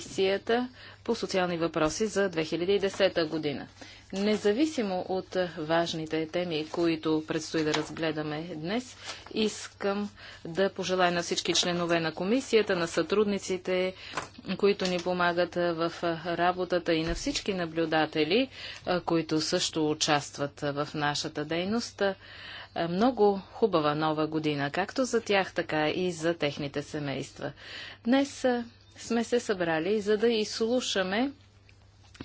комисията по социални въпроси за 2010 година. Независимо от важните теми, които предстои да разгледаме днес, искам да пожелая на всички членове на комисията, на сътрудниците, които ни помагат в работата и на всички наблюдатели, които също участват в нашата дейност, много хубава нова година, както за тях, така и за техните семейства. Днес сме се събрали, за да изслушаме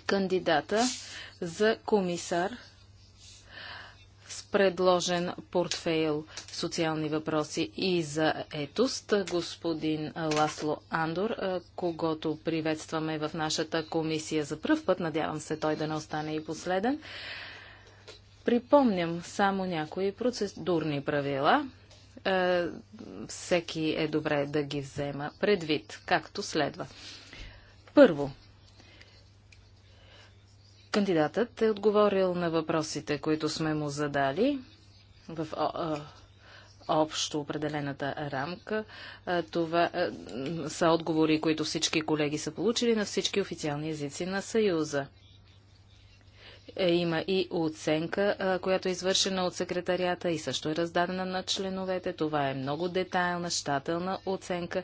кандидата за комисар с предложен портфейл социални въпроси и за етост, господин Ласло Андор, когато приветстваме в нашата комисия за пръв път. Надявам се той да не остане и последен. Припомням само някои процедурни правила. Е, всеки е добре да ги взема предвид, както следва. Първо, кандидатът е отговорил на въпросите, които сме му задали в е, общо определената рамка. Е, това са отговори, които всички колеги са получили на всички официални езици на Съюза. Е, има и оценка, която е извършена от секретарията и също е раздадена на членовете. Това е много детайлна, щателна оценка,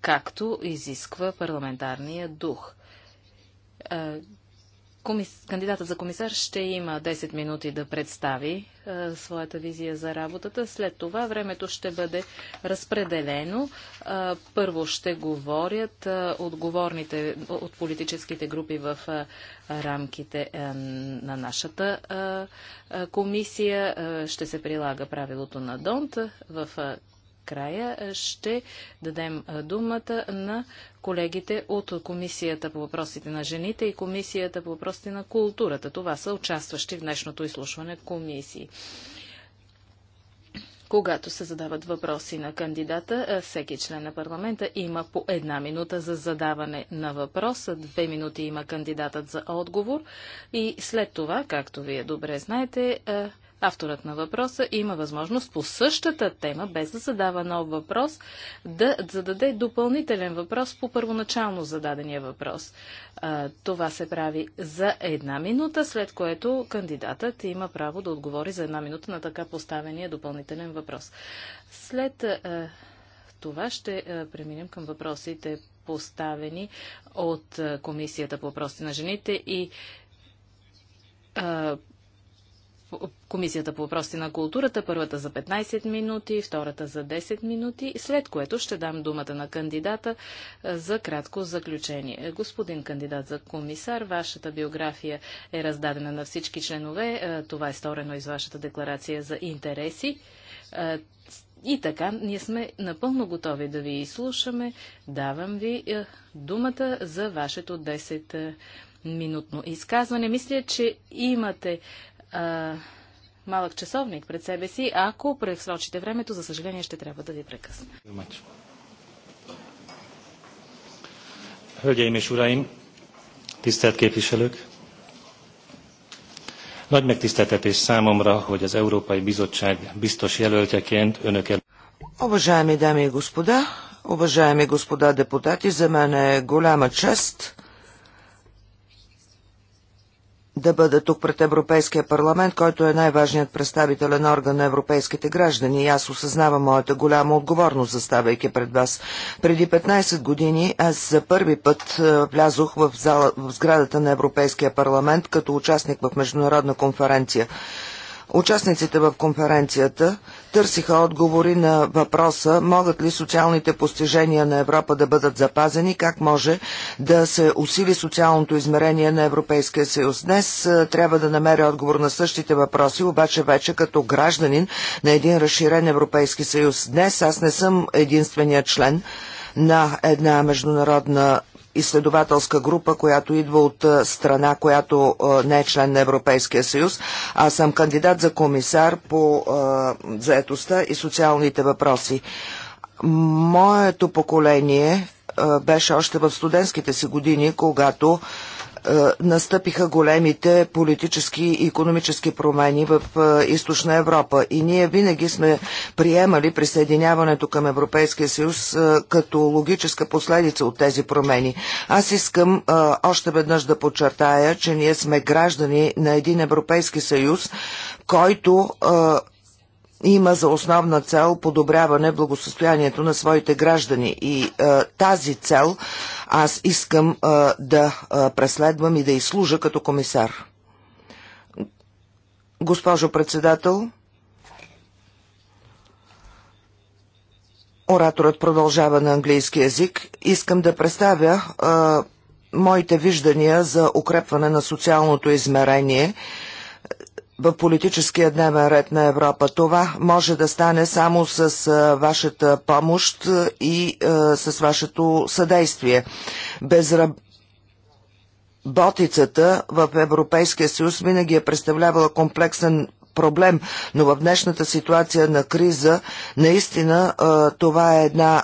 както изисква парламентарния дух Комис... Кандидата за комисар ще има 10 минути да представи своята визия за работата. След това времето ще бъде разпределено. първо ще говорят отговорните от политическите групи в рамките на нашата комисия. ще се прилага правилото на Донт. В края ще дадем думата на колегите от Комисията по въпросите на жените и Комисията по въпросите на културата. Това са участващи в днешното изслушване комисии. Когато се задават въпроси на кандидата, всеки член на парламента има по една минута за задаване на въпроса, две минути има кандидатът за отговор и след това, както вие добре знаете, Авторът на въпроса има възможност по същата тема, без да задава нов въпрос, да зададе допълнителен въпрос по първоначално зададения въпрос. това се прави за една минута, след което кандидатът има право да отговори за една минута на така поставения допълнителен въпрос. След това ще преминем към въпросите поставени от Комисията по въпроси на жените и Комисията по въпроси на културата, първата за 15 минути, втората за 10 минути, след което ще дам думата на кандидата за кратко заключение. Господин кандидат за комисар, вашата биография е раздадена на всички членове. Това е сторено из вашата декларация за интереси. И така, ние сме напълно готови да ви изслушаме. Давам ви думата за вашето 10-минутно изказване. Мисля, че имате а, малък часовник пред себе си. Ако пресрочите времето, за съжаление ще трябва да ви прекъсна. Hölgyeim és Uraim, tisztelt képviselők! Nagy megtiszteltetés számomra, hogy az Európai Bizottság biztos jelöltjeként önök el... Уважаеми дами и господа, уважаеми господа депутати, за мен е голяма чест да бъда тук пред Европейския парламент, който е най-важният представителен орган на европейските граждани и аз осъзнавам моята голяма отговорност, заставайки пред вас. Преди 15 години аз за първи път е, влязох в, зала, в сградата на Европейския парламент като участник в международна конференция. Участниците в конференцията търсиха отговори на въпроса могат ли социалните постижения на Европа да бъдат запазени, как може да се усили социалното измерение на Европейския съюз. Днес трябва да намеря отговор на същите въпроси, обаче вече като гражданин на един разширен Европейски съюз. Днес аз не съм единственият член на една международна изследователска група, която идва от е, страна, която е, не е член на Европейския съюз. Аз съм кандидат за комисар по е, заетостта и социалните въпроси. Моето поколение беше още в студентските си години, когато е, настъпиха големите политически и економически промени в е, източна Европа. И ние винаги сме приемали присъединяването към Европейския съюз е, като логическа последица от тези промени. Аз искам още веднъж да подчертая, че ние сме граждани на един Европейски съюз, който има за основна цел подобряване благосостоянието на своите граждани. И а, е, тази цел аз искам а, е, да а, е, преследвам и да изслужа като комисар. Госпожо председател, ораторът продължава на английски язик. Искам да представя а, моите виждания за укрепване на социалното измерение – в политическия дневен ред на Европа. Това може да стане само с вашата помощ и с вашето съдействие. Безраб... Ботицата в Европейския съюз винаги е представлявала комплексен проблем, но в днешната ситуация на криза наистина това е една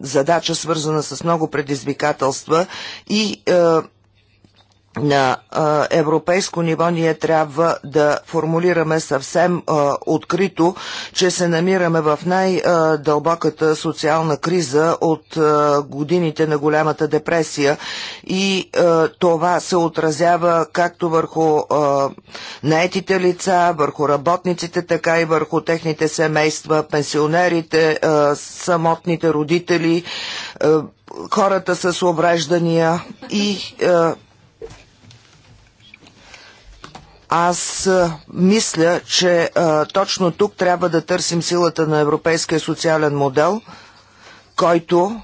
задача свързана с много предизвикателства и на а, европейско ниво ние трябва да формулираме съвсем а, открито, че се намираме в най-дълбоката социална криза от а, годините на голямата депресия и а, това се отразява както върху а, наетите лица, върху работниците, така и върху техните семейства, пенсионерите, а, самотните родители, а, хората с обреждания и а, аз мисля, че а, точно тук трябва да търсим силата на европейския социален модел, който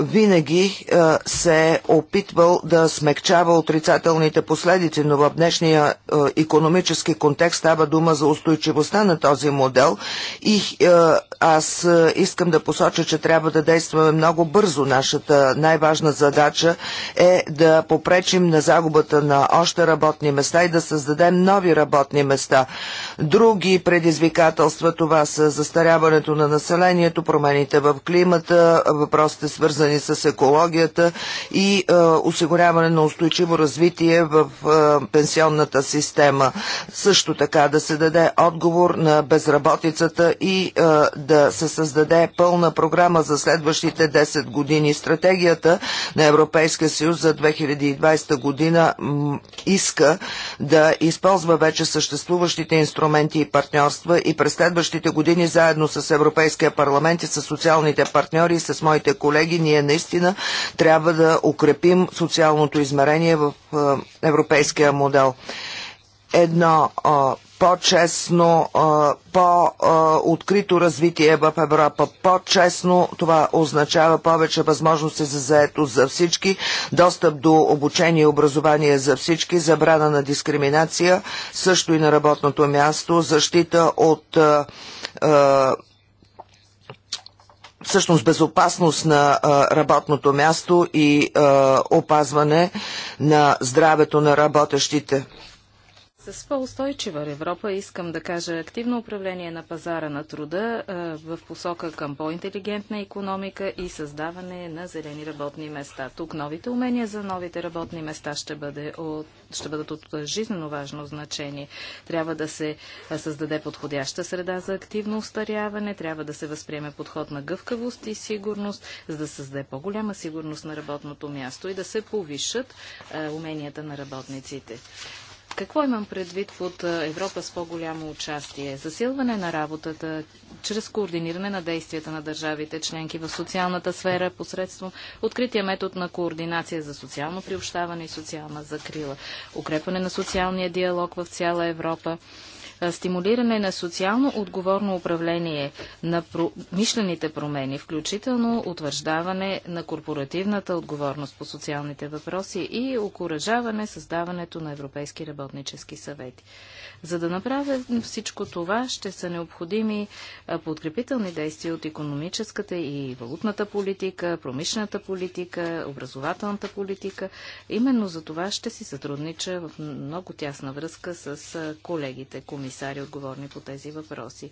винаги а, е, се е опитвал да смекчава отрицателните последици, но в днешния а, е, економически контекст става дума за устойчивостта на този модел и а, е, аз а, искам да посоча, че трябва да действаме много бързо. Нашата най-важна задача е да попречим на загубата на още работни места и да създадем нови работни места. Други предизвикателства това са застаряването на населението, промените в климата, въпросите свързани с екологията и е, осигуряване на устойчиво развитие в е, пенсионната система. Също така да се даде отговор на безработицата и е, да се създаде пълна програма за следващите 10 години. Стратегията на Европейския съюз за 2020 година иска да използва вече съществуващите инструменти инструменти и партньорства и през следващите години заедно с Европейския парламент и с социалните партньори и с моите колеги ние наистина трябва да укрепим социалното измерение в е, европейския модел. Едно по-честно, по-открито развитие в Европа. По-честно това означава повече възможности за заетост за всички, достъп до обучение и образование за всички, забрана на дискриминация, също и на работното място, защита от всъщност безопасност на работното място и опазване на здравето на работещите. С по-устойчива Европа искам да кажа активно управление на пазара на труда в посока към по-интелигентна економика и създаване на зелени работни места. Тук новите умения за новите работни места ще, бъде от, ще бъдат от жизненно важно значение. Трябва да се създаде подходяща среда за активно устаряване, трябва да се възприеме подход на гъвкавост и сигурност, за да създаде по-голяма сигурност на работното място и да се повишат уменията на работниците. Какво имам предвид от Европа с по-голямо участие? Засилване на работата чрез координиране на действията на държавите членки в социалната сфера посредством открития метод на координация за социално приобщаване и социална закрила, укрепване на социалния диалог в цяла Европа, стимулиране на социално отговорно управление на мишлените промени, включително утвърждаване на корпоративната отговорност по социалните въпроси и окоръжаване създаването на европейски работнически съвети. За да направя всичко това, ще са необходими подкрепителни действия от економическата и валутната политика, промишлената политика, образователната политика. Именно за това ще си сътруднича в много тясна връзка с колегите, комисари, отговорни по тези въпроси.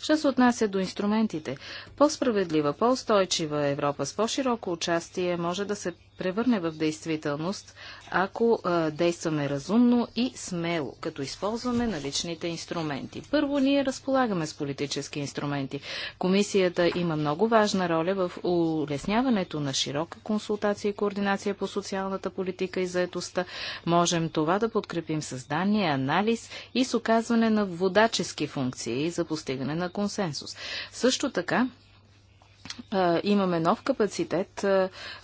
Ще се отнася до инструментите. По-справедлива, по-устойчива Европа с по-широко участие може да се превърне в действителност, ако а, действаме разумно и смело, като използваме наличните инструменти. Първо, ние разполагаме с политически инструменти. Комисията има много важна роля в улесняването на широка консултация и координация по социалната политика и заетостта. Можем това да подкрепим с данни, анализ и с оказване на водачески функции за постигане на консенсус. Също така, имаме нов капацитет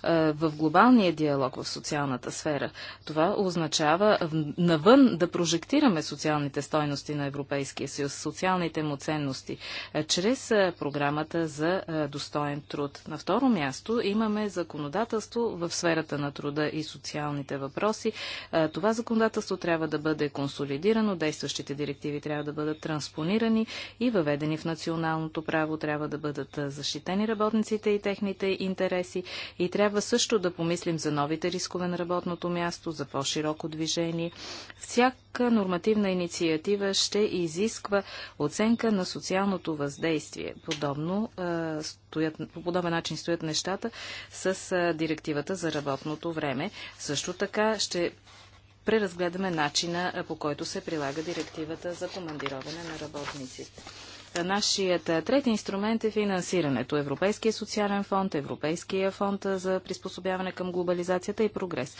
в глобалния диалог в социалната сфера. Това означава навън да прожектираме социалните стойности на Европейския съюз, социалните му ценности, чрез програмата за достоен труд. На второ място имаме законодателство в сферата на труда и социалните въпроси. Това законодателство трябва да бъде консолидирано, действащите директиви трябва да бъдат транспонирани и въведени в националното право, трябва да бъдат защитени работниците и техните интереси. И трябва също да помислим за новите рискове на работното място, за по-широко движение. Всяка нормативна инициатива ще изисква оценка на социалното въздействие. Подобно, стоят, по подобен начин стоят нещата с директивата за работното време. Също така ще преразгледаме начина по който се прилага директивата за командироване на работниците. Нашият трети инструмент е финансирането. Европейския социален фонд, Европейския фонд за приспособяване към глобализацията и прогрес.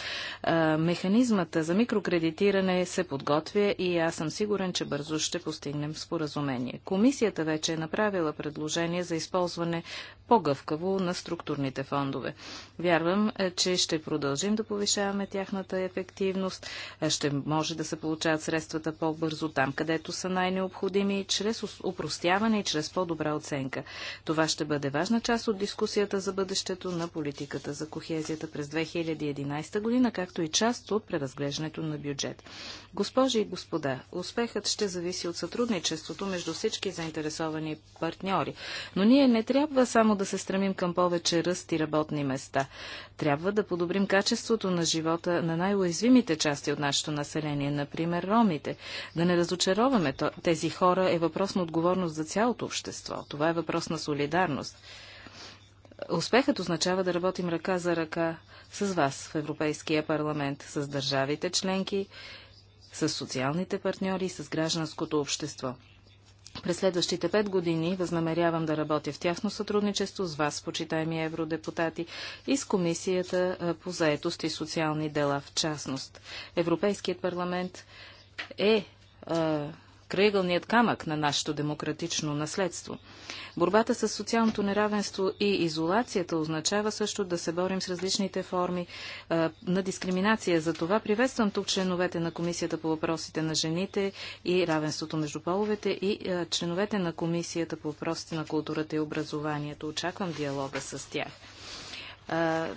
Механизмът за микрокредитиране се подготвя и аз съм сигурен, че бързо ще постигнем споразумение. Комисията вече е направила предложение за използване по-гъвкаво на структурните фондове. Вярвам, е, че ще продължим да повишаваме тяхната ефективност, е, ще може да се получават средствата по-бързо там, където са най-необходими, чрез упростяване и чрез по-добра оценка. Това ще бъде важна част от дискусията за бъдещето на политиката за кохезията през 2011 година, както и част от преразглеждането на бюджет. Госпожи и господа, успехът ще зависи от сътрудничеството между всички заинтересовани партньори, но ние не трябва само да се стремим към повече ръст и работни места. Трябва да подобрим качеството на живота на най-уязвимите части от нашето население, например ромите. Да не разочароваме тези хора е въпрос на отговорност за цялото общество. Това е въпрос на солидарност. Успехът означава да работим ръка за ръка с вас в Европейския парламент, с държавите членки, с социалните партньори и с гражданското общество. През следващите пет години възнамерявам да работя в тясно сътрудничество с вас, почитаеми евродепутати, и с Комисията по заетост и социални дела в частност. Европейският парламент е крайъгълният камък на нашето демократично наследство. Борбата с социалното неравенство и изолацията означава също да се борим с различните форми а, на дискриминация. За това приветствам тук членовете на Комисията по въпросите на жените и равенството между половете и а, членовете на Комисията по въпросите на културата и образованието. Очаквам диалога с тях. А,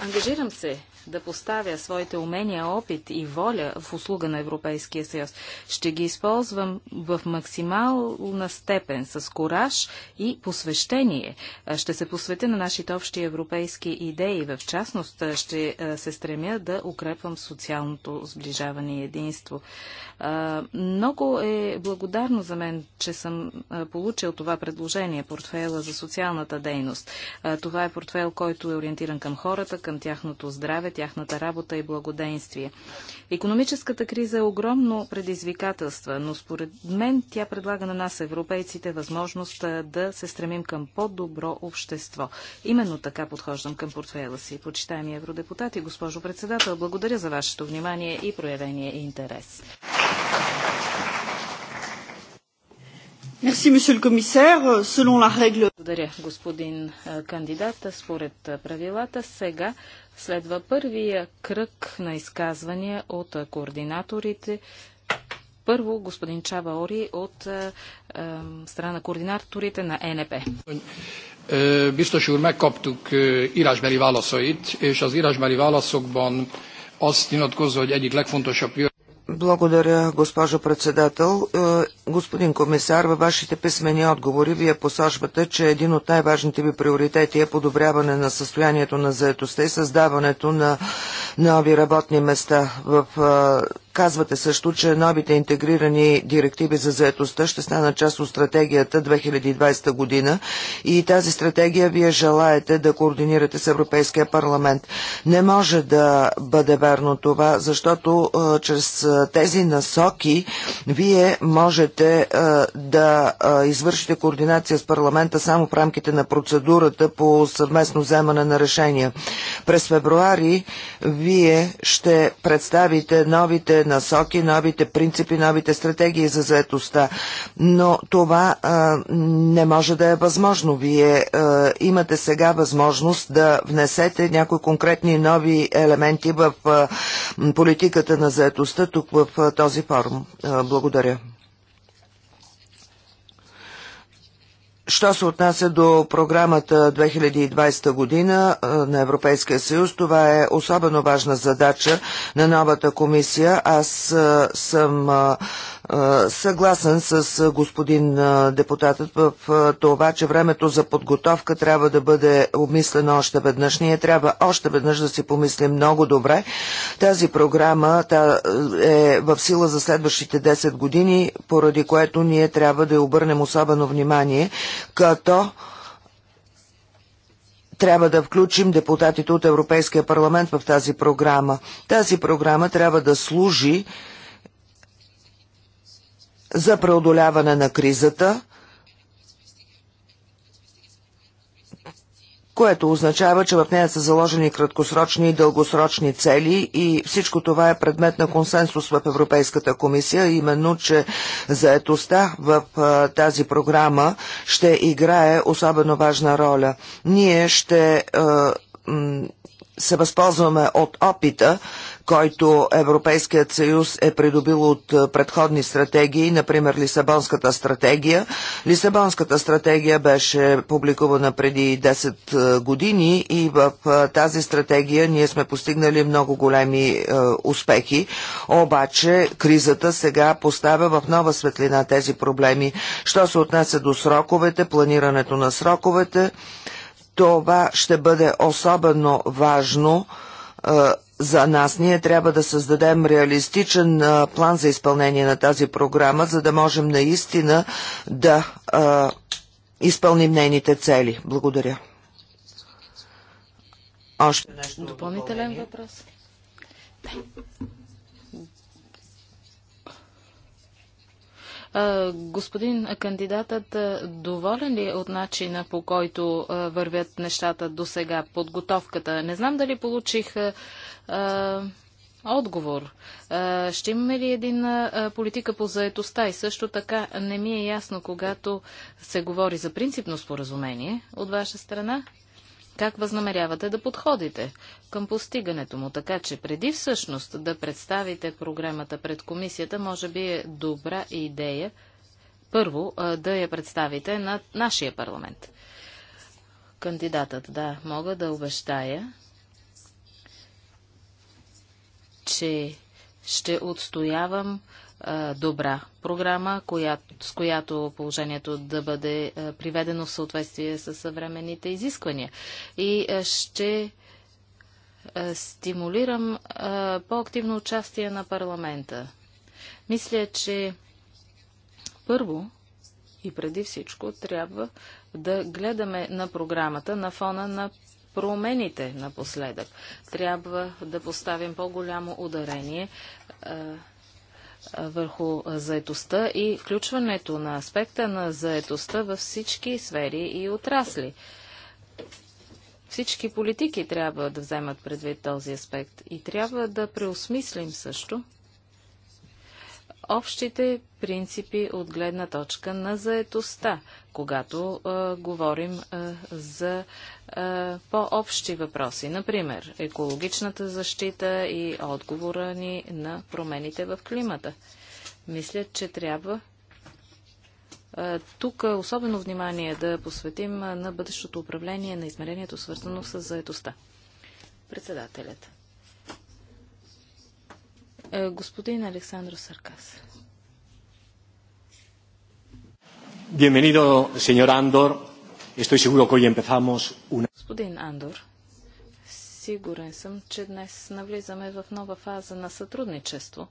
ангажирам се да поставя своите умения, опит и воля в услуга на Европейския съюз. Ще ги използвам в максимална степен, с кораж и посвещение. Ще се посветя на нашите общи европейски идеи. В частност, ще се стремя да укрепвам социалното сближаване и единство. Много е благодарно за мен, че съм получил това предложение, портфела за социалната дейност. Това е портфел, който е ориентиран към хората, към тяхното здраве, тяхната работа и благоденствие. Економическата криза е огромно предизвикателство, но според мен тя предлага на нас, европейците, възможност да се стремим към по-добро общество. Именно така подхождам към портфела си. Почитаеми евродепутати, госпожо председател, благодаря за вашето внимание и проявение и интерес. Благодаря, господин кандидат. Според правилата сега следва първия кръг на изказвания от координаторите. Първо господин Ори от страна на координаторите на е НП. Е, biztos úr, megkaptuk е, írásbeli válaszait, és az írásbeli válaszokban azt nyilatkozza, hogy egyik legfontosabb благодаря, госпожо председател. Е, господин комисар, във вашите писмени отговори вие посочвате, че един от най-важните ви приоритети е подобряване на състоянието на заетостта и създаването на нови работни места в е, Казвате също, че новите интегрирани директиви за заетостта ще станат част от стратегията 2020 година и тази стратегия вие желаете да координирате с Европейския парламент. Не може да бъде верно това, защото а, чрез а, тези насоки вие можете а, да а, извършите координация с парламента само в рамките на процедурата по съвместно вземане на решения. През февруари вие ще представите новите насоки, новите принципи, новите стратегии за заетостта. Но това а, не може да е възможно. Вие а, имате сега възможност да внесете някои конкретни нови елементи в а, политиката на заетостта тук в а, този форум. А, благодаря. Що се отнася до програмата 2020 година на Европейския съюз, това е особено важна задача на новата комисия. Аз съм съгласен с господин депутатът в това, че времето за подготовка трябва да бъде обмислено още веднъж. Ние трябва още веднъж да си помислим много добре. Тази програма та е в сила за следващите 10 години, поради което ние трябва да обърнем особено внимание като трябва да включим депутатите от Европейския парламент в тази програма. Тази програма трябва да служи за преодоляване на кризата което означава, че в нея са заложени краткосрочни и дългосрочни цели и всичко това е предмет на консенсус в Европейската комисия, именно, че заетостта в тази програма ще играе особено важна роля. Ние ще се възползваме от опита, който Европейският съюз е придобил от е, предходни стратегии, например Лисабонската стратегия. Лисабонската стратегия беше публикувана преди 10 е, години и в е, тази стратегия ние сме постигнали много големи успехи. Обаче кризата сега поставя в нова светлина тези проблеми. Що се отнася до сроковете, планирането на сроковете, това ще бъде особено важно за нас. Ние трябва да създадем реалистичен а, план за изпълнение на тази програма, за да можем наистина да а, изпълним нейните цели. Благодаря. Още нещо. Допълнителен въпрос? Господин кандидатът, доволен ли е от начина по който вървят нещата до сега, подготовката? Не знам дали получих а, отговор. А, ще имаме ли един а, политика по заетостта? И също така не ми е ясно, когато се говори за принципно споразумение от ваша страна, как възнамерявате да подходите към постигането му, така че преди всъщност да представите програмата пред комисията, може би е добра идея първо да я представите на нашия парламент. Кандидатът, да, мога да обещая, че ще отстоявам добра програма, с която положението да бъде приведено в съответствие с съвременните изисквания. И ще стимулирам по-активно участие на парламента. Мисля, че първо и преди всичко трябва да гледаме на програмата на фона на промените напоследък. Трябва да поставим по-голямо ударение е, е, върху заетостта и включването на аспекта на заетостта във всички сфери и отрасли. Всички политики трябва да вземат предвид този аспект и трябва да преосмислим също общите принципи от гледна точка на заетостта, когато а, говорим а, за а, по-общи въпроси, например екологичната защита и отговора ни на промените в климата. Мисля, че трябва а, тук особено внимание да посветим на бъдещото управление на измерението, свързано с заетостта. Председателят. Господин Александро Саркас. Bienvenido, señor Andor. Estoy seguro que hoy empezamos una... Господин Андор, Сигурен съм, че днес навлизаме в нова фаза на сътрудничество,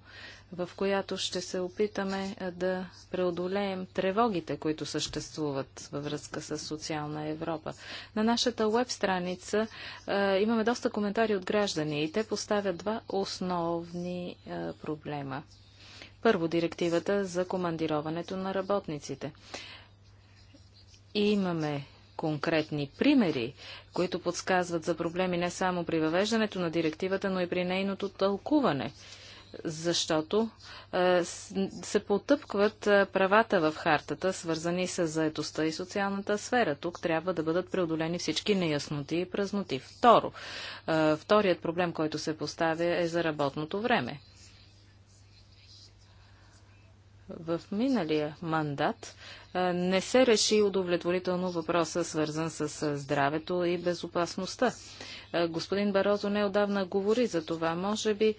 в която ще се опитаме е, да преодолеем тревогите, които съществуват във връзка с социална Европа. На нашата веб страница е, имаме доста коментари от граждани и те поставят два основни е, проблема. Първо, директивата за командироването на работниците. И имаме конкретни примери, които подсказват за проблеми не само при въвеждането на директивата, но и при нейното тълкуване защото е, се потъпкват е, правата в хартата, свързани с заедостта и социалната сфера. Тук трябва да бъдат преодолени всички неясноти и празноти. Второ, е, вторият проблем, който се поставя е за работното време в миналия мандат не се реши удовлетворително въпроса, свързан с здравето и безопасността. Господин Барозо неодавна говори за това. Може би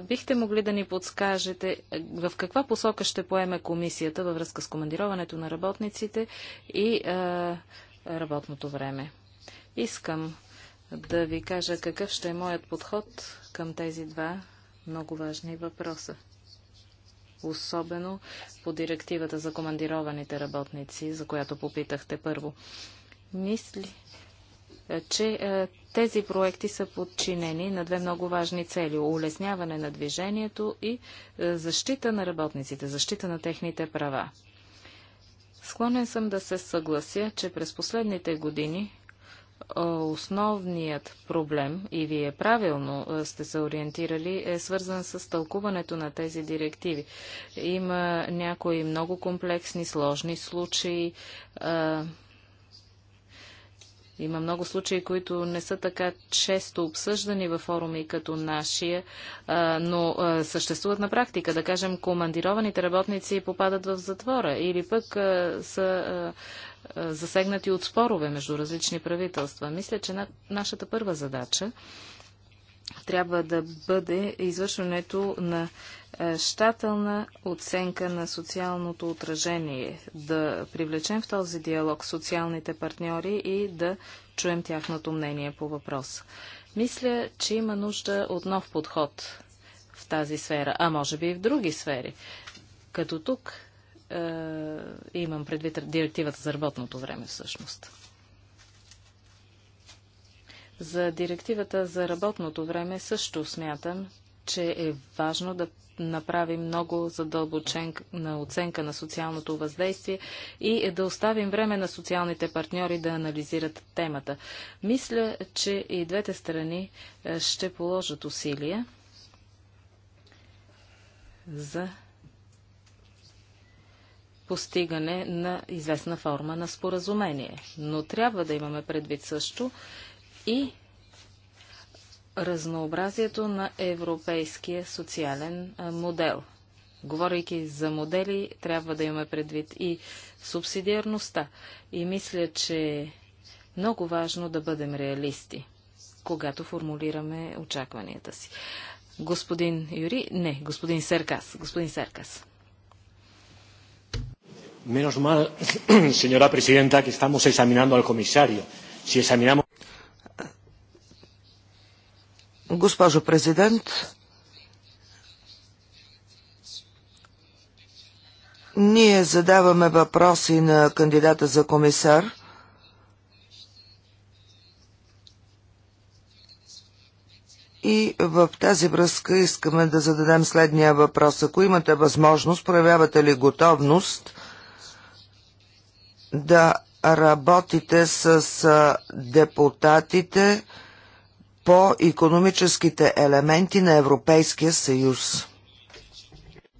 бихте могли да ни подскажете в каква посока ще поеме комисията във връзка с командироването на работниците и работното време. Искам да ви кажа какъв ще е моят подход към тези два много важни въпроса особено по директивата за командированите работници, за която попитахте първо. Мисли, е, че е, тези проекти са подчинени на две много важни цели – улесняване на движението и е, защита на работниците, защита на техните права. Склонен съм да се съглася, че през последните години Основният проблем, и вие правилно сте се ориентирали, е свързан с тълкуването на тези директиви. Има някои много комплексни, сложни случаи. има много случаи, които не са така често обсъждани във форуми като нашия, но съществуват на практика. Да кажем, командированите работници попадат в затвора или пък са е, засегнати от спорове между различни правителства. Мисля, че на нашата първа задача трябва да бъде извършването на е, щателна оценка на социалното отражение, да привлечем в този диалог социалните партньори и да чуем тяхното мнение по въпрос. Мисля, че има нужда от нов подход в тази сфера, а може би и в други сфери. Като тук е, имам предвид директивата за работното време всъщност. За директивата за работното време също смятам, че е важно да направим много задълбочена оценка на социалното въздействие и е да оставим време на социалните партньори да анализират темата. Мисля, че и двете страни е, ще положат усилия за постигане на известна форма на споразумение. Но трябва да имаме предвид също и разнообразието на европейския социален модел. Говорейки за модели, трябва да имаме предвид и субсидиарността. И мисля, че е много важно да бъдем реалисти, когато формулираме очакванията си. Господин Юри, не, господин Серкас, господин Серкас. Menos mal, señora presidenta, que estamos examinando al comisario. Si examinamos... Госпожо президент, ние задаваме въпроси на кандидата за комисар – И в тази връзка искаме да зададем следния въпрос. Ако имате възможност, проявявате ли готовност да работите с депутатите по економическите елементи на Европейския съюз.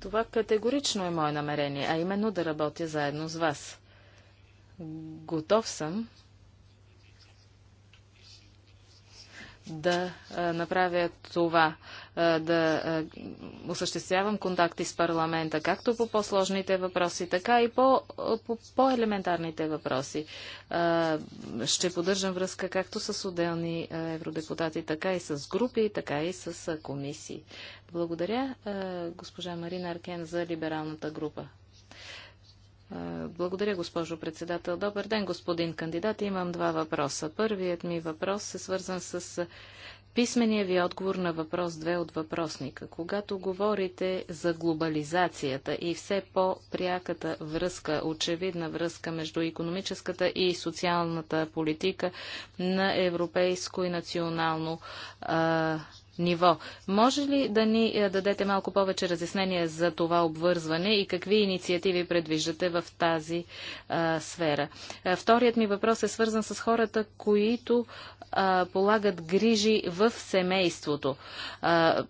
Това категорично е мое намерение, а именно да работя заедно с вас. Готов съм да направя това, да осъществявам контакти с парламента, както по по-сложните въпроси, така и по, по по-елементарните въпроси. Ще поддържам връзка както с отделни евродепутати, така и с групи, така и с комисии. Благодаря, госпожа Марина Аркен, за либералната група. Е, благодаря, госпожо председател. Добър ден, господин кандидат. Имам два въпроса. Първият ми въпрос е свързан с писмения ви отговор на въпрос 2 от въпросника. Когато говорите за глобализацията и все по-пряката връзка, очевидна връзка между економическата и социалната политика на европейско и национално а, е, ниво. Може ли да ни е, дадете малко повече разяснение за това обвързване и какви инициативи предвиждате в тази а, сфера? А, вторият ми въпрос е свързан с хората, които а, полагат грижи в семейството. А,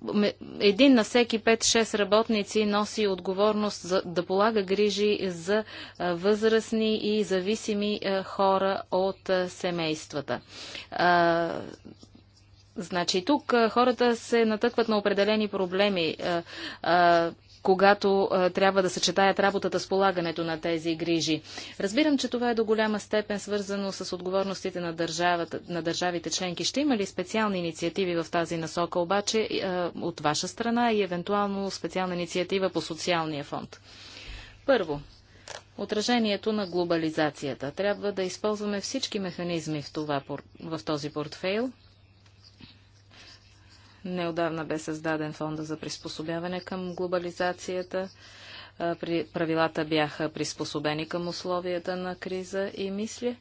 един на всеки 5-6 работници носи отговорност за, да полага грижи за а, възрастни и зависими а, хора от а, семействата. А, Значи тук хората се натъкват на определени проблеми, когато трябва да съчетаят работата с полагането на тези грижи. Разбирам, че това е до голяма степен свързано с отговорностите на, държавата, на държавите членки. Ще има ли специални инициативи в тази насока, обаче от ваша страна и евентуално специална инициатива по социалния фонд? Първо, отражението на глобализацията. Трябва да използваме всички механизми в, това, в този портфейл, Неодавна бе създаден фонда за приспособяване към глобализацията. Правилата бяха приспособени към условията на криза и мисля,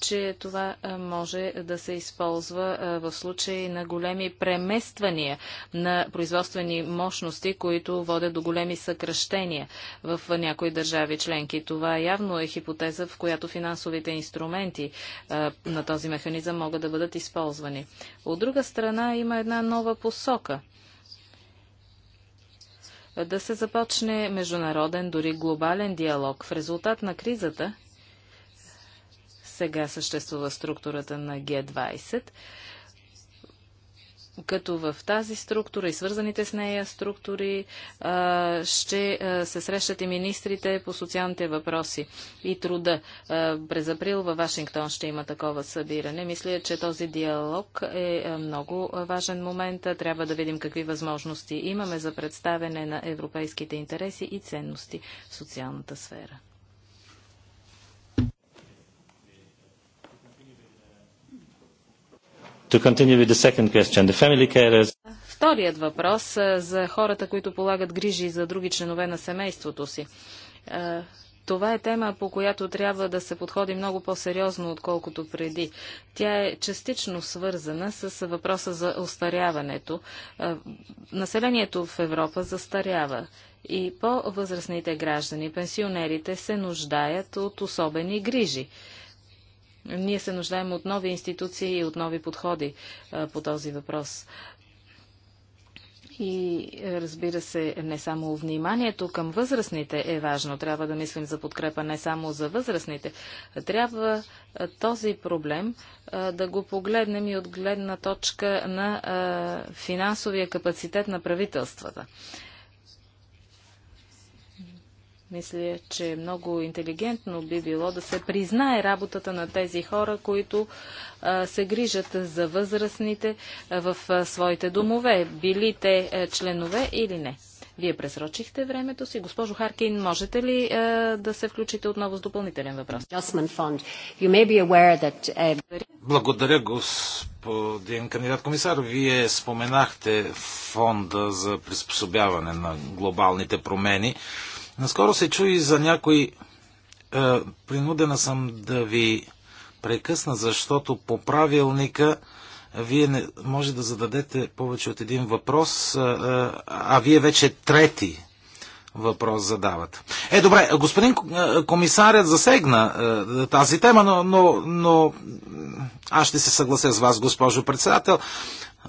че това може да се използва в случай на големи премествания на производствени мощности, които водят до големи съкръщения в някои държави членки. Това явно е хипотеза, в която финансовите инструменти на този механизъм могат да бъдат използвани. От друга страна има една нова посока – да се започне международен, дори глобален диалог в резултат на кризата – сега съществува структурата на Г20 като в тази структура и свързаните с нея структури ще се срещат и министрите по социалните въпроси и труда. през април във Вашингтон ще има такова събиране. Мисля, че този диалог е много важен момент. Трябва да видим какви възможности имаме за представяне на европейските интереси и ценности в социалната сфера. To continue with the second question, the family carers. Вторият въпрос за хората, които полагат грижи за други членове на семейството си. Това е тема, по която трябва да се подходи много по-сериозно, отколкото преди. Тя е частично свързана с въпроса за остаряването. Населението в Европа застарява и по-възрастните граждани, пенсионерите, се нуждаят от особени грижи. Ние се нуждаем от нови институции и от нови подходи а, по този въпрос. И разбира се, не само вниманието към възрастните е важно. Трябва да мислим за подкрепа не само за възрастните. Трябва този проблем да го погледнем и от гледна точка на финансовия капацитет на правителствата. Мисля, че много интелигентно би било да се признае работата на тези хора, които а, се грижат за възрастните в а, своите домове, били те членове или не. Вие пресрочихте времето си. Госпожо Харкин, можете ли е, да се включите отново с допълнителен въпрос? Uh, Благодаря, господин кандидат комисар. Вие споменахте фонда за приспособяване на глобалните промени. Наскоро се чуи за някой. Е, принудена съм да ви прекъсна, защото по правилника вие не може да зададете повече от един въпрос, а, е, е, а вие вече трети въпрос задават. Е, добре, господин е, комисарят засегна е, тази тема, но, но, но аз ще се съглася с вас, госпожо председател.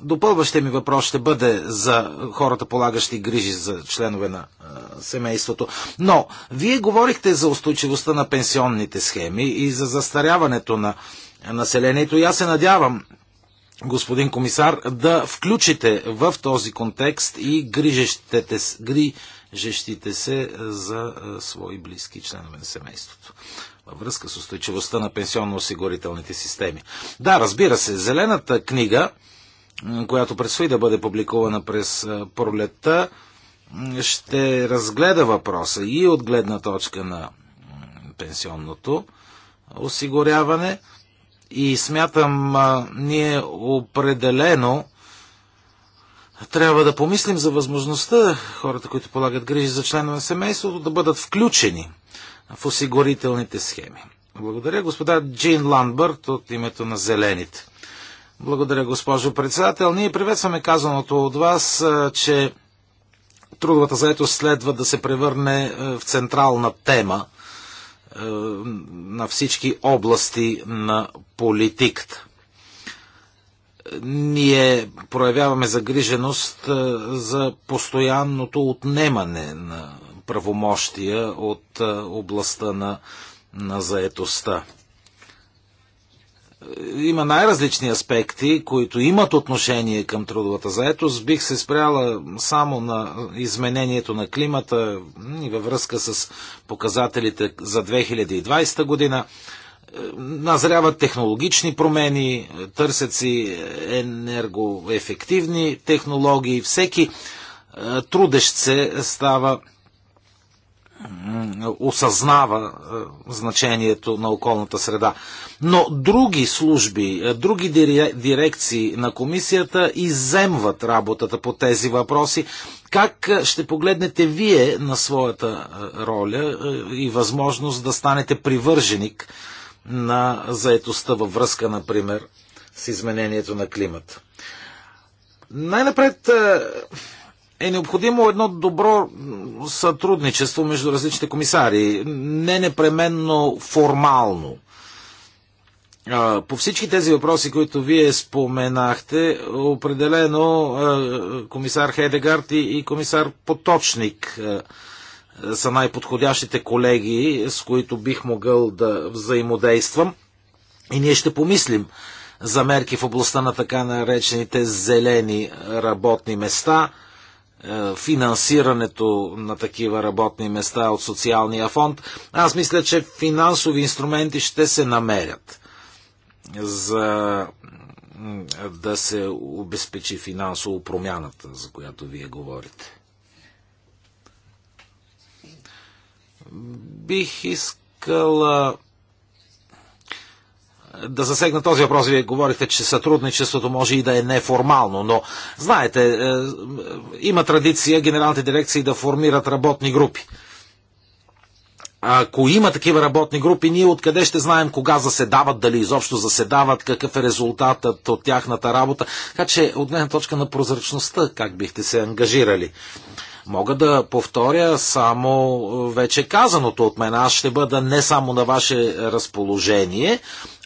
Допълващия ми въпрос ще бъде за хората, полагащи грижи за членове на семейството. Но, вие говорихте за устойчивостта на пенсионните схеми и за застаряването на населението. И аз се надявам, господин комисар, да включите в този контекст и грижещите, грижещите се за свои близки членове на семейството във връзка с устойчивостта на пенсионно-осигурителните системи. Да, разбира се, зелената книга която предстои да бъде публикувана през пролетта, ще разгледа въпроса и от гледна точка на пенсионното осигуряване и смятам, ние определено трябва да помислим за възможността хората, които полагат грижи за членове на семейството, да бъдат включени в осигурителните схеми. Благодаря, господа Джин Ланбърт от името на Зелените. Благодаря, госпожо председател. Ние приветстваме казаното от вас, че трудовата заетост следва да се превърне в централна тема на всички области на политиката. Ние проявяваме загриженост за постоянното отнемане на правомощия от областта на, на заетостта има най-различни аспекти, които имат отношение към трудовата заетост. Бих се спряла само на изменението на климата и във връзка с показателите за 2020 година. Назряват технологични промени, търсят си енергоефективни технологии. Всеки трудещ се става осъзнава е, значението на околната среда. Но други служби, е, други дирекции на комисията иземват работата по тези въпроси. Как е, ще погледнете вие на своята роля и възможност да станете привърженик на заетостта във връзка, например, с изменението на климата? Най-напред е необходимо едно добро сътрудничество между различните комисари, не непременно формално. По всички тези въпроси, които вие споменахте, определено комисар Хедегард и комисар Поточник са най-подходящите колеги, с които бих могъл да взаимодействам. И ние ще помислим за мерки в областта на така наречените зелени работни места – е, финансирането на такива работни места от социалния фонд. Аз мисля, че финансови инструменти ще се намерят за да се обезпечи финансово промяната, за която вие говорите. Бих искала да засегна този въпрос. Вие говорихте, че сътрудничеството може и да е неформално, но знаете, е, има традиция генералните дирекции да формират работни групи. Ако има такива работни групи, ние откъде ще знаем кога заседават, дали изобщо заседават, какъв е резултатът от тяхната работа. Така че, от гледна точка на прозрачността, как бихте се ангажирали? Мога да повторя само е, вече казаното от мен. Аз ще бъда не само на ваше разположение,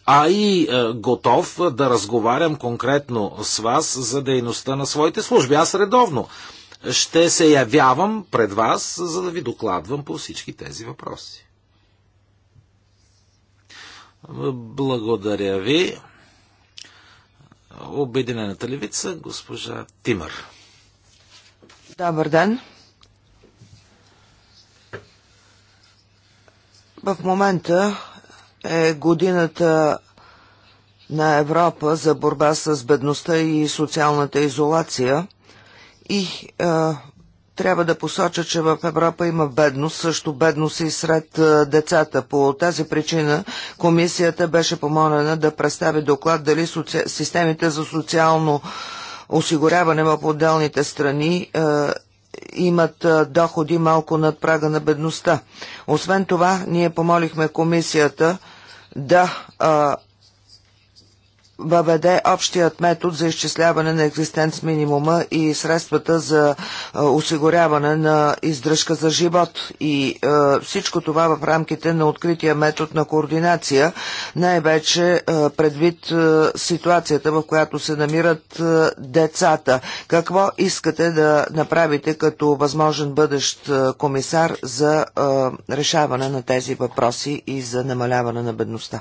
а и е, готов е, да разговарям конкретно с вас за дейността на своите служби. Аз редовно ще се явявам пред вас, за да ви докладвам по всички тези въпроси. Благодаря ви. Обединената левица, госпожа Тимър. Добър ден. В момента е годината на Европа за борба с бедността и социалната изолация и е, трябва да посоча, че в Европа има бедност, също бедност и сред е, децата. По тази причина комисията беше помолена да представи доклад дали соци... системите за социално осигуряване в отделните страни е, имат е, доходи малко над прага на бедността. Освен това, ние помолихме комисията да, а, въведе общият метод за изчисляване на екзистенц минимума и средствата за е, осигуряване на издръжка за живот. И е, всичко това в рамките на открития метод на координация, най-вече е, предвид ситуацията, в която се намират децата. Какво искате да направите като възможен бъдещ комисар за решаване на тези въпроси и за намаляване на бедността?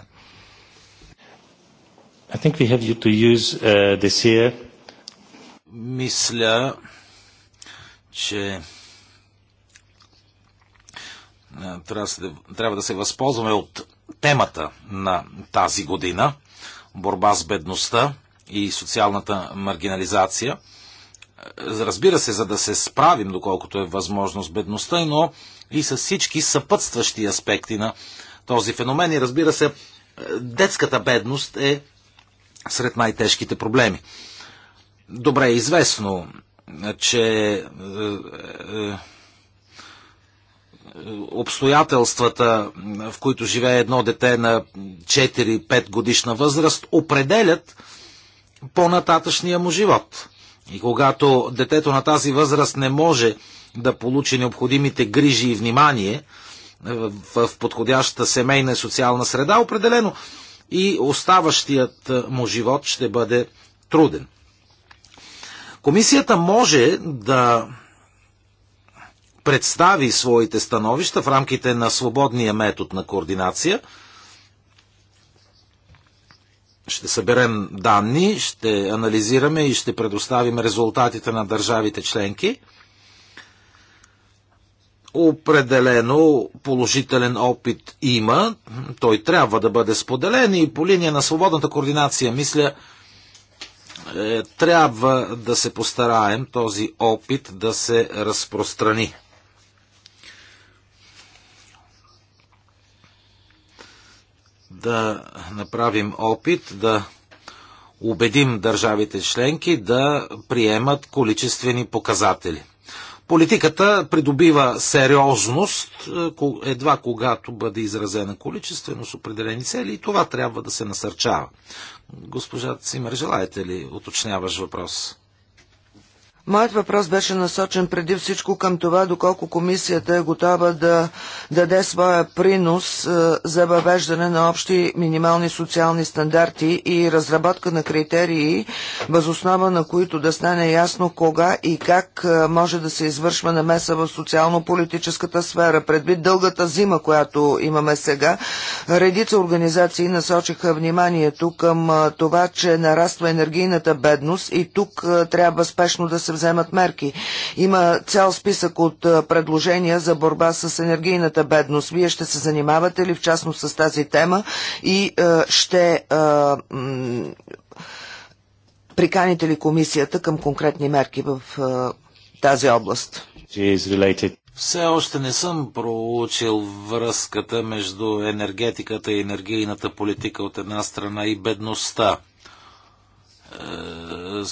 I think we have to use uh, this year. Мисля, че трябва да се възползваме от темата на тази година борба с бедността и социалната маргинализация. Разбира се, за да се справим, доколкото е възможно с бедността, но и с всички съпътстващи аспекти на този феномен. И разбира се, е, детската бедност е сред най-тежките проблеми. Добре е известно, че е, е, обстоятелствата, в които живее едно дете на 4-5 годишна възраст, определят по-нататъчния му живот. И когато детето на тази възраст не може да получи необходимите грижи и внимание в подходящата семейна и социална среда, определено и оставащият е, му живот ще бъде труден. Комисията може да представи своите становища в рамките на свободния метод на координация. Ще съберем данни, ще анализираме и ще предоставим резултатите на държавите членки – Определено положителен опит има, той трябва да бъде споделен и по линия на свободната координация, мисля, е, трябва да се постараем този опит да се разпространи. Да направим опит да убедим държавите членки да приемат количествени показатели. Политиката придобива сериозност е, едва когато бъде изразена количествено с определени цели и това трябва да се насърчава. Госпожа Цимер, желаете ли уточняваш въпрос? Моят въпрос беше насочен преди всичко към това, доколко комисията е готова да даде своя принос е, за въвеждане на общи минимални социални стандарти и разработка на критерии, възоснова на които да стане ясно кога и как е, може да се извършва намеса в социално-политическата сфера. Предвид дългата зима, която имаме сега, редица организации насочиха вниманието към е, това, че нараства енергийната бедност и тук трябва спешно да се вземат мерки. Има цял списък от предложения за борба с енергийната бедност. Вие ще се занимавате ли в частност с тази тема и ще приканите ли комисията към конкретни мерки в тази област? Все още не съм проучил връзката между енергетиката и енергийната политика от една страна и бедността. Е,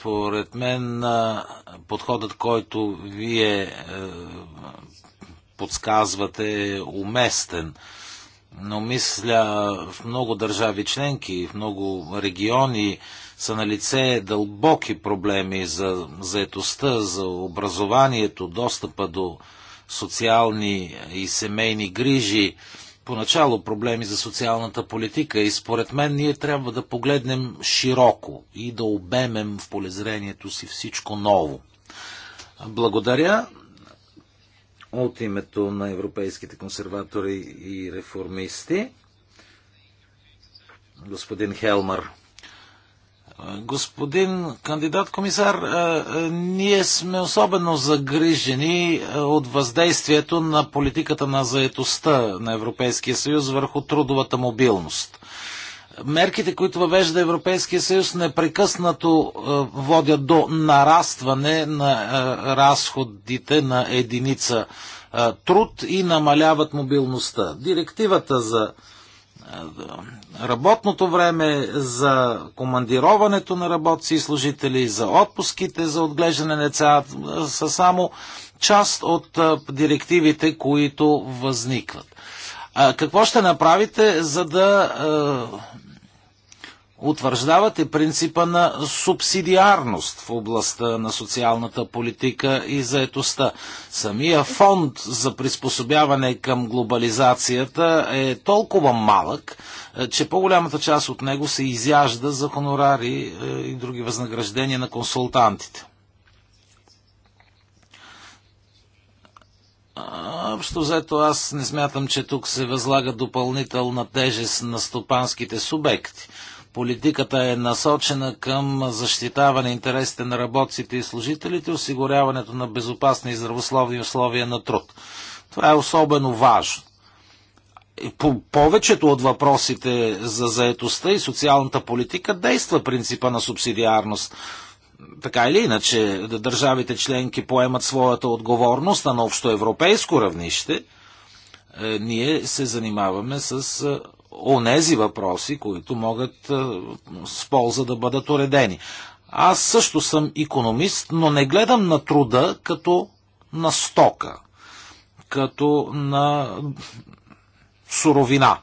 според мен подходът, който вие е, подсказвате е уместен. Но мисля, в много държави членки, в много региони са на лице дълбоки проблеми за заетостта, за образованието, достъпа до социални и семейни грижи поначало проблеми за социалната политика и според мен ние трябва да погледнем широко и да обемем в полезрението си всичко ново. Благодаря от името на европейските консерватори и реформисти господин Хелмар. Господин кандидат комисар, ние сме особено загрижени от въздействието на политиката на заетостта на Европейския съюз върху трудовата мобилност. Мерките, които въвежда Европейския съюз, непрекъснато водят до нарастване на разходите на единица труд и намаляват мобилността. Директивата за работното време, за командироването на работци и служители, за отпуските за отглеждане на деца са само част от директивите, които възникват. Какво ще направите, за да утвърждавате принципа на субсидиарност в областта на социалната политика и заетостта. Самия фонд за приспособяване към глобализацията е толкова малък, е, че по-голямата част от него се изяжда за хонорари е, и други възнаграждения на консултантите. Общо взето аз не смятам, че тук се възлага допълнителна тежест на стопанските субекти. Политиката е насочена към защитаване интересите на работците и служителите, осигуряването на безопасни и здравословни условия на труд. Това е особено важно. По повечето от въпросите за заетостта и социалната политика действа принципа на субсидиарност така или иначе държавите членки поемат своята отговорност на общоевропейско европейско равнище, е, ние се занимаваме с е, онези въпроси, които могат е, с полза да бъдат уредени. Аз също съм економист, но не гледам на труда като на стока, като на суровина.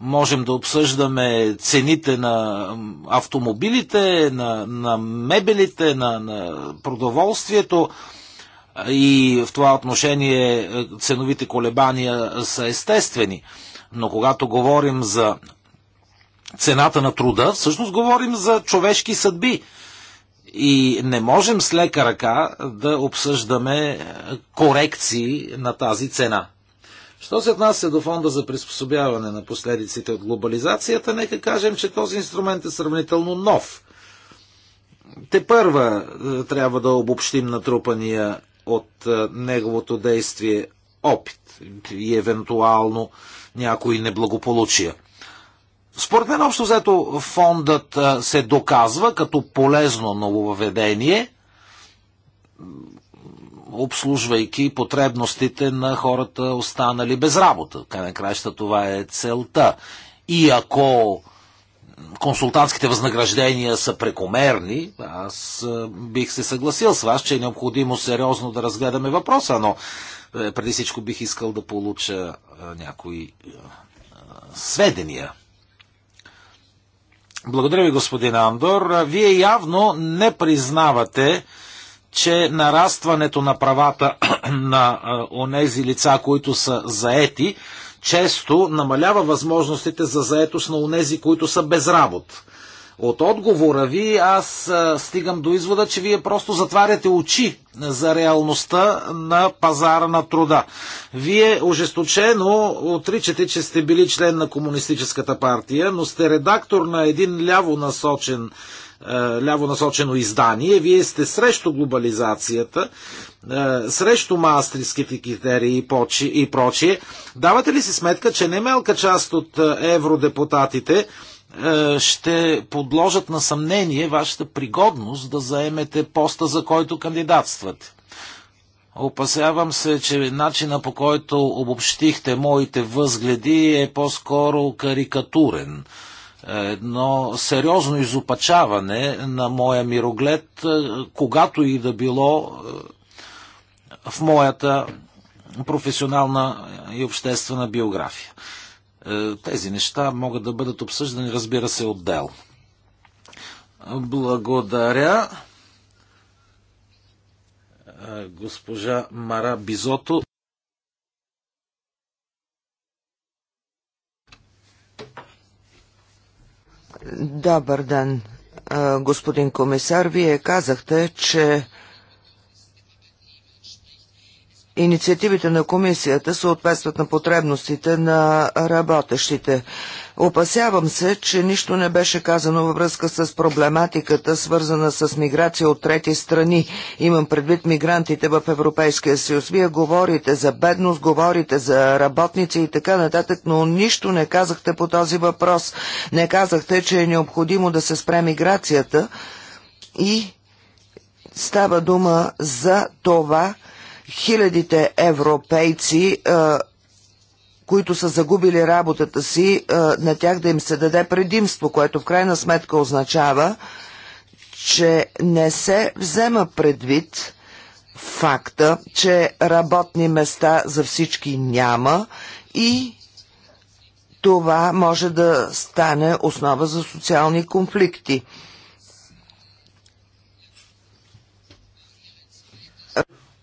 Можем да обсъждаме цените на автомобилите, на, на мебелите, на, на продоволствието и в това отношение е, ценовите колебания са естествени. Но когато говорим за цената на труда, всъщност говорим за човешки съдби. И не можем с лека ръка да обсъждаме е, корекции на тази цена. Що се отнася до фонда за приспособяване на последиците от глобализацията, нека кажем, че този инструмент е сравнително нов. Те първа е, трябва да обобщим натрупания от е, неговото действие опит и евентуално някои неблагополучия. Според мен, общо взето, фондът се доказва като полезно нововведение, обслужвайки потребностите на хората, останали без работа. Край на краища това е целта. И ако консултантските възнаграждения са прекомерни, аз бих се съгласил с вас, че е необходимо сериозно да разгледаме въпроса, но е, преди всичко бих искал да получа е, някои е, сведения. Благодаря ви, господин Андор. Вие явно не признавате, че нарастването на правата на онези лица, които са заети, често намалява възможностите за заетост на онези, които са без работа. От отговора ви аз стигам до извода, че вие просто затваряте очи за реалността на пазара на труда. Вие ожесточено отричате, че сте били член на Комунистическата партия, но сте редактор на един ляво насочен ляво насочено издание. Вие сте срещу глобализацията, срещу маастриските критерии и прочие. Давате ли си сметка, че немалка част от евродепутатите е, ще подложат на съмнение вашата пригодност да заемете поста, за който кандидатствате. Опасявам се, че начина по който обобщихте моите възгледи е по-скоро карикатурен. Е, едно сериозно изопачаване на моя мироглед, е, когато и да било в моята професионална и обществена биография. Е, тези неща могат да бъдат обсъждани, разбира се, отдел. Благодаря. Е, госпожа Мара Бизото. Добър ден, е, господин комисар. Вие казахте, че инициативите на комисията съответстват на потребностите на работещите. Опасявам се, че нищо не беше казано във връзка с проблематиката, свързана с миграция от трети страни. Имам предвид мигрантите в Европейския съюз. Вие говорите за бедност, говорите за работници и така нататък, но нищо не казахте по този въпрос. Не казахте, че е необходимо да се спре миграцията и става дума за това, хилядите европейци е, които са загубили работата си, е, на тях да им се даде предимство, което в крайна сметка означава, че не се взема предвид факта, че работни места за всички няма и това може да стане основа за социални конфликти.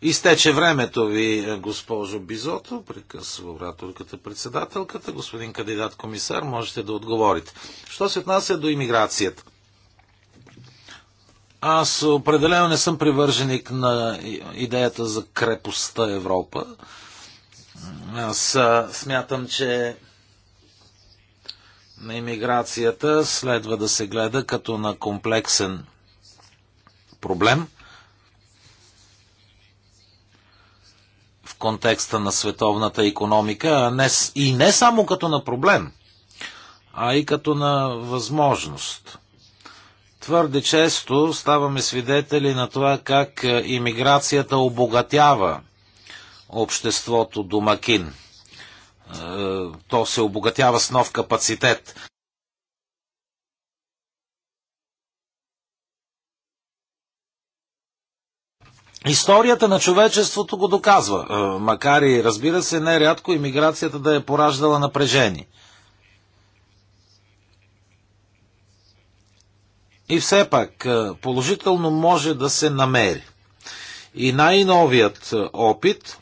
Изтече времето ви, госпожо Бизото, прекъсва ораторката председателката. Господин кандидат комисар, можете да отговорите. Що се отнася до иммиграцията? Аз определено не съм привърженик на идеята за крепостта Европа. Аз смятам, че на иммиграцията следва да се гледа като на комплексен проблем – контекста на световната економика, а не, и не само като на проблем, а и като на възможност. Твърде често ставаме свидетели на това как е, иммиграцията обогатява обществото домакин. Е, то се обогатява с нов капацитет. Историята на човечеството го доказва, е, макар и разбира се, нерядко иммиграцията да е пораждала напрежение. И все пак е, положително може да се намери. И най-новият е, опит,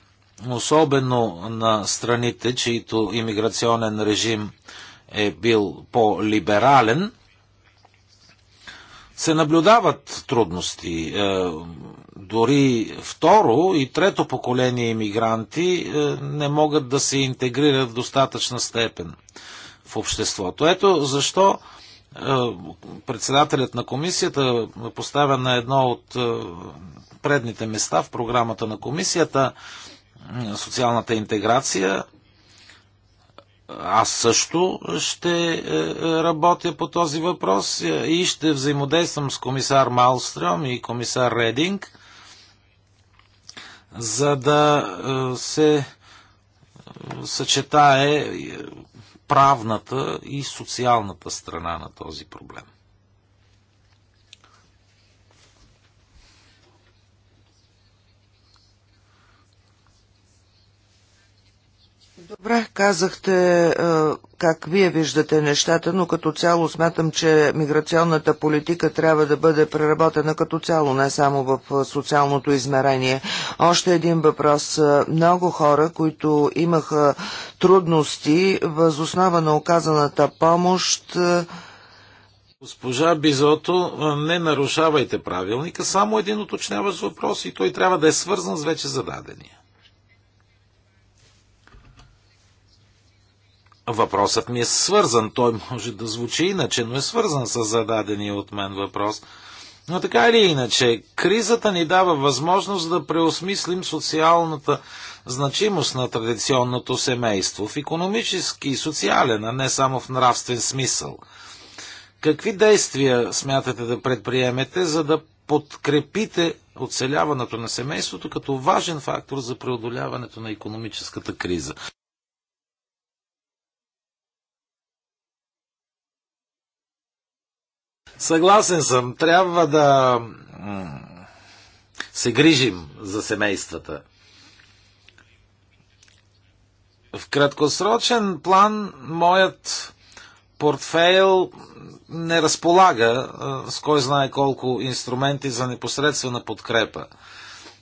особено на страните, чието иммиграционен режим е бил по-либерален, се наблюдават трудности дори второ и трето поколение иммигранти е, не могат да се интегрират в достатъчна степен в обществото. Ето защо е, председателят на комисията поставя на едно от е, предните места в програмата на комисията социалната интеграция. Аз също ще работя по този въпрос и ще взаимодействам с комисар Малстрем и комисар Рединг за да е, се е, съчетае е, правната и социалната страна на този проблем. Добре, казахте е, как вие виждате нещата, но като цяло смятам, че миграционната политика трябва да бъде преработена като цяло, не само в е, социалното измерение. Още един въпрос. Е, много хора, които имаха трудности възоснова на оказаната помощ, Госпожа Бизото, не нарушавайте правилника, само един уточняващ въпрос и той трябва да е свързан с вече зададения. Въпросът ми е свързан. Той може да звучи иначе, но е свързан с зададения от мен въпрос. Но така или иначе, кризата ни дава възможност да преосмислим социалната значимост на традиционното семейство в економически и социален, а не само в нравствен смисъл. Какви действия смятате да предприемете, за да подкрепите оцеляването на семейството като важен фактор за преодоляването на економическата криза? Съгласен съм. Трябва да се грижим за семействата. В краткосрочен план моят портфейл не разполага с кой знае колко инструменти за непосредствена подкрепа.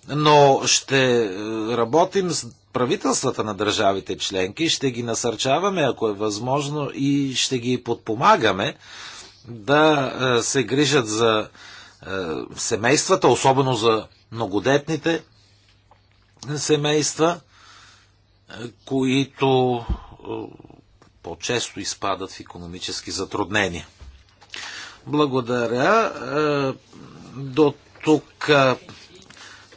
Но ще е, работим с правителствата на държавите членки, ще ги насърчаваме, ако е възможно, и ще ги подпомагаме да е, се грижат за е, семействата, особено за многодетните семейства, е, които по-често изпадат в економически затруднения. Благодаря. До тук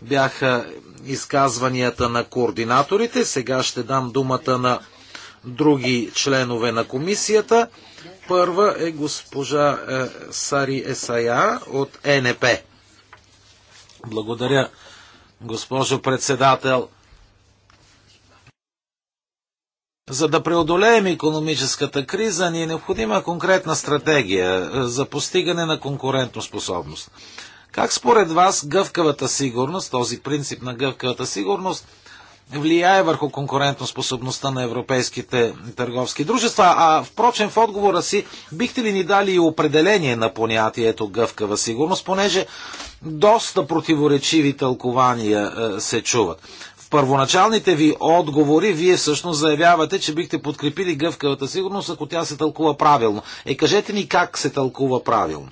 бяха изказванията на координаторите. Сега ще дам думата на други членове на комисията. Първа е госпожа е, Сари Есая от е НП. Благодаря, госпожо председател. За да преодолеем економическата криза, ни е необходима конкретна стратегия е, за постигане на конкурентоспособност. Как според вас гъвкавата сигурност, този принцип на гъвкавата сигурност, влияе върху конкурентоспособността на европейските търговски дружества. А впрочем, в отговора си бихте ли ни дали и определение на понятието гъвкава сигурност, понеже доста противоречиви тълкования е, се чуват първоначалните ви отговори вие всъщност заявявате, че бихте подкрепили гъвкавата сигурност, ако тя се тълкува правилно. Е, кажете ни как се тълкува правилно.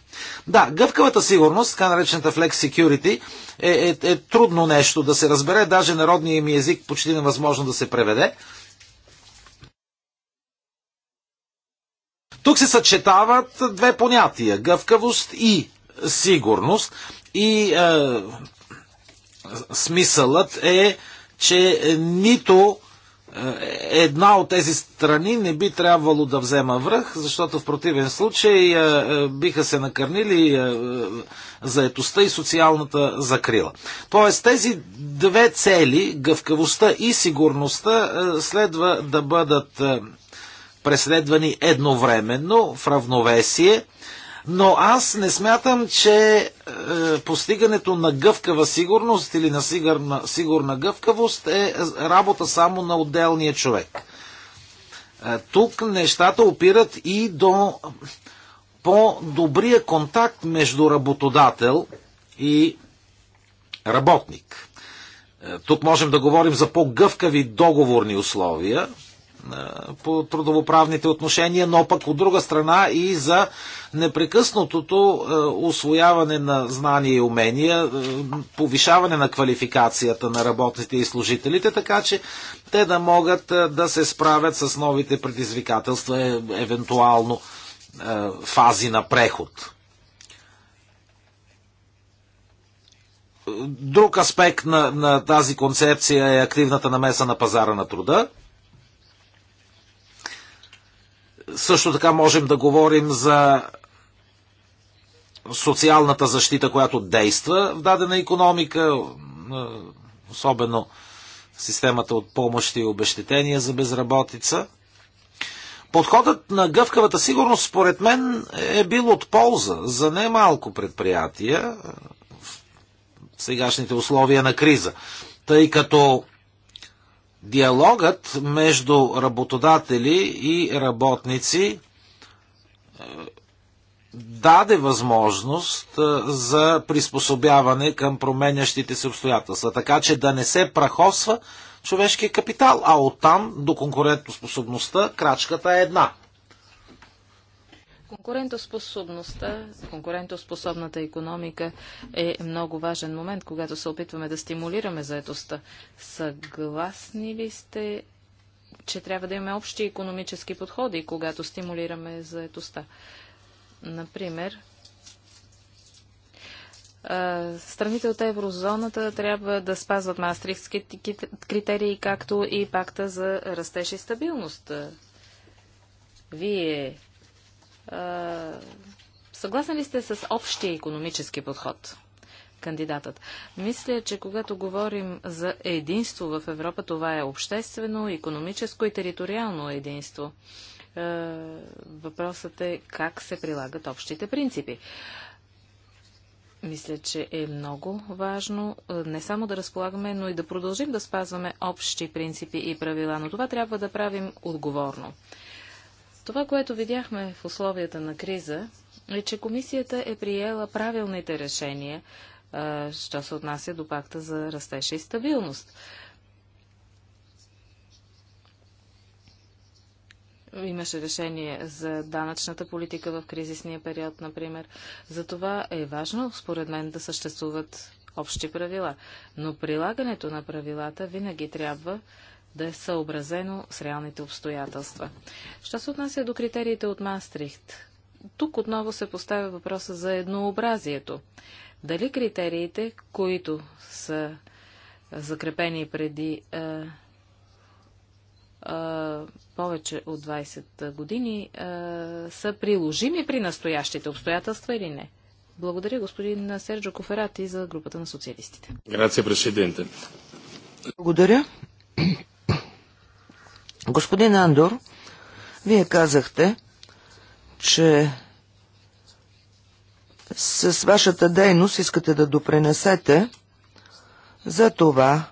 Да, гъвкавата сигурност, така наречената Flex Security, е, е, е трудно нещо да се разбере, даже народния ми език почти невъзможно да се преведе. Тук се съчетават две понятия гъвкавост и сигурност. И е, смисълът е че е, нито е, една от тези страни не би трябвало да взема връх, защото в противен случай е, биха се накърнили заетостта и социалната закрила. Тоест тези две цели, гъвкавостта и сигурността, следва да бъдат преследвани едновременно в равновесие – но аз не смятам, че е, постигането на гъвкава сигурност или на сигурна, сигурна гъвкавост е работа само на отделния човек. Е, тук нещата опират и до по-добрия контакт между работодател и работник. Е, тук можем да говорим за по-гъвкави договорни условия, е, по трудовоправните отношения, но пък от друга страна и за непрекъснатото освояване е, на знания и умения, е, повишаване на квалификацията на работните и служителите, така че те да могат да се справят с новите предизвикателства, евентуално фази на преход. Друг аспект на, на тази концепция е активната намеса на пазара на труда. Също така можем да говорим за социалната защита, която действа в дадена економика, особено системата от помощи и обещетения за безработица. Подходът на гъвкавата сигурност, според мен, е бил от полза за немалко предприятия в сегашните условия на криза, тъй като Диалогът между работодатели и работници е, даде възможност е, за приспособяване към променящите се обстоятелства, така че да не се прахосва човешкия капитал, а оттам до конкурентоспособността крачката е една. Конкурентоспособността, конкурентоспособната економика е много важен момент, когато се опитваме да стимулираме заедостта. Съгласни ли сте, че трябва да имаме общи економически подходи, когато стимулираме заедостта? Например, страните от еврозоната трябва да спазват мастрихски критерии, както и пакта за растеж и стабилност. Вие Съгласен ли сте с общия економически подход? кандидатът. Мисля, че когато говорим за единство в Европа, това е обществено, економическо и териториално единство. въпросът е как се прилагат общите принципи. Мисля, че е много важно не само да разполагаме, но и да продължим да спазваме общи принципи и правила, но това трябва да правим отговорно. Това, което видяхме в условията на криза, е, че комисията е приела правилните решения, що се отнася до пакта за растеж и стабилност. Имаше решение за данъчната политика в кризисния период, например. За това е важно, според мен, да съществуват общи правила. Но прилагането на правилата винаги трябва да е съобразено с реалните обстоятелства. Що се отнася до критериите от Мастрихт? Тук отново се поставя въпроса за еднообразието. Дали критериите, които са закрепени преди е, е, повече от 20 години, е, са приложими при настоящите обстоятелства или не? Благодаря господин Серджо Коферати за групата на социалистите. Грация, Благодаря. Господин Андор, вие казахте, че с вашата дейност искате да допренесете за това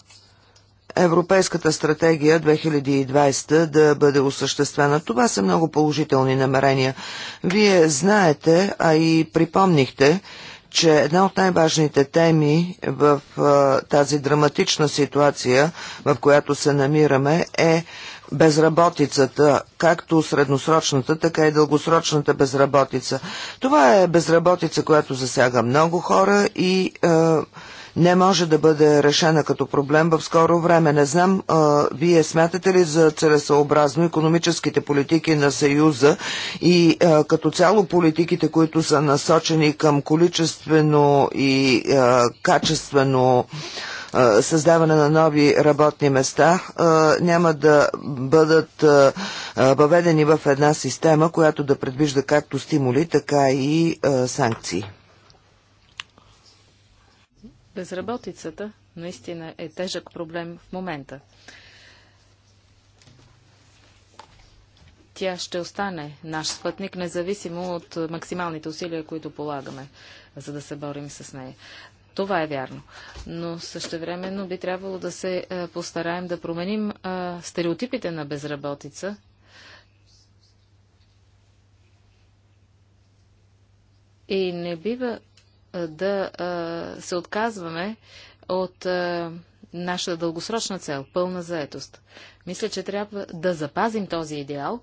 Европейската стратегия 2020 да бъде осъществена. Това са много положителни намерения. Вие знаете, а и припомнихте, че една от най-важните теми в а, тази драматична ситуация, в която се намираме, е безработицата, както средносрочната, така и дългосрочната безработица. Това е безработица, която засяга много хора и а, не може да бъде решена като проблем в скоро време. Не знам, а, вие смятате ли за целесообразно економическите политики на Съюза и а, като цяло политиките, които са насочени към количествено и а, качествено създаване на нови работни места няма да бъдат въведени в една система, която да предвижда както стимули, така и санкции. Безработицата наистина е тежък проблем в момента. Тя ще остане наш спътник, независимо от максималните усилия, които полагаме, за да се борим с нея. Това е вярно. Но същевременно би трябвало да се е, постараем да променим е, стереотипите на безработица И не бива да се отказваме от нашата дългосрочна цел – пълна заетост. Мисля, че трябва да запазим този идеал,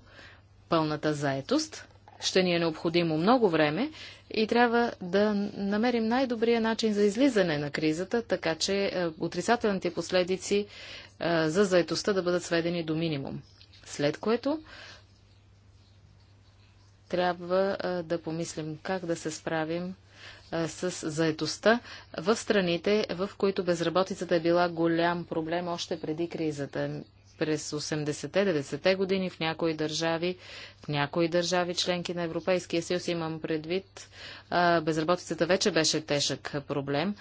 пълната заетост. Ще ни е необходимо много време и трябва да намерим най-добрия начин за излизане на кризата, така че отрицателните последици за заетостта да бъдат сведени до минимум. След което трябва да помислим как да се справим с заетостта в страните, в които безработицата е била голям проблем още преди кризата. През 80-те, 90-те години в някои държави, в някои държави членки на Европейския съюз имам предвид, безработицата вече беше тежък проблем.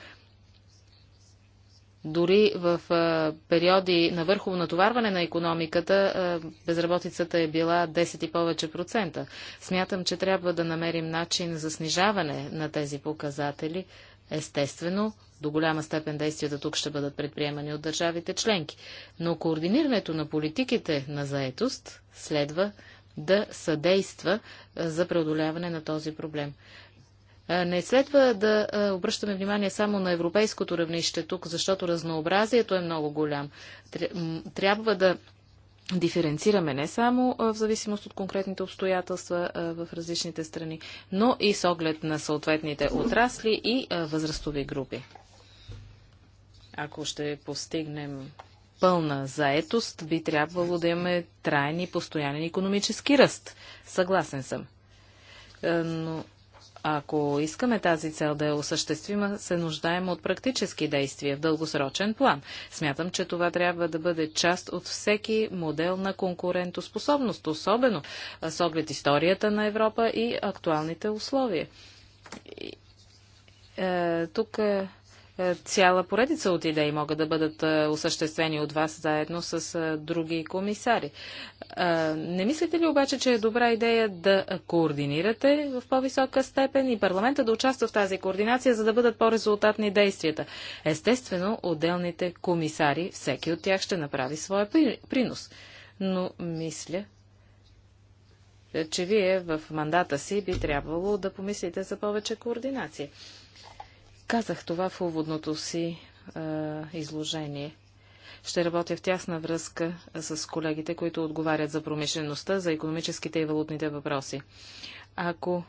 Дори в периоди на върхово натоварване на економиката безработицата е била 10 и повече процента. Смятам, че трябва да намерим начин за снижаване на тези показатели. Естествено, до голяма степен действията тук ще бъдат предприемани от държавите членки. Но координирането на политиките на заетост следва да съдейства за преодоляване на този проблем. Е, не следва да е, обръщаме внимание само на европейското равнище тук, защото разнообразието е много голям. Трябва да диференцираме не само е, в зависимост от конкретните обстоятелства в различните страни, но и с оглед на съответните отрасли и възрастови групи. Ако ще постигнем пълна заетост, би трябвало да имаме трайни и постоянен економически ръст. Съгласен съм. Но ако искаме тази цел да е осъществима, се нуждаем от практически действия в дългосрочен план. Смятам, че това трябва да бъде част от всеки модел на конкурентоспособност, особено с оглед историята на Европа и актуалните условия. Е, тук е, е, цяла поредица от идеи могат да бъдат е, осъществени от вас заедно с е, други комисари. Не мислите ли обаче, че е добра идея да координирате в по-висока степен и парламента да участва в тази координация, за да бъдат по-резултатни действията? Естествено, отделните комисари, всеки от тях ще направи своя принос. Но мисля, че вие в мандата си би трябвало да помислите за повече координация. Казах това в уводното си а, изложение. Ще работя в тясна връзка с колегите, които отговарят за промишлеността, за економическите и валутните въпроси. Ако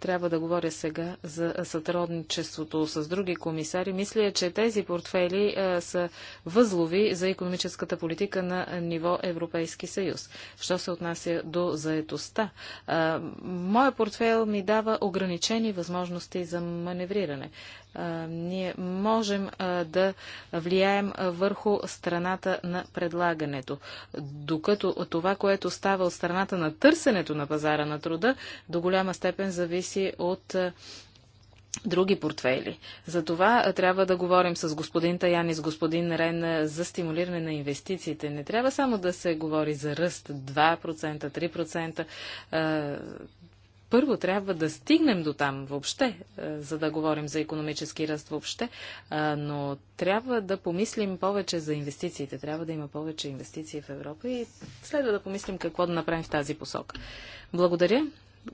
трябва да говоря сега за сътрудничеството с други комисари. Мисля, че тези портфели е, са възлови за економическата политика на ниво Европейски съюз. Що се отнася до заетостта? Е, моя портфел ми дава ограничени възможности за маневриране ние можем да влияем върху страната на предлагането. Докато това, което става от страната на търсенето на пазара на труда, до голяма степен зависи от други портфели. За това трябва да говорим с господин Таян и с господин Рен за стимулиране на инвестициите. Не трябва само да се говори за ръст 2%, 3% първо трябва да стигнем до там въобще, е, за да говорим за економически ръст въобще, е, но трябва да помислим повече за инвестициите. Трябва да има повече инвестиции в Европа и следва да помислим какво да направим в тази посока. Благодаря.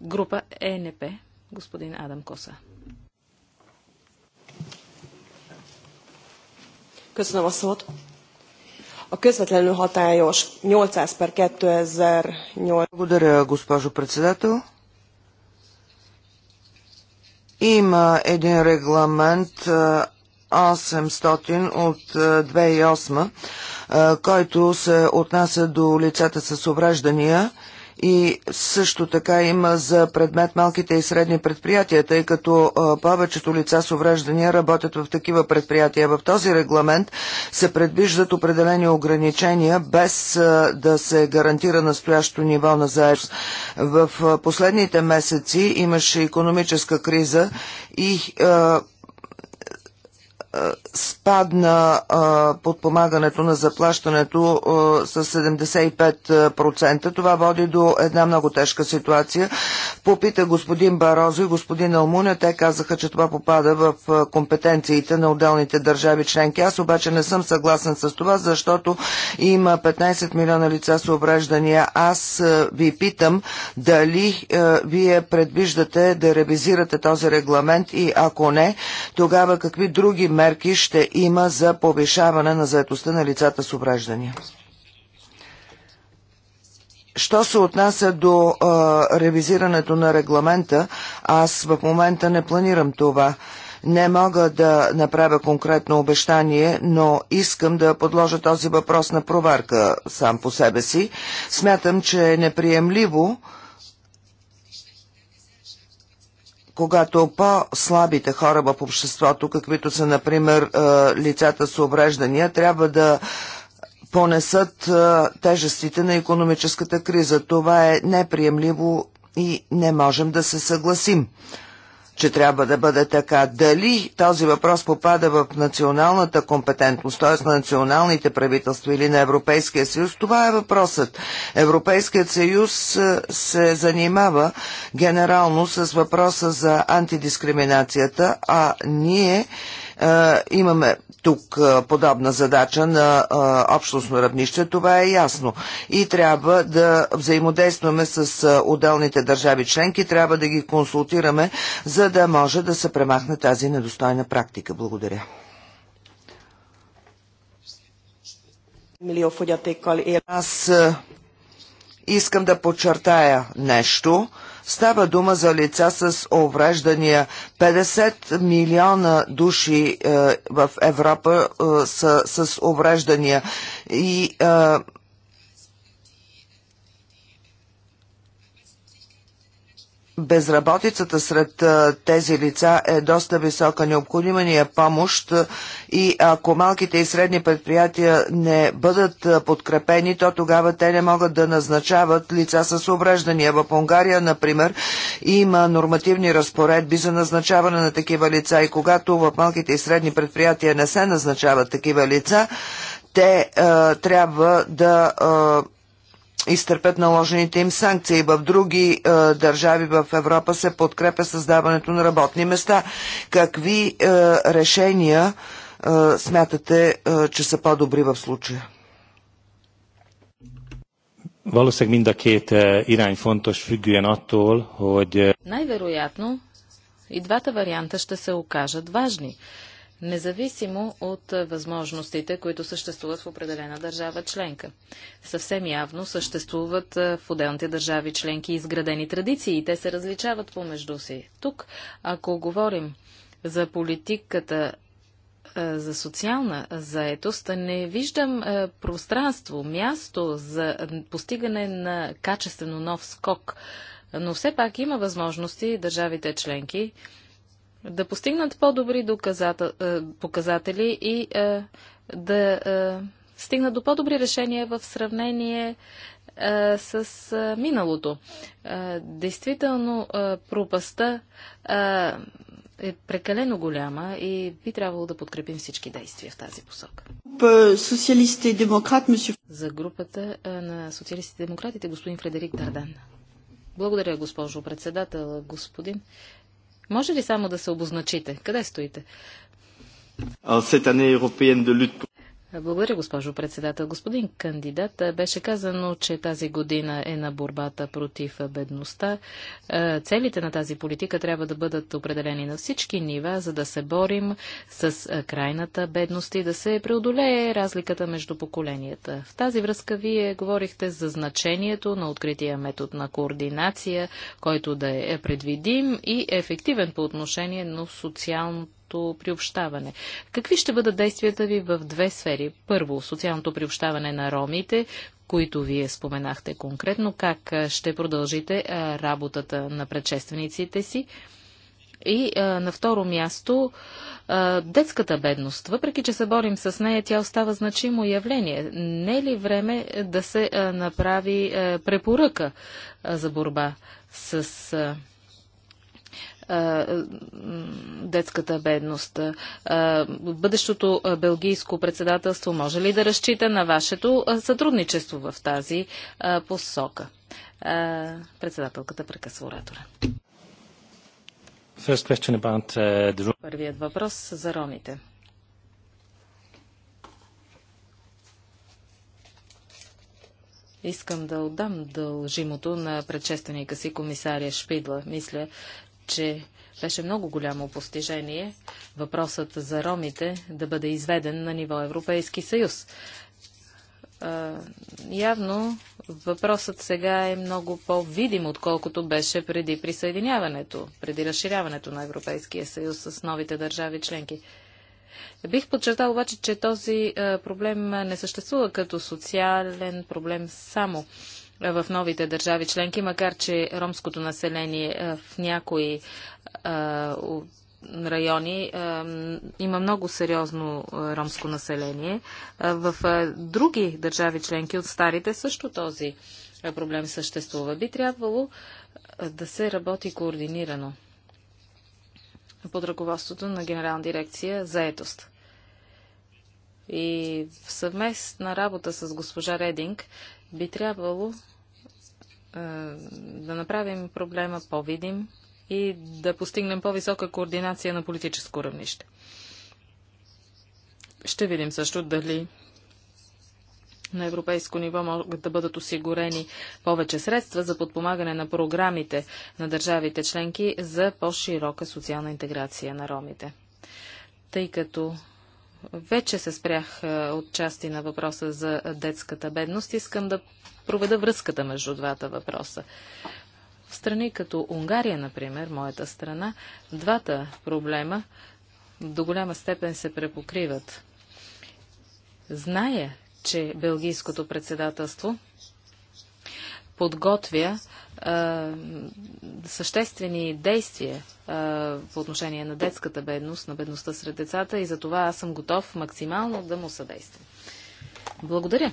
Група ЕНП, господин Адам Коса. Köszönöm a szót. A közvetlenül hatályos 800 per 2008... Благодаря, госпожо председател. Има един регламент 800 от 2008, който се отнася до лицата с увреждания и също така има за предмет малките и средни предприятия, тъй като повечето лица с увреждания работят в такива предприятия. В този регламент се предвиждат определени ограничения, без да се гарантира настоящо ниво на заедност. В последните месеци имаше економическа криза и е, спадна е, подпомагането на заплащането е, с 75%. Това води до една много тежка ситуация. Попита господин Барозо и господин Алмуня. Те казаха, че това попада в компетенциите на отделните държави членки. Аз обаче не съм съгласен с това, защото има 15 милиона лица с обреждания. Аз ви питам дали вие предвиждате да ревизирате този регламент и ако не, тогава какви други мерки мерки ще има за повишаване на заетостта на лицата с увреждания? Що се отнася до а, ревизирането на регламента, аз в момента не планирам това. Не мога да направя конкретно обещание, но искам да подложа този въпрос на проварка сам по себе си. Смятам, че е неприемливо, когато по-слабите хора в обществото, каквито са, например, е, лицата с увреждания, трябва да понесат е, тежестите на економическата криза. Това е неприемливо и не можем да се съгласим че трябва да бъде така. Дали този въпрос попада в националната компетентност, т.е. на националните правителства или на Европейския съюз, това е въпросът. Европейският съюз е, се занимава генерално с въпроса за антидискриминацията, а ние е, имаме тук подобна задача на общностно равнище, това е ясно. И трябва да взаимодействаме с отделните държави членки, трябва да ги консултираме, за да може да се премахне тази недостойна практика. Благодаря. Аз искам да подчертая нещо. Става дума за лица с увреждания. 50 милиона души е, в Европа е, са с увреждания. И е, безработицата сред тези лица е доста висока. Необходима ни е помощ и ако малките и средни предприятия не бъдат подкрепени, то тогава те не могат да назначават лица с обреждания. В Унгария, например, има нормативни разпоредби за назначаване на такива лица и когато в малките и средни предприятия не се назначават такива лица, те е, трябва да е, изтърпят наложените им санкции. В други е, държави в Европа се подкрепя създаването на работни места. Какви е, решения е, смятате, е, че са по-добри в случая? Е, е, Най-вероятно и двата варианта ще се окажат важни независимо от възможностите, които съществуват в определена държава членка. Съвсем явно съществуват в отделните държави членки изградени традиции и те се различават помежду си. Тук, ако говорим за политиката за социална заетост, не виждам пространство, място за постигане на качествено нов скок. Но все пак има възможности държавите членки да постигнат по-добри е, показатели и е, да е, стигнат до по-добри решения в сравнение с миналото. Действително, пропаста е прекалено голяма и би трябвало да подкрепим всички действия в тази посока. За групата на социалистите и демократите, господин Фредерик Дардан. Благодаря, госпожо председател. Господин може ли само да се обозначите? Къде стоите? Euh, cette année européenne de lutte благодаря, госпожо председател. Господин кандидат, беше казано, че тази година е на борбата против бедността. Целите на тази политика трябва да бъдат определени на всички нива, за да се борим с крайната бедност и да се преодолее разликата между поколенията. В тази връзка вие говорихте за значението на открития метод на координация, който да е предвидим и ефективен по отношение на социалното социалното приобщаване. Какви ще бъдат действията ви в две сфери? Първо, социалното приобщаване на ромите, които вие споменахте конкретно, как ще продължите работата на предшествениците си. И а, на второ място, а, детската бедност. Въпреки, че се борим с нея, тя остава значимо явление. Не е ли време е, да се а, направи а, е, препоръка а, за борба с. А, детската бедност. Бъдещото белгийско председателство може ли да разчита на вашето сътрудничество в тази посока? Председателката прекъсва оратора. Uh, Първият въпрос за ромите. Искам да отдам дължимото на предшественика си комисария Шпидла. Мисля, че беше много голямо постижение въпросът за ромите да бъде изведен на ниво Европейски съюз. явно въпросът сега е много по-видим, отколкото беше преди присъединяването, преди разширяването на Европейския съюз с новите държави членки. Бих подчертал обаче, че този проблем не съществува като социален проблем само. Е, в новите държави членки, макар че ромското население е, в някои е, райони има много сериозно ромско население. В други държави членки от старите също този проблем съществува. Би трябвало да се работи координирано под ръководството на Генерална дирекция заетост. И в съвместна работа с госпожа Рединг би трябвало е, да направим проблема по-видим и да постигнем по-висока координация на политическо равнище. Ще видим също дали на европейско ниво могат да бъдат осигурени повече средства за подпомагане на програмите на държавите членки за по-широка социална интеграция на ромите. Тъй като вече се спрях е, от части на въпроса за детската бедност. Искам да проведа връзката между двата въпроса. В страни като Унгария, например, моята страна, двата проблема до голяма степен се препокриват. Зная, че Белгийското председателство подготвя съществени действия по отношение на детската бедност, на бедността сред децата и за това аз съм готов максимално да му съдействам. Благодаря,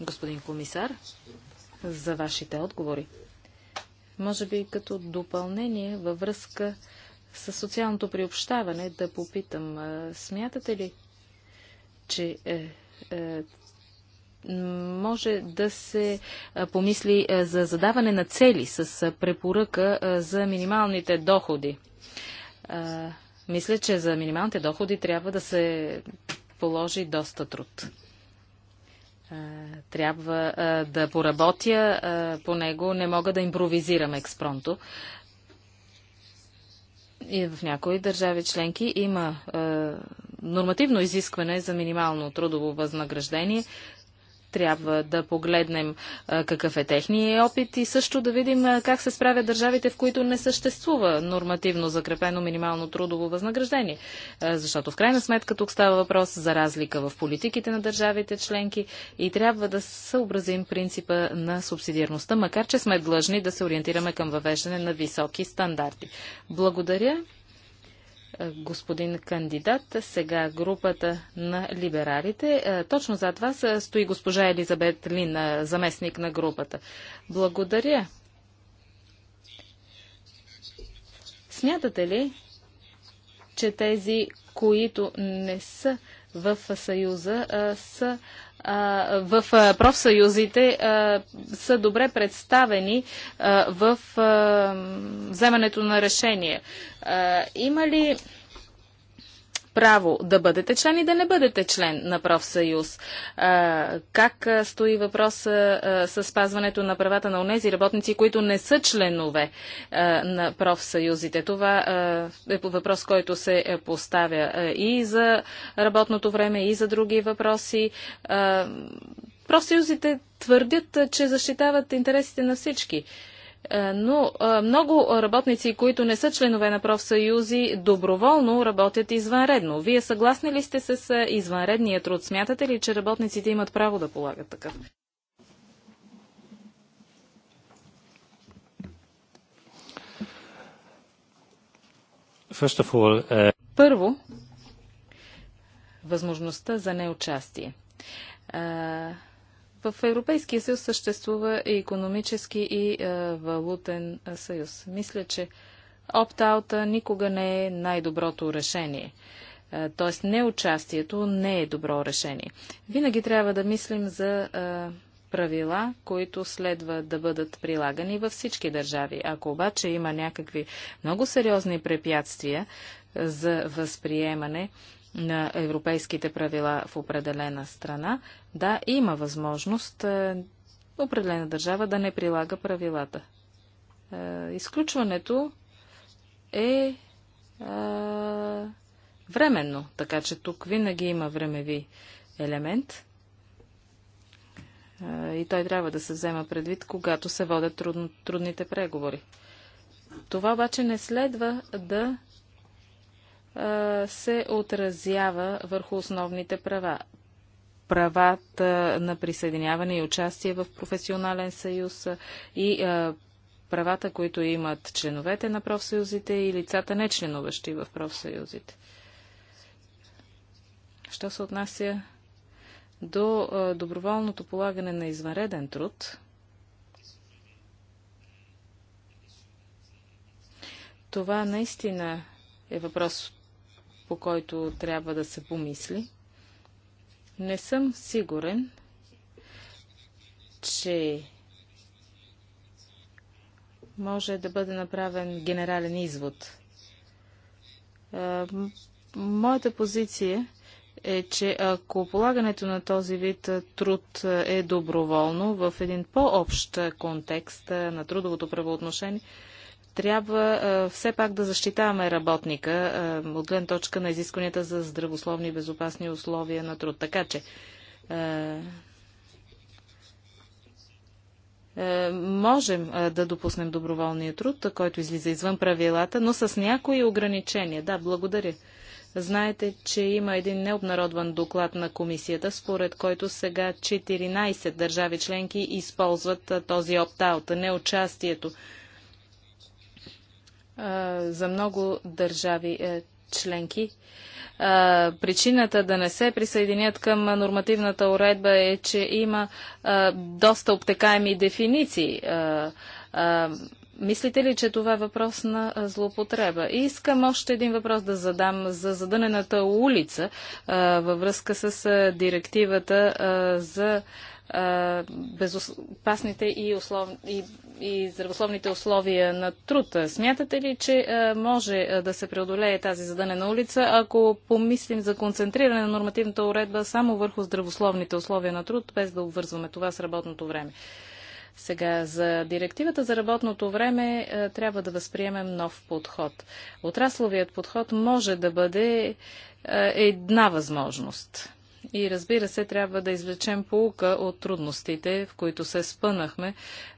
господин комисар, за вашите отговори. Може би като допълнение във връзка с социалното приобщаване да попитам, смятате ли, че е, е, може да се помисли за задаване на цели с препоръка за минималните доходи. Мисля, че за минималните доходи трябва да се положи доста труд. Трябва да поработя по него, не мога да импровизирам експронто. И в някои държави членки има нормативно изискване за минимално трудово възнаграждение, трябва да погледнем какъв е техния опит и също да видим как се справят държавите, в които не съществува нормативно закрепено минимално трудово възнаграждение. защото в крайна сметка тук става въпрос за разлика в политиките на държавите членки и трябва да съобразим принципа на субсидиарността, макар че сме длъжни да се ориентираме към въвеждане на високи стандарти. Благодаря. Е, господин кандидат. Сега групата на либералите. Е, точно зад вас е, стои госпожа Елизабет Лин, заместник на групата. Благодаря. Смятате ли, че тези, които не са в Съюза, са в профсъюзите са добре представени в вземането на решения. Има ли право да бъдете член и да не бъдете член на профсъюз. Как стои въпрос с спазването на правата на унези работници, които не са членове на профсъюзите? Това е въпрос, който се е, поставя и за работното време, и за други въпроси. Профсъюзите твърдят, че защитават интересите на всички. Е, но е, много работници, които не са членове на профсъюзи, доброволно работят извънредно. Вие съгласни ли сте с е, извънредния труд? Смятате ли, че работниците имат право да полагат такъв? Първо, възможността за неучастие. В Европейския съюз съществува и економически и а, е, валутен е, съюз. Мисля, че опт-аута никога не е най-доброто решение. Е, тоест, неучастието не е добро решение. Винаги трябва да мислим за а, правила, които следва да бъдат прилагани във всички държави. Ако обаче има някакви много сериозни препятствия за възприемане на европейските правила в определена страна, да, има възможност е, определена държава да не прилага правилата. Е, изключването е, е, временно, така че тук винаги има времеви елемент и той трябва да се взема предвид, когато се водят трудните преговори. Това обаче не следва да се отразява върху основните права. Правата на присъединяване и участие в професионален съюз и правата, които имат членовете на профсъюзите и лицата не членуващи в профсъюзите. Що се отнася до доброволното полагане на извънреден труд, това наистина е въпрос, по който трябва да се помисли. Не съм сигурен, че може да бъде направен генерален извод. Моята позиция е, че ако полагането на този вид труд е доброволно в един по-общ контекст на трудовото правоотношение, трябва а, все пак да защитаваме работника а, от гледна точка на изискванията за здравословни и безопасни условия на труд. Така че а, можем да допуснем доброволния труд, който излиза извън правилата, но с някои ограничения. Да, благодаря. Знаете, че има един необнародван доклад на комисията, според който сега 14 държави членки използват този опт-аут, неучастието за много държави е, членки. Причината да не се присъединят към нормативната уредба е, че има доста обтекаеми дефиниции. Мислите ли, че това е въпрос на злоупотреба? И искам още един въпрос да задам за задънената улица във връзка с директивата за безопасните и, услов... и, и здравословните условия на труд. Смятате ли, че може да се преодолее тази задънена улица, ако помислим за концентриране на нормативната уредба само върху здравословните условия на труд, без да обвързваме това с работното време? Сега, за директивата за работното време трябва да възприемем нов подход. Отрасловият подход може да бъде една възможност и разбира се, трябва да извлечем полука от трудностите, в които се спънахме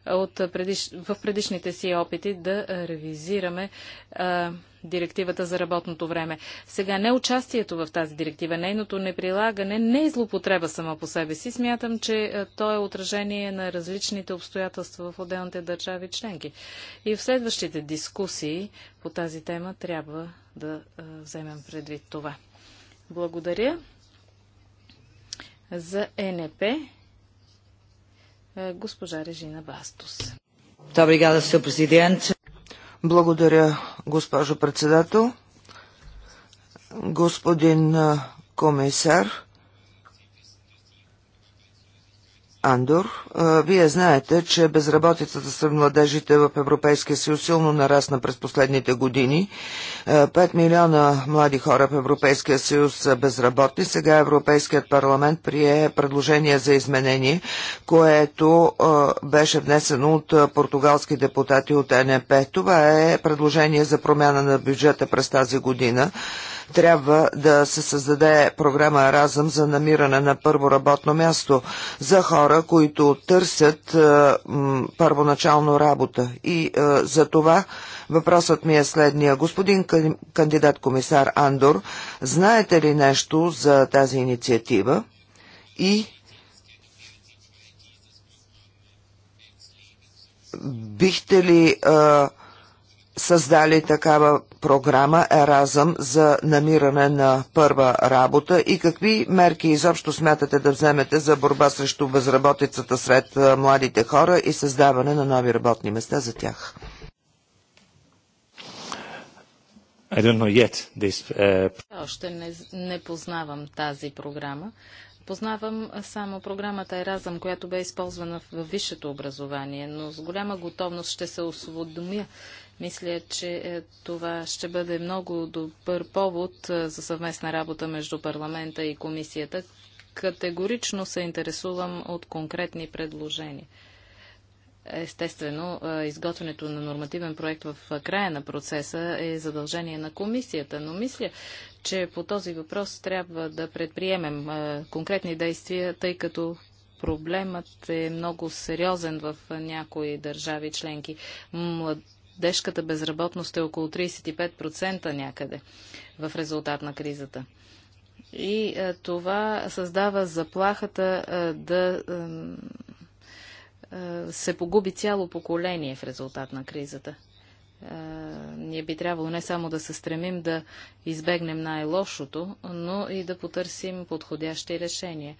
от предиш... в предишните си опити да ревизираме а, директивата за работното време. Сега не участието в тази директива, нейното неприлагане не е злопотреба сама по себе си. Смятам, че то е отражение на различните обстоятелства в отделните държави членки. И в следващите дискусии по тази тема трябва да а, вземем предвид това. Благодаря. За ЕНП госпожа Режина Бастус. Благодаря, госпожо председател. Господин комисар, Андор, вие знаете, че безработицата сред младежите в Европейския съюз силно нарасна през последните години. 5 милиона млади хора в Европейския съюз са безработни. Сега Европейският парламент прие предложение за изменение, което беше внесено от португалски депутати от НП. Това е предложение за промяна на бюджета през тази година трябва да се създаде програма Разъм за намиране на първо работно място за хора, които търсят е, първоначално работа. И е, за това въпросът ми е следния. Господин кандидат комисар Андор, знаете ли нещо за тази инициатива? И бихте ли а, е, създали такава програма Еразъм за намиране на първа работа и какви мерки изобщо смятате да вземете за борба срещу безработицата сред младите хора и създаване на нови работни места за тях? I don't know yet this, uh... Още не, не познавам тази програма. Познавам само програмата Еразъм, която бе използвана в висшето образование, но с голяма готовност ще се освободомя. Мисля, че е, това ще бъде много добър повод е, за съвместна работа между парламента и комисията. Категорично се интересувам от конкретни предложения. Естествено, е, изготвянето на нормативен проект в края на процеса е задължение на комисията, но мисля, че по този въпрос трябва да предприемем конкретни действия, тъй като проблемът е много сериозен в някои държави членки. Млад младежката безработност е около 35% някъде в резултат на кризата. И е, това създава заплахата е, да е, се погуби цяло поколение в резултат на кризата. Е, ние би трябвало не само да се стремим да избегнем най-лошото, но и да потърсим подходящи решения.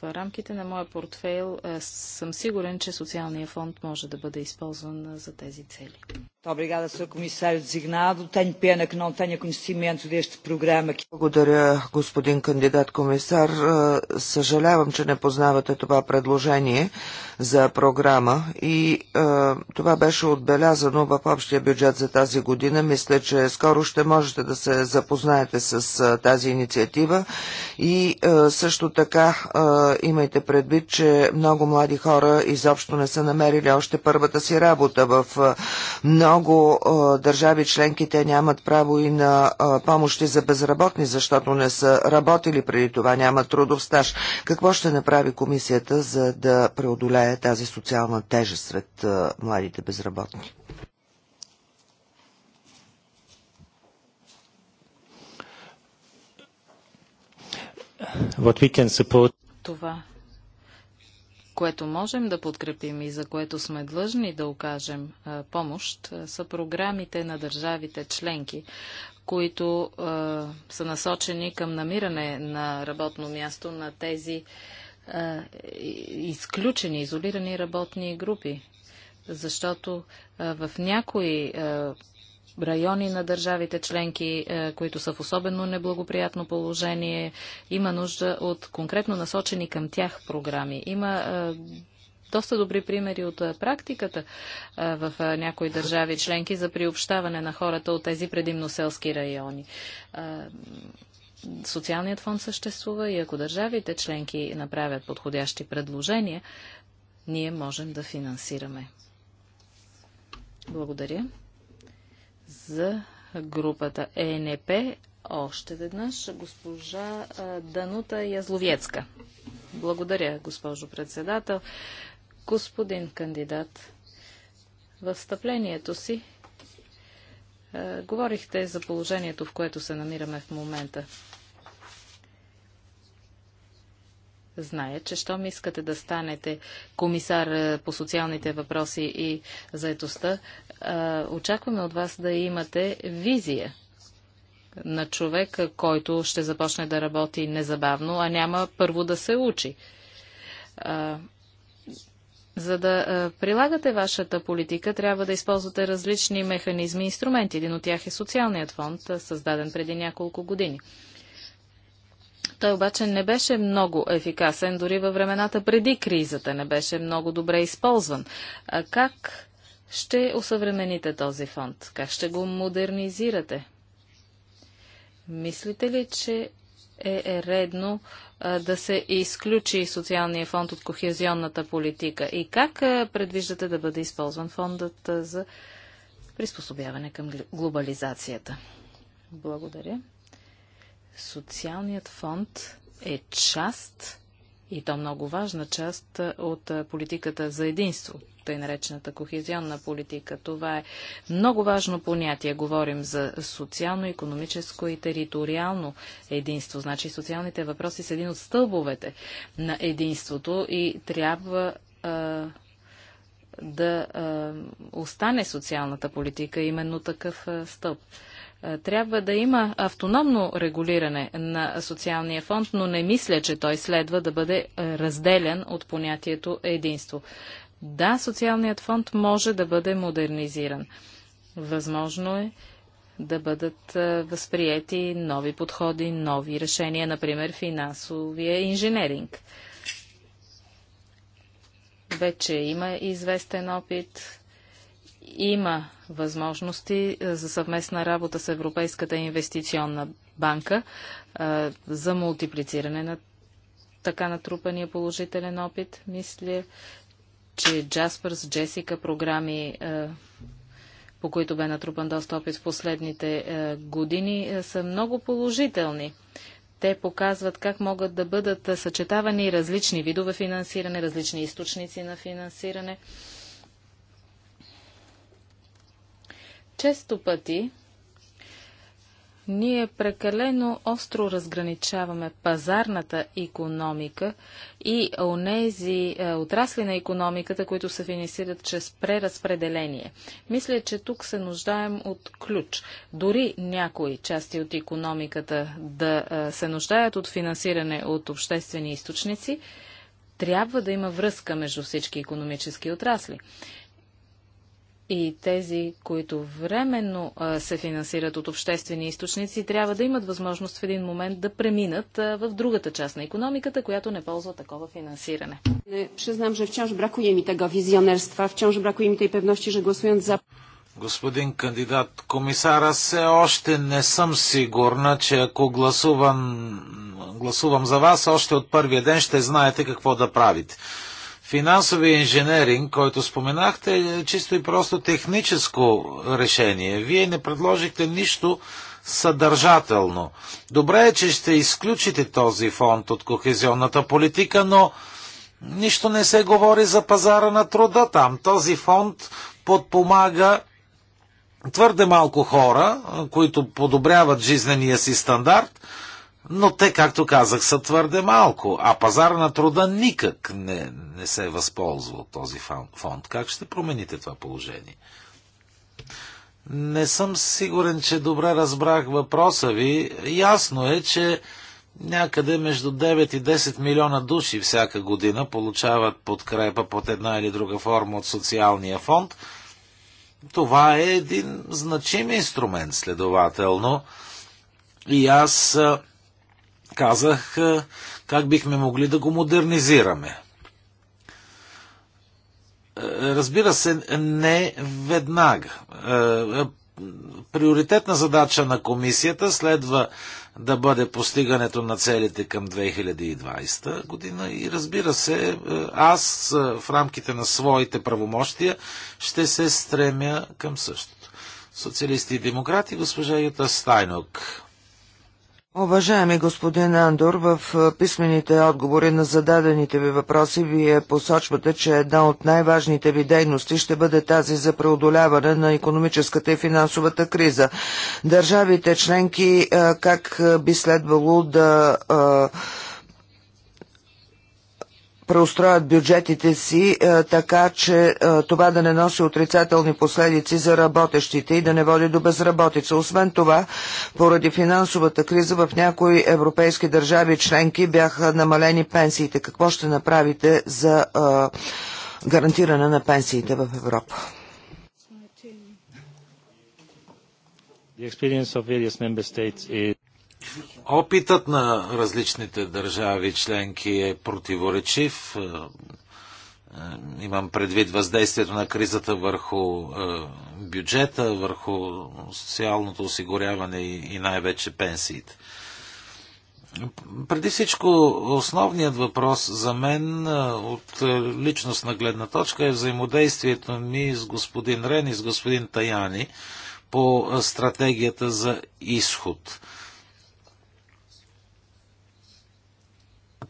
В рамките на моя портфейл е, съм сигурен, че социалния фонд може да бъде използван е, за тези цели obrigada, Sr. Comissário designado. Tenho pena que não tenha conhecimento deste programa. Благодаря, господин кандидат комисар. Е, съжалявам, че не познавате това предложение за програма и е, това беше отбелязано в общия бюджет за тази година. Мисля, че скоро ще можете да се запознаете с е, тази инициатива и също така имайте предвид, че много млади хора изобщо не са намерили още първата си работа в много много държави, държави членките нямат право и на помощи за безработни, защото не са работили преди това, нямат трудов стаж. Какво ще направи комисията за да преодолее тази социална тежест сред младите безработни? Това, което можем да подкрепим и за което сме длъжни да окажем помощ, са програмите на държавите членки, които са насочени към намиране на работно място на тези изключени, изолирани работни групи. Защото в някои райони на държавите членки, е, които са в особено неблагоприятно положение. Има нужда от конкретно насочени към тях програми. Има е, доста добри примери от е, практиката в някои държави членки за приобщаване на хората от тези предимно селски райони. социалният фонд съществува и ако държавите членки направят подходящи предложения, ние можем да финансираме. Благодаря за групата ЕНП. Още веднъж госпожа Данута Язловецка. Благодаря, госпожо председател. Господин кандидат, в встъплението си говорихте за положението, в което се намираме в момента. знае, че щом искате да станете комисар е, по социалните въпроси и заедостта, е, очакваме от вас да имате визия на човек, който ще започне да работи незабавно, а няма първо да се учи. Е, за да прилагате вашата политика, трябва да използвате различни механизми и инструменти. Един от тях е социалният фонд, създаден преди няколко години. Той обаче не беше много ефикасен, дори във времената преди кризата не беше много добре използван. А как ще усъвремените този фонд? Как ще го модернизирате? Мислите ли, че е редно а, да се изключи социалния фонд от кохезионната политика? И как а, предвиждате да бъде използван фондът а, за приспособяване към глобализацията? Благодаря. Социалният фонд е част, и то много важна част, от политиката за единство, тъй наречената кохезионна политика. Това е много важно понятие. Говорим за социално, економическо и териториално единство. Значи социалните въпроси са един от стълбовете на единството и трябва а, да а, остане социалната политика именно такъв а, стълб. Е, трябва да има автономно регулиране на социалния фонд, но не мисля, че той следва да бъде е, разделен от понятието единство. Да, социалният фонд може да бъде модернизиран. Възможно е да бъдат е, възприяти нови подходи, нови решения, например финансовия инженеринг. Вече има известен опит има възможности е, за съвместна работа с Европейската инвестиционна банка е, за мултиплициране на така натрупания положителен опит. Мисля, че Jaspers, Джесика програми, е, по които бе натрупан доста опит в последните години, са много положителни те показват как могат да бъдат съчетавани различни видове финансиране, различни източници на финансиране. Често пъти ние прекалено остро разграничаваме пазарната економика и онези е, отрасли на економиката, които се финансират чрез преразпределение. Мисля, че тук се нуждаем от ключ. Дори някои части от економиката да е, се нуждаят от финансиране от обществени източници, трябва да има връзка между всички економически отрасли и тези, които временно а, се финансират от обществени източници, трябва да имат възможност в един момент да преминат а, в другата част на економиката, която не ползва такова финансиране. Не, признам, че вчаш бракуе ми тега визионерства, вчаш бракуе ми tej певности, че гласуем за... Господин кандидат комисара, все още не съм сигурна, че ако гласувам, гласувам за вас, още от първия ден ще знаете какво да правите. Финансови инженеринг, който споменахте, е чисто и просто техническо решение. Вие не предложихте нищо съдържателно. Добре е, че ще изключите този фонд от кохезионната политика, но нищо не се говори за пазара на труда там. Този фонд подпомага твърде малко хора, които подобряват жизнения си стандарт, но те, както казах, са твърде малко, а пазар на труда никак не, не се е възползва от този фонд. Как ще промените това положение? Не съм сигурен, че добре разбрах въпроса ви. Ясно е, че някъде между 9 и 10 милиона души всяка година получават подкрепа под една или друга форма от социалния фонд. Това е един значим инструмент, следователно. И аз казах е, как бихме могли да го модернизираме. Е, разбира се, не веднага. Е, приоритетна задача на комисията следва да бъде постигането на целите към 2020 година и разбира се, аз в рамките на своите правомощия ще се стремя към същото. Социалисти и демократи, госпожа Юта Стайнок. Уважаеми господин Андор, в писмените отговори на зададените ви въпроси вие посочвате, че една от най-важните ви дейности ще бъде тази за преодоляване на економическата и финансовата криза. Държавите членки как би следвало да преустроят бюджетите си, е, така че е, това да не носи отрицателни последици за работещите и да не води до безработица. Освен това, поради финансовата криза в някои европейски държави членки бяха намалени пенсиите. Какво ще направите за е, гарантиране на пенсиите в Европа? Is... Опитът на различните държави членки е противоречив. Е, е, имам предвид въздействието на кризата върху е, бюджета, върху социалното осигуряване и най-вече пенсиите. Преди всичко, основният въпрос за мен от личностна гледна точка е взаимодействието ми с господин Рен и с господин Таяни по стратегията за изход.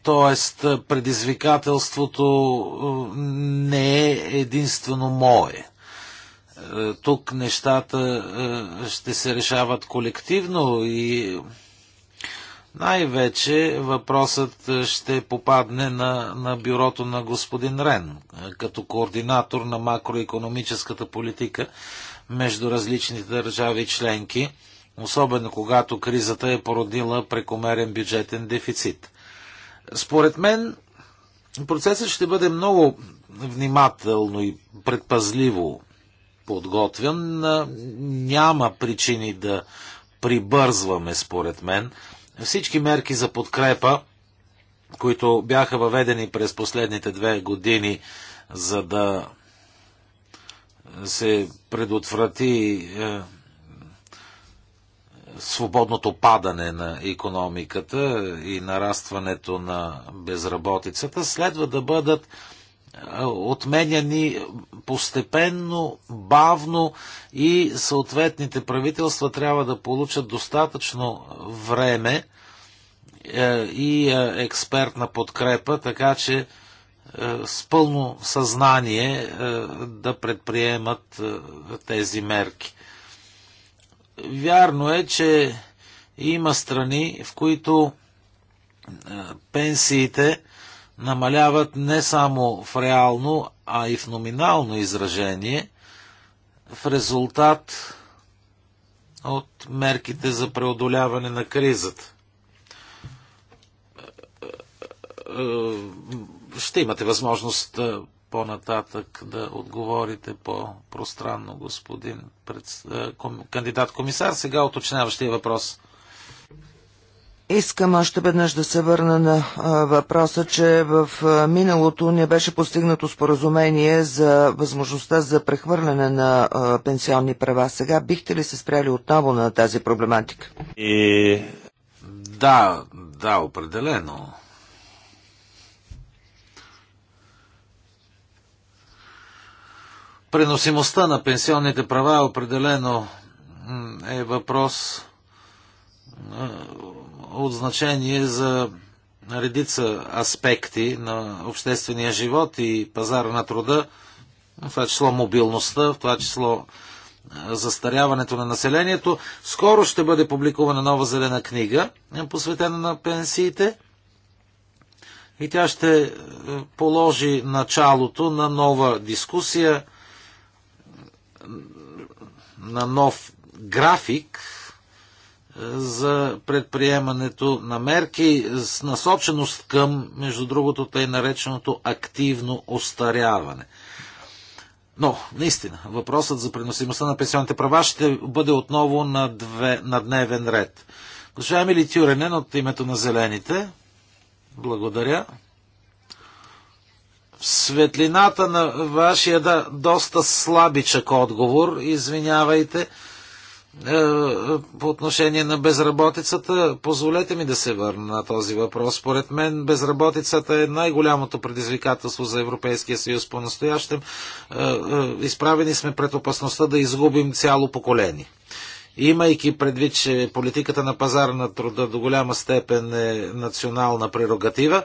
Тоест, предизвикателството не е единствено мое. Тук нещата ще се решават колективно и най-вече въпросът ще попадне на, на бюрото на господин Рен, като координатор на макроекономическата политика между различните държави и членки, особено когато кризата е породила прекомерен бюджетен дефицит. Според мен процесът ще бъде много внимателно и предпазливо подготвен. Няма причини да прибързваме, според мен. Всички мерки за подкрепа, които бяха въведени през последните две години, за да се предотврати е, свободното падане на економиката и нарастването на безработицата следва да бъдат е, отменяни постепенно, бавно и съответните правителства трябва да получат достатъчно време е, и е, експертна подкрепа, така че с пълно съзнание да предприемат тези мерки. Вярно е, че има страни, в които е, пенсиите намаляват не само в реално, а и в номинално изражение в резултат от мерките за преодоляване на кризата. Е, е, ще имате възможност по-нататък да отговорите по-пространно, господин пред... Е, ком... кандидат-комисар. Сега уточняващия въпрос. Искам още веднъж да се върна на въпроса, че в миналото не беше постигнато споразумение за възможността за прехвърляне на пенсионни права. Сега бихте ли се спряли отново на тази проблематика? И... Да, да, определено. Преносимостта на пенсионните права определено е въпрос от значение за редица аспекти на обществения живот и пазара на труда, в това число мобилността, в това число застаряването на населението. Скоро ще бъде публикувана нова зелена книга, е, посветена на пенсиите. И тя ще е, положи началото на нова дискусия на нов график е, за предприемането на мерки с насоченост към, между другото, тъй нареченото активно остаряване. Но, наистина, въпросът за преносимостта на пенсионните права ще бъде отново на, две, на дневен ред. Госпожа Емили Тюренен от името на Зелените. Благодаря. В светлината на вашия да, доста слабичък отговор, извинявайте, е, е, по отношение на безработицата, позволете ми да се върна на този въпрос. Според мен безработицата е най-голямото предизвикателство за Европейския съюз по-настоящем. Е, изправени сме пред опасността да изгубим цяло поколение. Имайки предвид, че политиката на пазар на труда до голяма степен е национална прерогатива,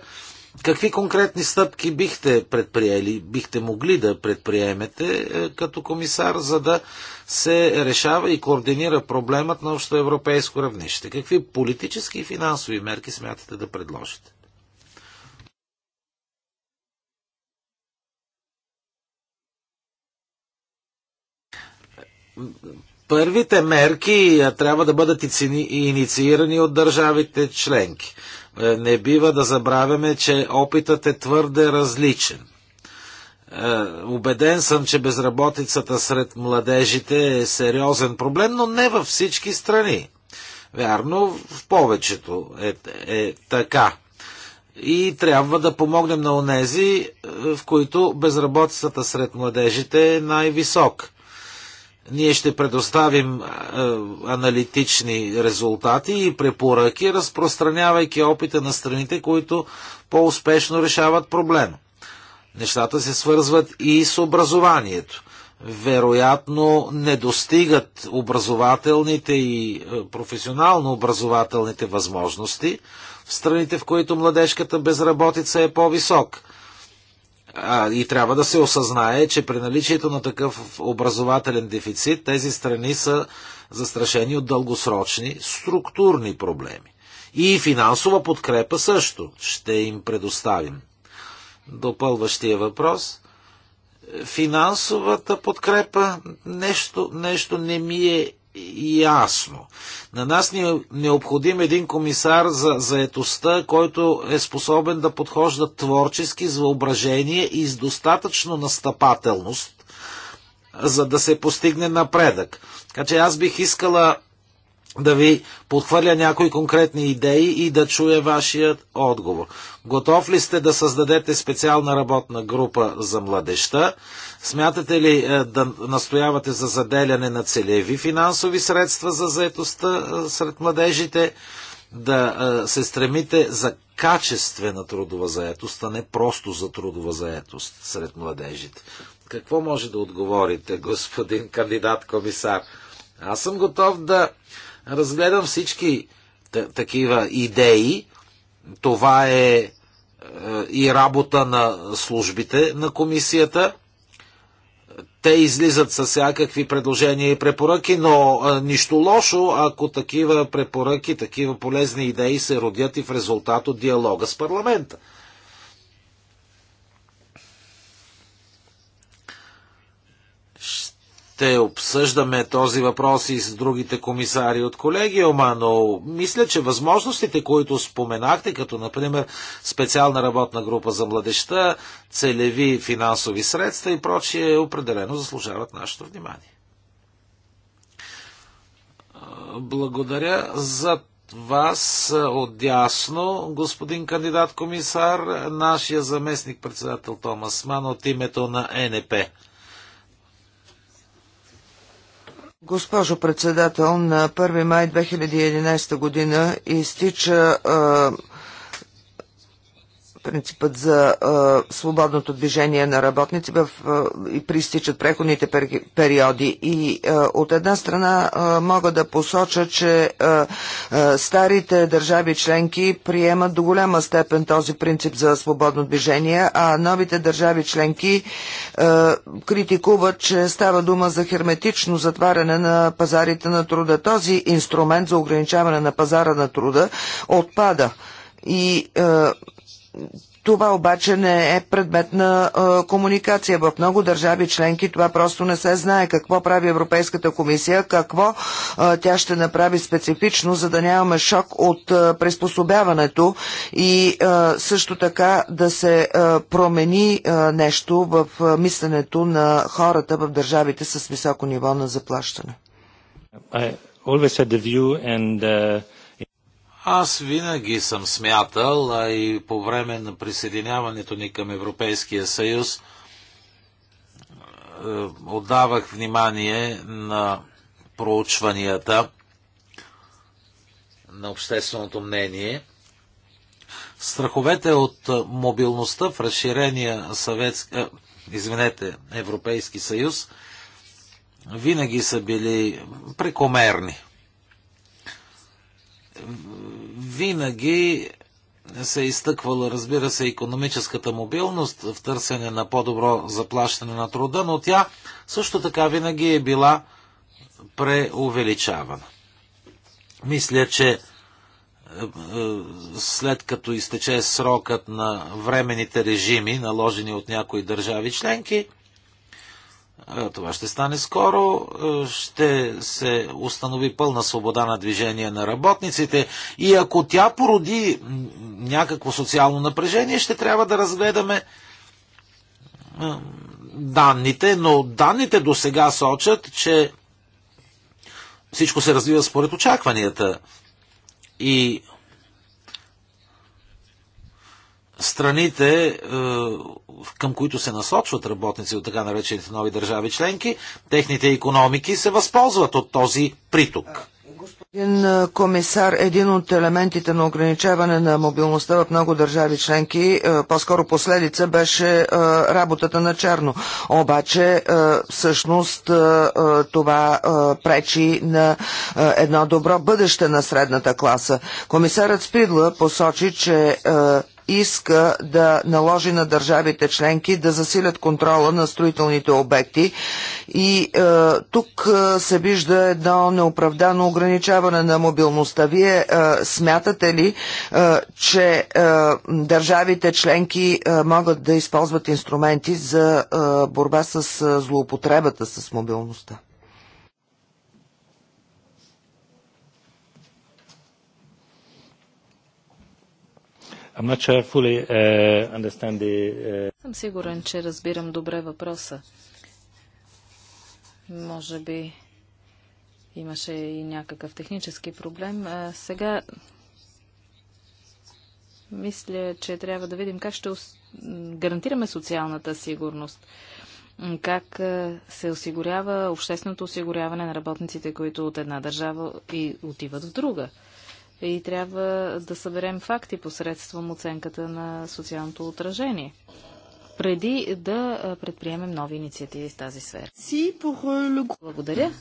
Какви конкретни стъпки бихте предприели, бихте могли да предприемете е, като комисар, за да се решава и координира проблемът на общоевропейско равнище? Какви политически и финансови мерки смятате да предложите? Първите мерки е, трябва да бъдат инициирани от държавите членки. Е, не бива да забравяме, че опитът е твърде различен. Е, убеден съм, че безработицата сред младежите е сериозен проблем, но не във всички страни. Вярно, в повечето е, е така. И трябва да помогнем на онези, е, в които безработицата сред младежите е най-висока. Ние ще предоставим аналитични резултати и препоръки, разпространявайки опита на страните, които по-успешно решават проблема. Нещата се свързват и с образованието. Вероятно не достигат образователните и професионално образователните възможности в страните, в които младежката безработица е по-висока. А, и трябва да се осъзнае, че при наличието на такъв образователен дефицит тези страни са застрашени от дългосрочни структурни проблеми. И финансова подкрепа също ще им предоставим. Допълващия въпрос. Финансовата подкрепа нещо, нещо не ми е ясно. На нас ни е необходим един комисар за заетостта, който е способен да подхожда творчески с въображение и с достатъчно настъпателност, за да се постигне напредък. Така че аз бих искала да ви подхвърля някои конкретни идеи и да чуя вашият отговор. Готов ли сте да създадете специална работна група за младеща? Смятате ли е, да настоявате за заделяне на целеви финансови средства за заетостта е, сред младежите? Да е, се стремите за качествена трудова заетост, а не просто за трудова заетост сред младежите. Какво може да отговорите, господин кандидат комисар? Аз съм готов да разгледам всички такива идеи. Това е, е и работа на службите на комисията. Те излизат с всякакви предложения и препоръки, но е, нищо лошо, ако такива препоръки, такива полезни идеи се родят и в резултат от диалога с парламента. ще обсъждаме този въпрос и с другите комисари от колегиума, но мисля, че възможностите, които споменахте, като например специална работна група за младеща, целеви финансови средства и прочие, определено заслужават нашето внимание. Благодаря за вас отдясно, господин кандидат комисар, нашия заместник председател Томас Ман от името на НП. Госпожо председател, на 1 май 2011 година изтича е, принципът за а, свободното движение на работници в, а, и пристичат преходните периоди. И а, от една страна а, мога да посоча, че а, а, старите държави членки приемат до голяма степен този принцип за свободно движение, а новите държави членки а, критикуват, че става дума за херметично затваряне на пазарите на труда. Този инструмент за ограничаване на пазара на труда отпада. И а, това обаче не е предмет на а, комуникация. В много държави членки това просто не се знае. Какво прави Европейската комисия, какво а, тя ще направи специфично, за да нямаме шок от а, приспособяването и а, също така да се а, промени а, нещо в а, мисленето на хората в държавите с високо ниво на заплащане. I always had the view and, uh... Аз винаги съм смятал, а и по време на присъединяването ни към Европейския съюз, е, отдавах внимание на проучванията на общественото мнение. Страховете от мобилността в разширения съветски, е, извинете, Европейски съюз винаги са били прекомерни винаги се е изтъквала, разбира се, економическата мобилност в търсене на по-добро заплащане на труда, но тя също така винаги е била преувеличавана. Мисля, че е, е, след като изтече срокът на времените режими, наложени от някои държави членки, е, това ще стане скоро. Е, ще се установи пълна свобода на движение на работниците. И ако тя породи някакво социално напрежение, ще трябва да разгледаме е, данните, но данните до сега сочат, че всичко се развива според очакванията. И страните, е, към които се насочват работници от така наречените нови държави членки, техните економики се възползват от този приток. Господин е, комисар, един от елементите на ограничаване на мобилността в много държави членки, е, по-скоро последица, беше работата на черно. Обаче, всъщност, това пречи на едно добро бъдеще на средната класа. Комисарът Спидла посочи, че иска да наложи на държавите членки да засилят контрола на строителните обекти. И е, тук е, се вижда едно неоправдано ограничаване на мобилността. Вие е, смятате ли, е, че е, държавите членки е, могат да използват инструменти за е, борба с е, злоупотребата с мобилността? Sure fully, uh, the, uh... Съм сигурен, че разбирам добре въпроса. Може би имаше и някакъв технически проблем. А сега мисля, че трябва да видим как ще гарантираме социалната сигурност. Как се осигурява общественото осигуряване на работниците, които от една държава и отиват в друга и трябва да съберем факти посредством оценката на социалното отражение преди да предприемем нови инициативи в тази сфера. Е, Благодаря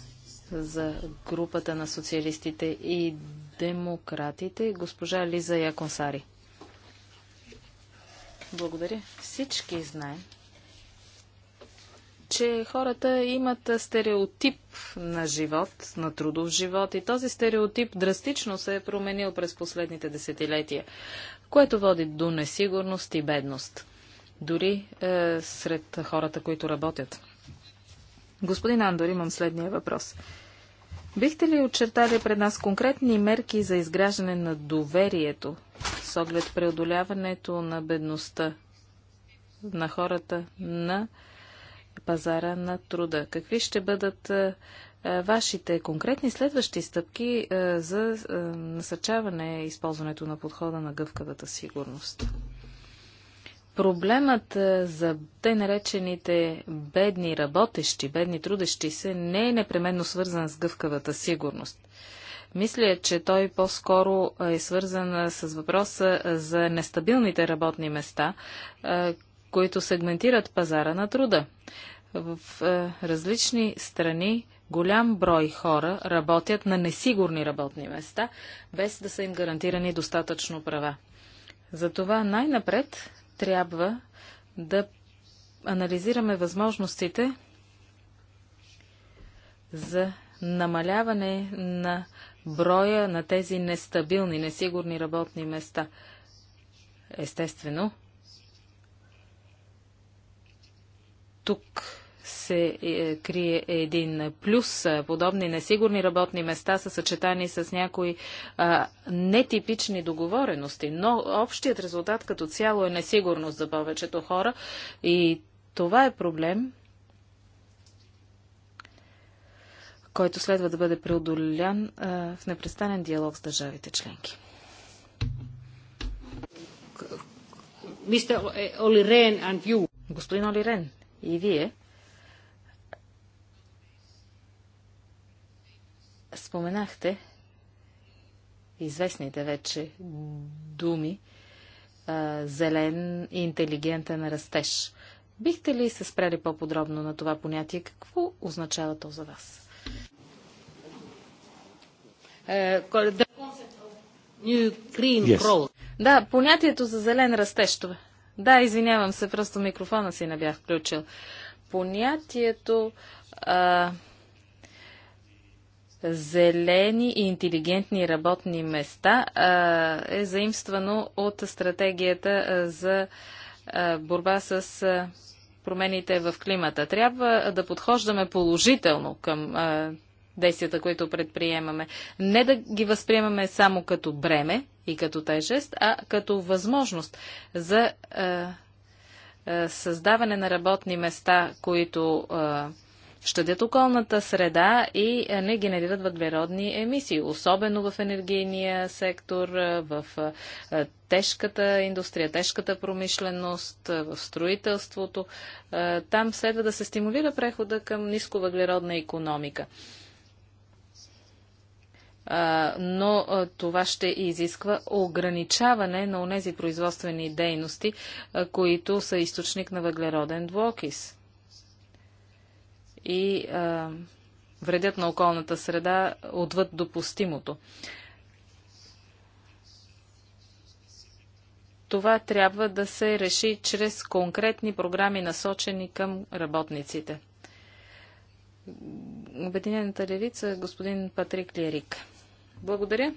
за групата на социалистите и демократите, госпожа Лиза Яконсари. Благодаря. Всички знаем, че хората имат стереотип на живот, на трудов живот и този стереотип драстично се е променил през последните десетилетия, което води до несигурност и бедност, дори е, сред хората, които работят. Господин Андор, имам следния въпрос. Бихте ли очертали пред нас конкретни мерки за изграждане на доверието с оглед преодоляването на бедността на хората на пазара на труда. Какви ще бъдат е, е, вашите конкретни следващи стъпки е, за насърчаване използването на подхода на гъвкавата сигурност? Проблемът за те наречените бедни работещи, бедни трудещи се не е непременно свързан с гъвкавата сигурност. Мисля, че той по-скоро е свързан с въпроса за нестабилните работни места, които сегментират пазара на труда в е, различни страни голям брой хора работят на несигурни работни места, без да са им гарантирани достатъчно права. Затова най-напред трябва да анализираме възможностите за намаляване на броя на тези нестабилни, несигурни работни места. Естествено, тук се е, крие един плюс. Подобни несигурни работни места са съчетани с някои а, нетипични договорености, но общият резултат като цяло е несигурност за повечето хора и това е проблем, който следва да бъде преодолян а, в непрестанен диалог с държавите членки. Господин Олирен и вие Споменахте известните вече думи а, зелен и интелигентен растеж. Бихте ли се спрели по-подробно на това понятие? Какво означава то за вас? Е, yes. Да, понятието за зелен растеж това. Да, извинявам се, просто микрофона си не бях включил. Понятието а, зелени и интелигентни работни места е заимствано от стратегията за борба с промените в климата. Трябва да подхождаме положително към действията, които предприемаме. Не да ги възприемаме само като бреме и като тежест, а като възможност за създаване на работни места, които щадят околната среда и е, не генерират въглеродни емисии, особено в енергийния сектор, е, в е, тежката индустрия, тежката промишленост, в строителството. Там следва да се стимулира прехода към нисковъглеродна економика но това ще изисква ограничаване на онези производствени дейности, които са източник на въглероден двуокис и а, вредят на околната среда отвъд допустимото. Това трябва да се реши чрез конкретни програми, насочени към работниците. Обединената левица, господин Патрик Лерик. Благодаря.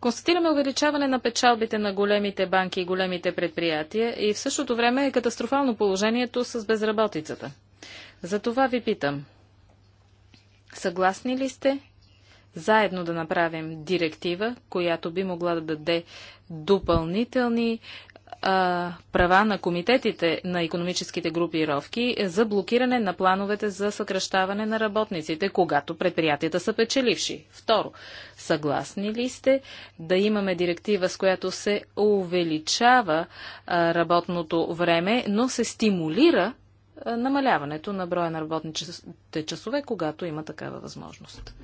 констатираме увеличаване на печалбите на големите банки и големите предприятия и в същото време е катастрофално положението с безработицата. За това ви питам. Съгласни ли сте заедно да направим директива, която би могла да даде допълнителни а, права на комитетите на економическите групировки за блокиране на плановете за съкръщаване на работниците, когато предприятията са печеливши. Второ, съгласни ли сте да имаме директива, с която се увеличава а, работното време, но се стимулира а, намаляването на броя на работните часове, когато има такава възможност?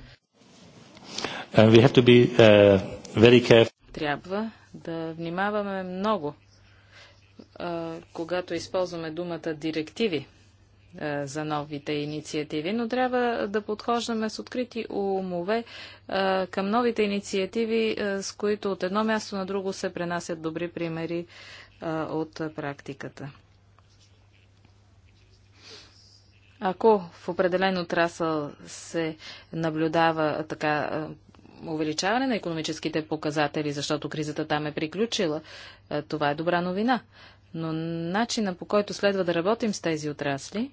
be, uh, Трябва да внимаваме много когато използваме думата директиви за новите инициативи, но трябва да подхождаме с открити умове към новите инициативи, с които от едно място на друго се пренасят добри примери от практиката. Ако в определен отрасъл се наблюдава така увеличаване на економическите показатели, защото кризата там е приключила, това е добра новина. Но начина по който следва да работим с тези отрасли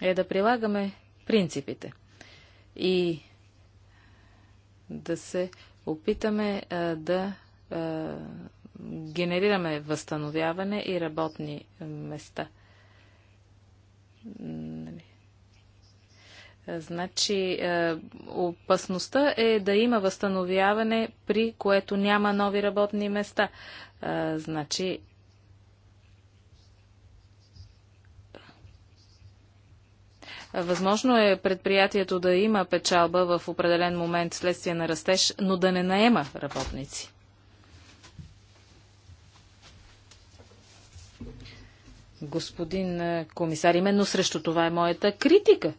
е да прилагаме принципите и да се опитаме а, да а, генерираме възстановяване и работни места. Нали? Значи, опасността е да има възстановяване, при което няма нови работни места. Значи, Възможно е предприятието да има печалба в определен момент следствие на растеж, но да не наема работници. Господин е, комисар, именно срещу това е моята критика.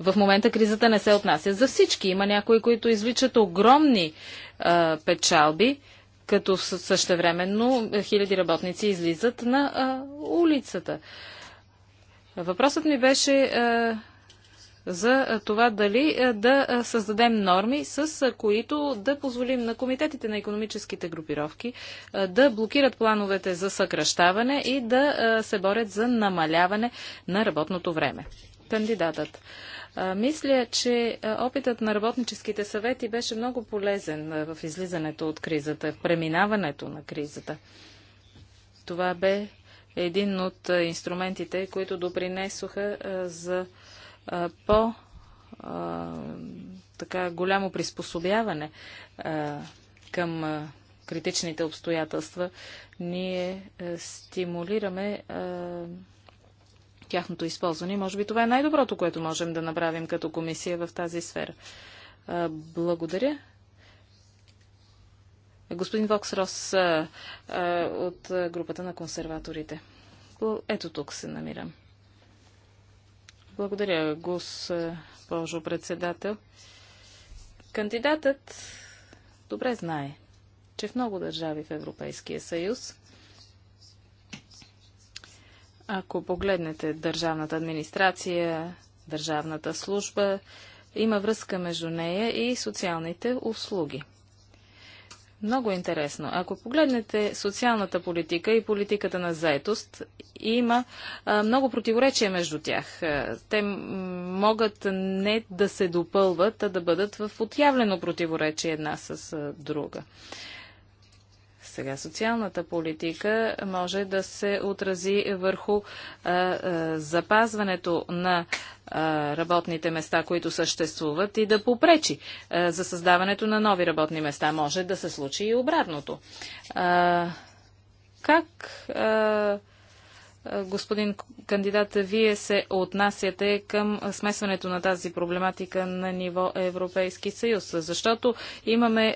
В момента кризата не се отнася за всички. Има някои, които извличат огромни а, е, печалби, като същевременно хиляди работници излизат на а, е, улицата. Въпросът ми беше а, за това дали да създадем норми, с които да позволим на комитетите на економическите групировки да блокират плановете за съкръщаване и да се борят за намаляване на работното време. Кандидатът. Мисля, че опитът на работническите съвети беше много полезен в излизането от кризата, в преминаването на кризата. Това бе един от инструментите, които допринесоха за по така голямо приспособяване към критичните обстоятелства, ние стимулираме тяхното използване. Може би това е най-доброто, което можем да направим като комисия в тази сфера. Благодаря. Господин Вокс Рос от групата на консерваторите. Ето тук се намирам. Благодаря, госпожо председател. Кандидатът добре знае, че в много държави в Европейския съюз, ако погледнете държавната администрация, държавната служба, има връзка между нея и социалните услуги. Много интересно. Ако погледнете социалната политика и политиката на заетост, има много противоречия между тях. Те могат не да се допълват, а да бъдат в отявлено противоречие една с друга. Сега социалната политика може да се отрази върху запазването на работните места, които съществуват и да попречи за създаването на нови работни места. Може да се случи и обратното. как господин кандидат, вие се отнасяте към смесването на тази проблематика на ниво Европейски съюз, защото имаме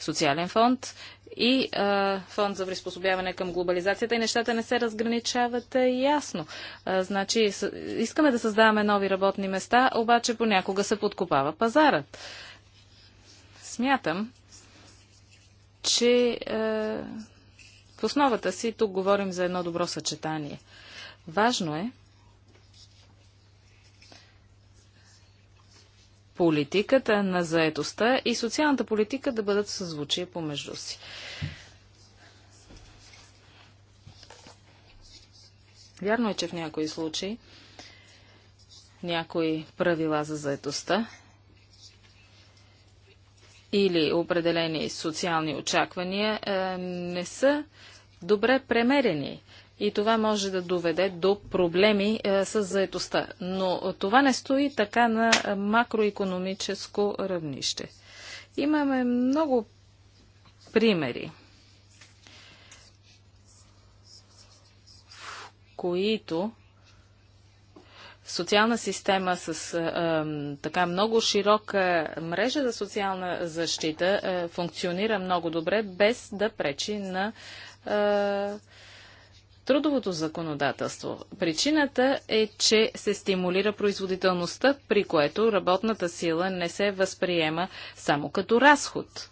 социален фонд, и а, фонд за приспособяване към глобализацията и нещата не се разграничават а, ясно. А, значи, с, искаме да създаваме нови работни места, обаче понякога се подкопава пазарът. Смятам, че а, в основата си тук говорим за едно добро съчетание. Важно е политиката на заетостта и социалната политика да бъдат съзвучие помежду си. Вярно е, че в някои случаи някои правила за заетостта или определени социални очаквания е, не са добре премерени и това може да доведе до проблеми е, с заетостта. Но това не стои така на макроекономическо равнище. Имаме много примери, в които социална система с а, е, е, така много широка мрежа за социална защита а, функционира много добре, без да пречи на а, трудовото законодателство. Причината е, че се стимулира производителността, при което работната сила не се възприема само като разход.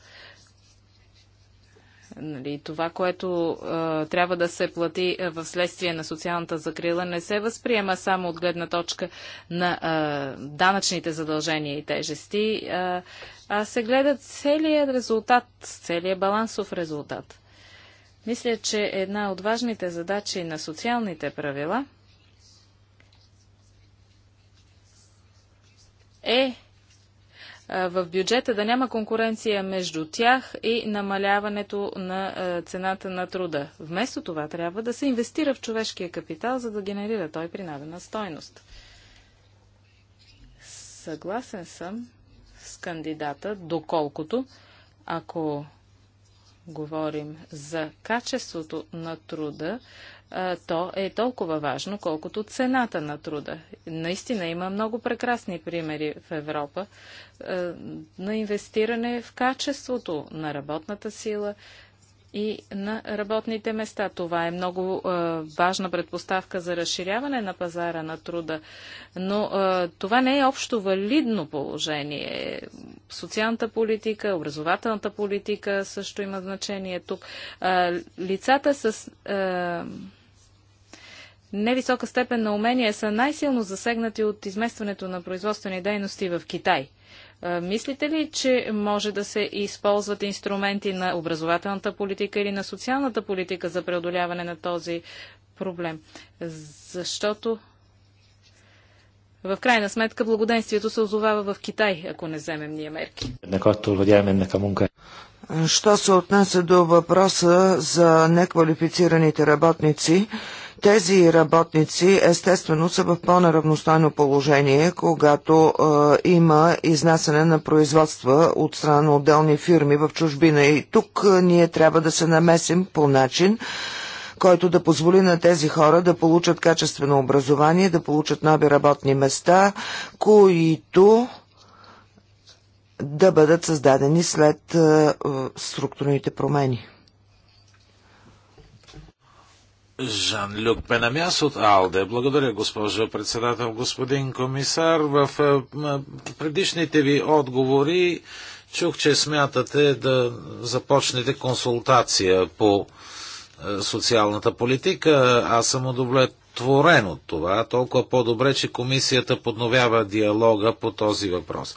Нали, това, което е, трябва да се плати в следствие на социалната закрила, не се възприема само от гледна точка на е, данъчните задължения и тежести, а, а се гледа целият резултат, целият балансов резултат. Мисля, че една от важните задачи на социалните правила е в бюджета да няма конкуренция между тях и намаляването на цената на труда. Вместо това трябва да се инвестира в човешкия капитал, за да генерира той принадена стойност. Съгласен съм с кандидата, доколкото ако говорим за качеството на труда, то е толкова важно, колкото цената на труда. Наистина има много прекрасни примери в Европа на инвестиране в качеството на работната сила и на работните места. Това е много е, важна предпоставка за разширяване на пазара на труда, но е, това не е общо валидно положение. Социалната политика, образователната политика също има значение тук. Е, лицата с е, невисока степен на умения са най-силно засегнати от изместването на производствени дейности в Китай. Е, мислите ли, че може да се използват инструменти на образователната политика или на социалната политика за преодоляване на този проблем? Защото в крайна сметка благоденствието се озовава в Китай, ако не вземем ние мерки. Що се отнася до въпроса за неквалифицираните работници, тези работници естествено са в по-неравностойно положение, когато е, има изнасяне на производства от страна на отделни фирми в чужбина. И тук е, ние трябва да се намесим по начин, който да позволи на тези хора да получат качествено образование, да получат нови работни места, които да бъдат създадени след е, структурните промени. Жан-Люк Пенамяс от АЛДЕ. Благодаря, госпожо председател, господин комисар. В предишните ви отговори чух, че смятате да започнете консултация по социалната политика. Аз съм удовлетворен от това. Толкова по-добре, че комисията подновява диалога по този въпрос.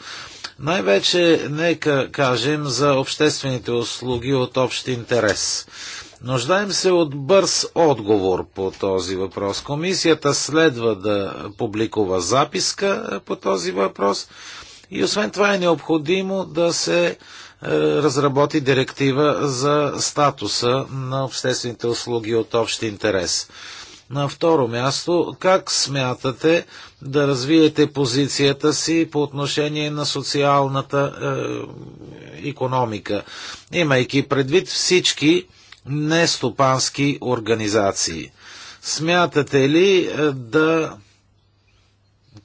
Най-вече нека кажем за обществените услуги от общ интерес. Нуждаем се от бърз отговор по този въпрос. Комисията следва да публикува записка е, по този въпрос и освен това е необходимо да се е, разработи директива за статуса на обществените услуги от общ интерес. На второ място, как смятате да развиете позицията си по отношение на социалната е, економика, имайки предвид всички нестопански организации. Смятате ли е, да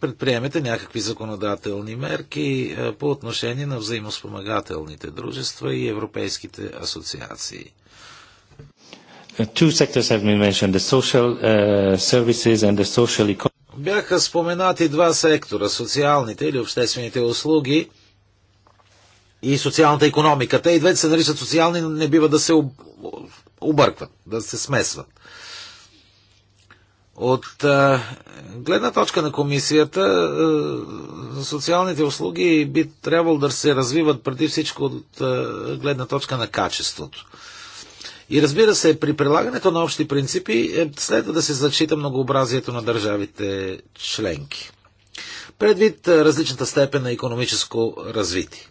предприемете някакви законодателни мерки е, по отношение на взаимоспомагателните дружества и европейските асоциации? Бяха споменати два сектора социалните или обществените услуги и социалната економика. Те и двете се наричат социални, но не бива да се объркват, да се смесват. От а, гледна точка на комисията, а, социалните услуги би трябвало да се развиват преди всичко от а, гледна точка на качеството. И разбира се, при прилагането на общи принципи е, следва да се зачита многообразието на държавите членки. Предвид различната степен на економическо развитие.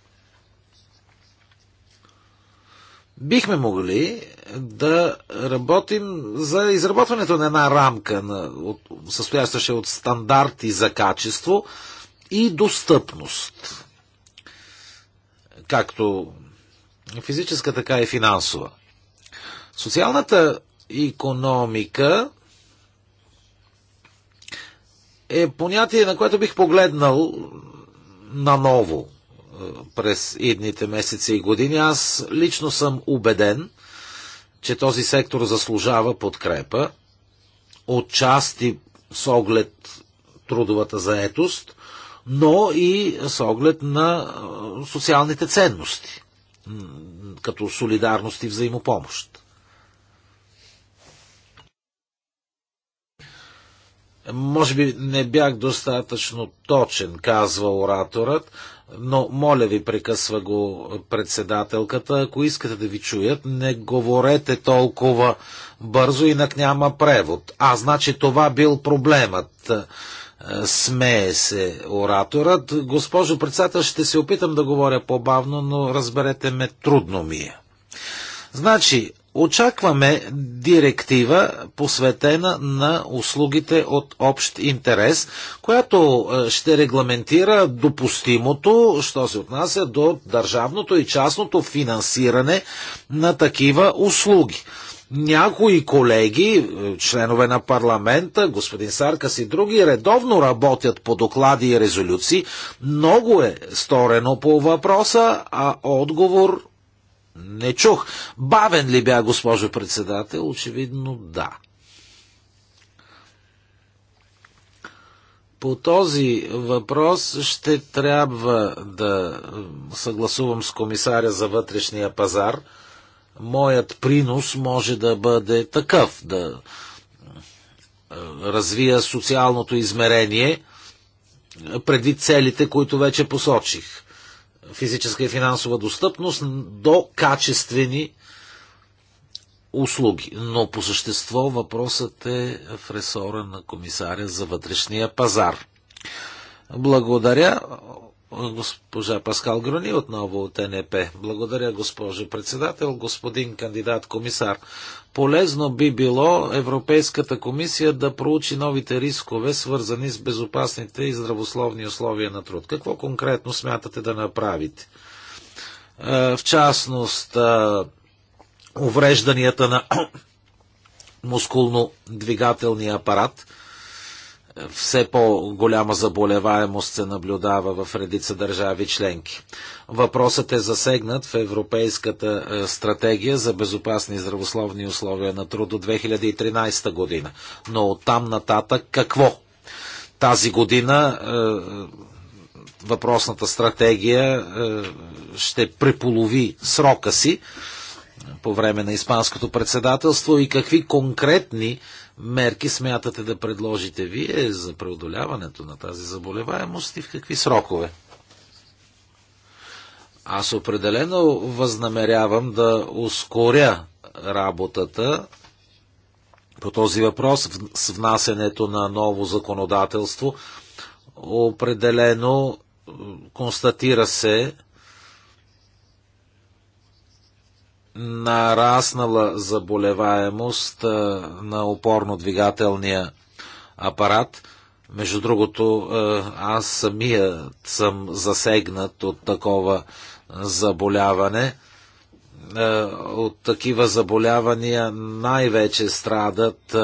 бихме могли да работим за изработването на една рамка, на, от, състояща се от стандарти за качество и достъпност. Както физическа, така и финансова. Социалната економика е понятие, на което бих погледнал наново през идните месеци и години. Аз лично съм убеден, че този сектор заслужава подкрепа, отчасти с оглед трудовата заетост, но и с оглед на социалните ценности, като солидарност и взаимопомощ. Може би не бях достатъчно точен, казва ораторът. Но, моля ви, прекъсва го председателката, ако искате да ви чуят, не говорете толкова бързо, инак няма превод. А, значи това бил проблемът. Е, смее се ораторът. Госпожо председател, ще се опитам да говоря по-бавно, но разберете ме, трудно ми е. Значи, Очакваме директива, посветена на услугите от общ интерес, която е, ще регламентира допустимото, що се отнася до държавното и частното финансиране на такива услуги. Някои колеги, е, членове на парламента, господин Саркас и други, редовно работят по доклади и резолюции. Много е сторено по въпроса, а отговор не чух. Бавен ли бях, госпожо председател? Очевидно да. По този въпрос ще трябва да съгласувам с комисаря за вътрешния пазар. Моят принос може да бъде такъв, да развия социалното измерение преди целите, които вече посочих физическа и финансова достъпност до качествени услуги. Но по същество въпросът е в ресора на комисаря за вътрешния пазар. Благодаря госпожа Паскал Грони отново от НП. Благодаря, госпожо председател, господин кандидат комисар. Полезно би било Европейската комисия да проучи новите рискове, свързани с безопасните и здравословни условия на труд. Какво конкретно смятате да направите? Е, в частност, е, уврежданията на мускулно-двигателния апарат – все по-голяма заболеваемост се наблюдава в редица държави членки. Въпросът е засегнат в Европейската е, стратегия за безопасни и здравословни условия на труд до 2013 година. Но от там нататък какво? Тази година е, е, въпросната стратегия е, ще преполови срока си по време на Испанското председателство и какви конкретни мерки смятате да предложите вие за преодоляването на тази заболеваемост и в какви срокове? Аз определено възнамерявам да ускоря работата по този въпрос с внасенето на ново законодателство. Определено констатира се нараснала заболеваемост на опорно-двигателния апарат. Между другото, аз самия съм засегнат от такова заболяване. От такива заболявания най-вече страдат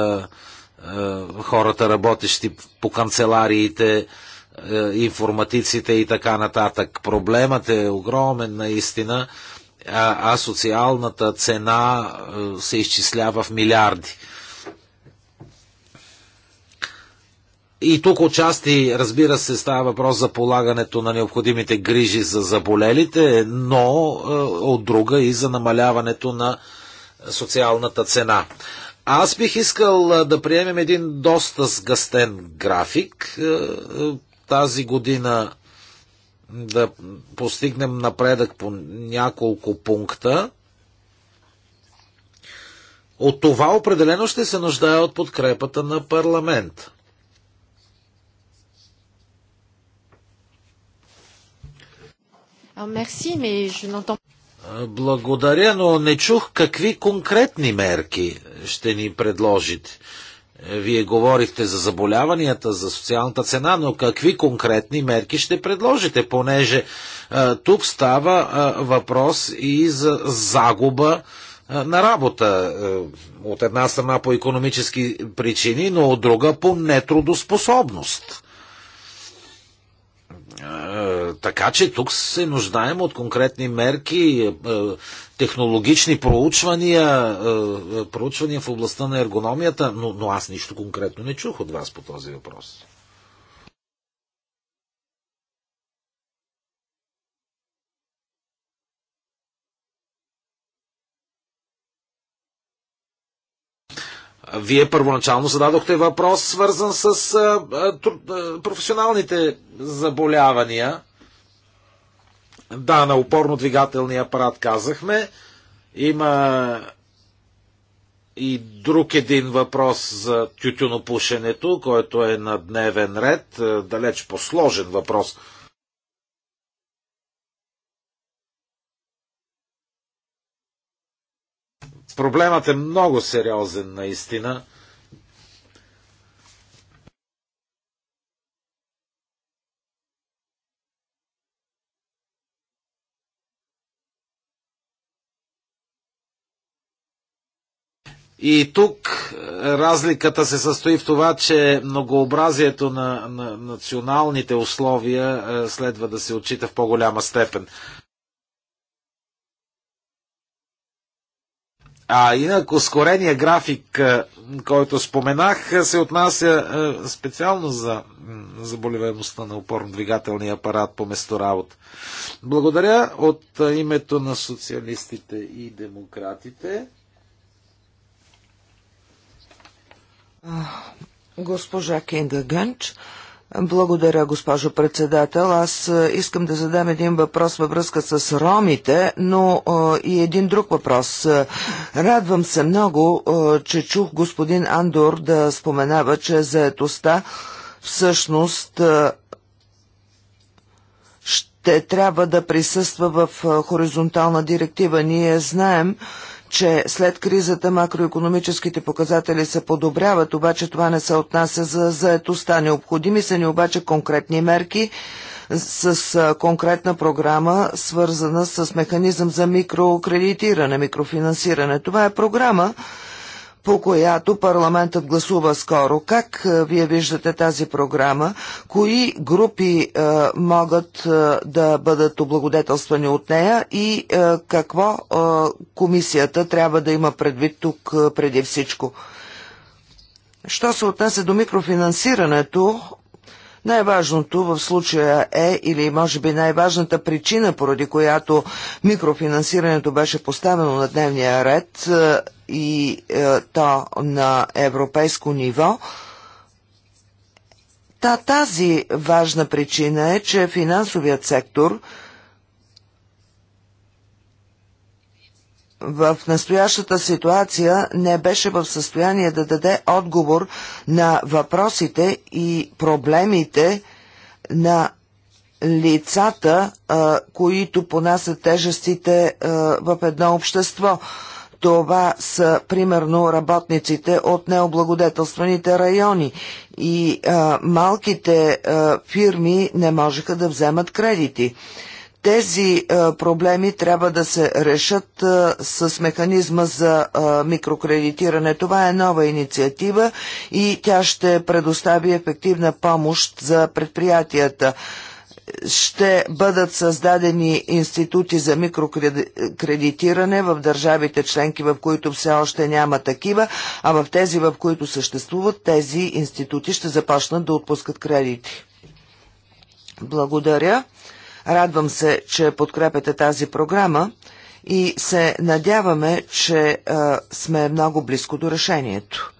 хората, работещи по канцелариите, информатиците и така нататък. Проблемът е огромен наистина а, а социалната цена се изчислява в милиарди. И тук отчасти, разбира се, става въпрос за полагането на необходимите грижи за заболелите, но от друга и за намаляването на социалната цена. Аз бих искал да приемем един доста сгъстен график. Тази година да постигнем напредък по няколко пункта, от това определено ще се нуждае от подкрепата на парламент. Благодаря, но не чух какви конкретни мерки ще ни предложите. Вие говорихте за заболяванията, за социалната цена, но какви конкретни мерки ще предложите, понеже а, е, тук става а, е, въпрос и за загуба а, е, на работа. От една страна по економически причини, но от друга по нетрудоспособност. Така че тук се нуждаем от конкретни мерки, технологични проучвания, е, е, проучвания в областта на ергономията, но, но аз нищо конкретно не чух от вас по този въпрос. Вие първоначално зададохте въпрос, свързан с а, е, а, професионалните заболявания. Да, на опорно-двигателния апарат казахме. Има и друг един въпрос за тютюнопушенето, който е на дневен ред, е, далеч по-сложен въпрос. Проблемът е много сериозен, наистина. И тук е, разликата се състои в това, че многообразието на, на националните условия е, следва да се отчита в по-голяма степен. А инак ускорения график, е, който споменах, се отнася специално за заболеваемостта на опорно-двигателния апарат по месторабота. Благодаря от името на социалистите и демократите. Госпожа Кинга Гънч. Благодаря, госпожо председател. Аз е, искам да задам един въпрос във връзка с ромите, но а, е, и един друг въпрос. Е, радвам се много, а, че чух господин Андор да споменава, че заетостта всъщност а, ще трябва да присъства в хоризонтална директива. Ние знаем, че след кризата макроекономическите показатели се подобряват, обаче това не се отнася за заетостта. Необходими са ни обаче конкретни мерки с конкретна програма, свързана с механизъм за микрокредитиране, микрофинансиране. Това е програма, по която парламентът гласува скоро. Как е, вие виждате тази програма? Кои групи е, могат е, да бъдат облагодетелствани от нея и какво комисията трябва да има предвид тук преди всичко? Що се отнася до микрофинансирането, най-важното в случая е, или може би най-важната причина, поради която микрофинансирането беше поставено на дневния ред, и е, то на европейско ниво. Та тази важна причина е, че финансовият сектор в настоящата ситуация не беше в състояние да даде отговор на въпросите и проблемите на лицата, които понасят тежестите в едно общество. Това са примерно работниците от необлагодетелстваните райони и а, малките а, фирми не можеха да вземат кредити. Тези а, проблеми трябва да се решат а, с механизма за а, микрокредитиране. Това е нова инициатива и тя ще предостави ефективна помощ за предприятията ще бъдат създадени институти за микрокредитиране в държавите членки, в които все още няма такива, а в тези, в които съществуват, тези институти ще започнат да отпускат кредити. Благодаря. Радвам се, че подкрепяте тази програма и се надяваме, че а, сме много близко до решението.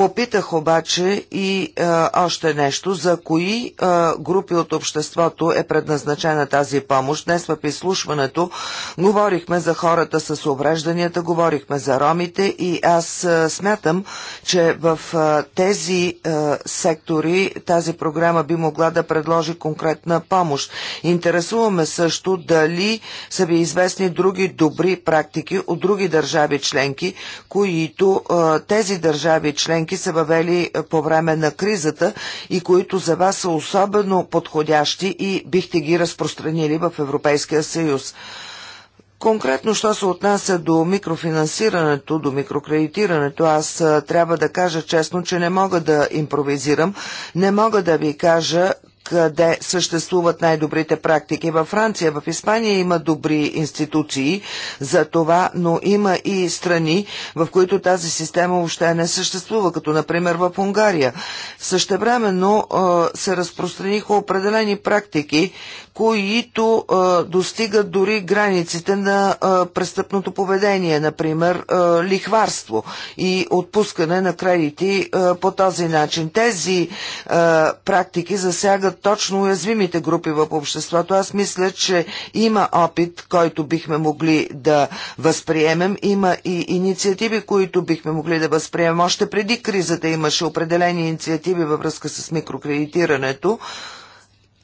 Попитах обаче и а, е, още нещо, за кои а, е, групи от обществото е предназначена тази помощ. Днес в изслушването говорихме за хората с обрежданията, говорихме за ромите и аз а, е, смятам, че в а, тези а, сектори тази програма би могла да предложи конкретна помощ. Интересуваме също дали са ви известни други добри практики от други държави членки, които а, тези държави членки членки са въвели е, по време на кризата и които за вас са особено подходящи и бихте ги разпространили в Европейския съюз. Конкретно, що се отнася до микрофинансирането, до микрокредитирането, аз е, трябва да кажа честно, че не мога да импровизирам, не мога да ви кажа къде съществуват най-добрите практики. Във Франция, в Испания има добри институции за това, но има и страни, в които тази система въобще не съществува, като например в Унгария. Същевременно се разпространиха определени практики, които а, достигат дори границите на а, престъпното поведение, например а, лихварство и отпускане на кредити а, по този начин. Тези а, практики засягат точно уязвимите групи в обществото. Аз мисля, че има опит, който бихме могли да възприемем. Има и инициативи, които бихме могли да възприемем. Още преди кризата имаше определени инициативи във връзка с микрокредитирането.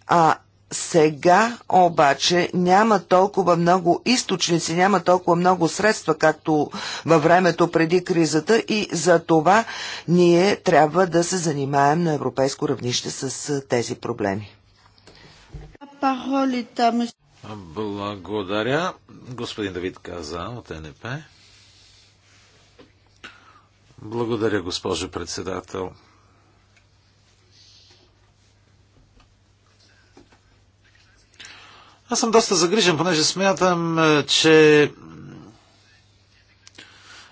А сега обаче няма толкова много източници, няма толкова много средства, както във времето преди кризата и за това ние трябва да се занимаем на европейско равнище с тези проблеми. Благодаря. Господин Давид Каза от НП. Благодаря, госпожо председател. Аз съм доста загрижен, понеже смятам, е, че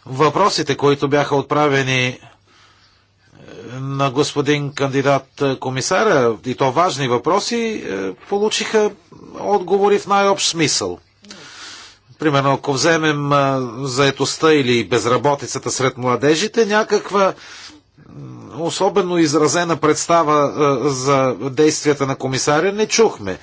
въпросите, които бяха отправени е, на господин кандидат е, комисара, и то важни въпроси, получиха отговори в най-общ смисъл. Примерно, ако вземем заетостта или безработицата сред младежите, някаква особено изразена представа за действията на комисаря не чухме.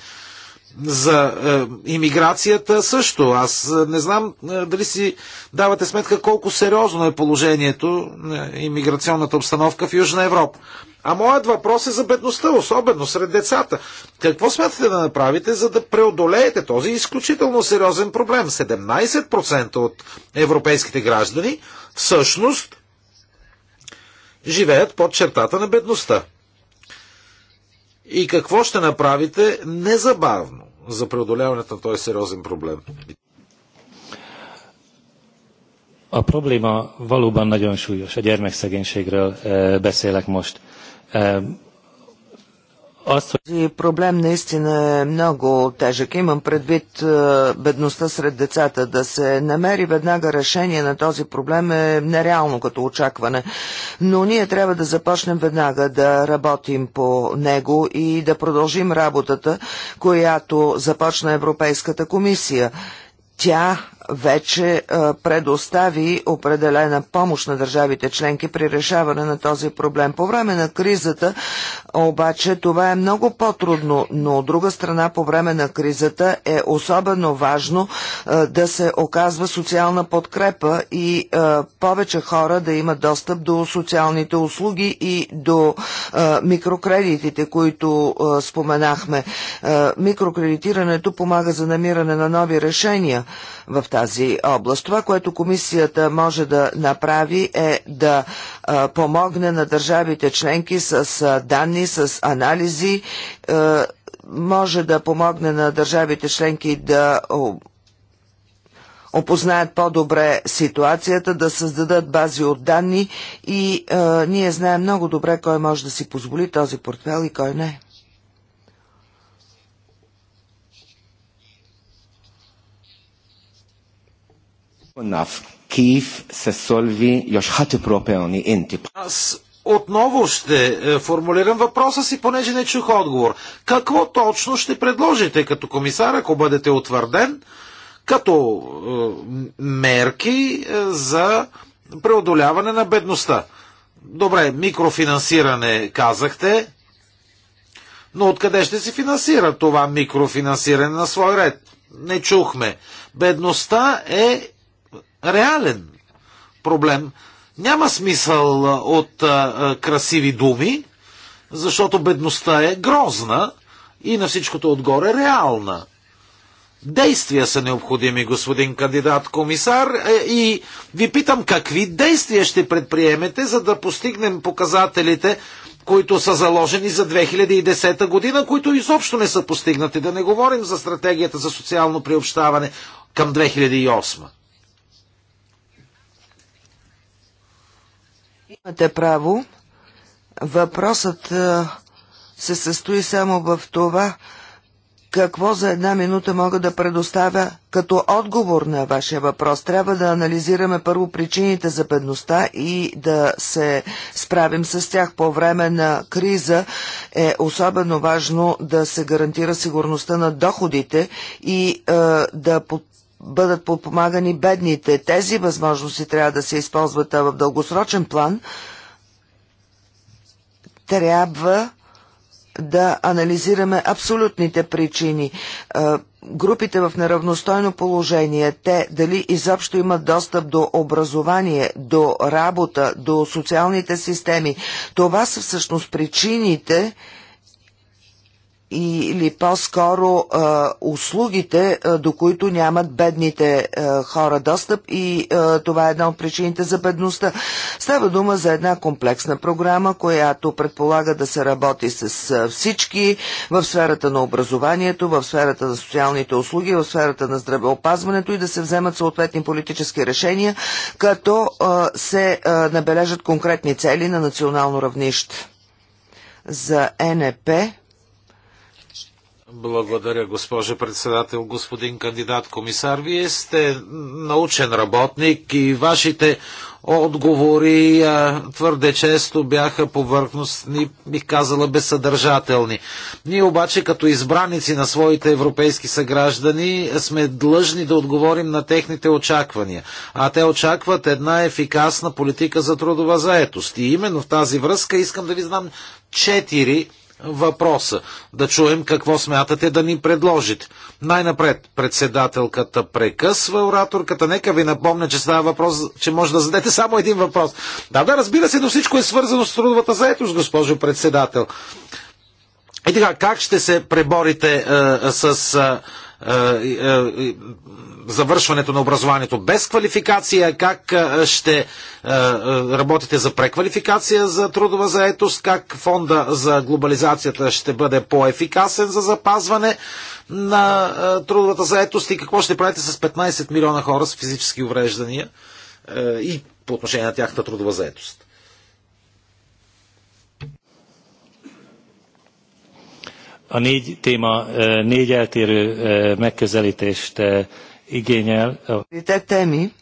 За е, иммиграцията също. Аз е, не знам е, дали си давате сметка колко сериозно е положението на е, иммиграционната обстановка в Южна Европа. А моят въпрос е за бедността, особено сред децата. Какво смятате да направите, за да преодолеете този изключително сериозен проблем? 17% от европейските граждани всъщност живеят под чертата на бедността и какво ще направите незабавно за преодоляването на този сериозен проблем? A probléma valóban nagyon súlyos. A gyermekszegénységről eh, beszélek most. Този проблем наистина е много тежък. Имам предвид е, бедността сред децата. Да се намери веднага решение на този проблем е нереално като очакване. Но ние трябва да започнем веднага да работим по него и да продължим работата, която започна Европейската комисия. Тя вече е, предостави определена помощ на държавите членки при решаване на този проблем. По време на кризата обаче това е много по-трудно, но от друга страна по време на кризата е особено важно е, да се оказва социална подкрепа и е, повече хора да имат достъп до социалните услуги и до микрокредитите, които споменахме. Микрокредитирането помага за намиране на нови решения в тази област. Това, което комисията може да направи е да а, помогне на държавите членки с а, данни, с анализи, а, може да помогне на държавите членки да опознаят по-добре ситуацията, да създадат бази от данни и ние знаем много добре кой може да си позволи този портфел и кой не. Аз отново ще е, формулирам въпроса си, понеже не чух отговор. Какво точно ще предложите като комисар, ако бъдете утвърден, като е, мерки е, за преодоляване на бедността? Добре, микрофинансиране казахте, но откъде ще се финансира това микрофинансиране на свой ред? Не чухме. Бедността е реален проблем. Няма смисъл от а, красиви думи, защото бедността е грозна и на всичкото отгоре реална. Действия са необходими, господин кандидат комисар, е, и ви питам какви действия ще предприемете, за да постигнем показателите, които са заложени за 2010 година, които изобщо не са постигнати. Да не говорим за стратегията за социално приобщаване към 2008. Имате право. Въпросът е, се състои само в това, какво за една минута мога да предоставя като отговор на вашия въпрос? Трябва да анализираме първо причините за бедността и да се справим с тях по време на криза. Е особено важно да се гарантира сигурността на доходите и е, да подпомогнем бъдат подпомагани бедните. Тези възможности трябва да се използват в дългосрочен план. Трябва да анализираме абсолютните причини. Групите в неравностойно положение, те дали изобщо имат достъп до образование, до работа, до социалните системи. Това са всъщност причините, или по-скоро услугите, до които нямат бедните хора достъп и това е една от причините за бедността. Става дума за една комплексна програма, която предполага да се работи с всички в сферата на образованието, в сферата на социалните услуги, в сферата на здравеопазването и да се вземат съответни политически решения, като се набележат конкретни цели на национално равнище. За НП благодаря, госпожа председател, господин кандидат комисар. Вие сте научен работник и вашите отговори а, твърде често бяха повърхностни, бих казала безсъдържателни. Ние обаче като избраници на своите европейски съграждани сме длъжни да отговорим на техните очаквания. А те очакват една ефикасна политика за трудова заетост. И именно в тази връзка искам да ви знам четири въпроса. Да чуем какво смятате да ни предложите. Най-напред председателката прекъсва ораторката. Нека ви напомня, че става въпрос, че може да зададете само един въпрос. Да, да, разбира се, но всичко е свързано с трудовата заетост, госпожо председател. И така, как ще се преборите е, е с е, е, е завършването на образованието без квалификация, как ще работите за преквалификация за трудова заетост, как фонда за глобализацията ще бъде по-ефикасен за запазване на трудовата заетост и какво ще правите с 15 милиона хора с физически увреждания и по отношение на тяхната трудова заетост. a négy téma е, négy eltérő е, megközelítést е, Игенял. И те теми,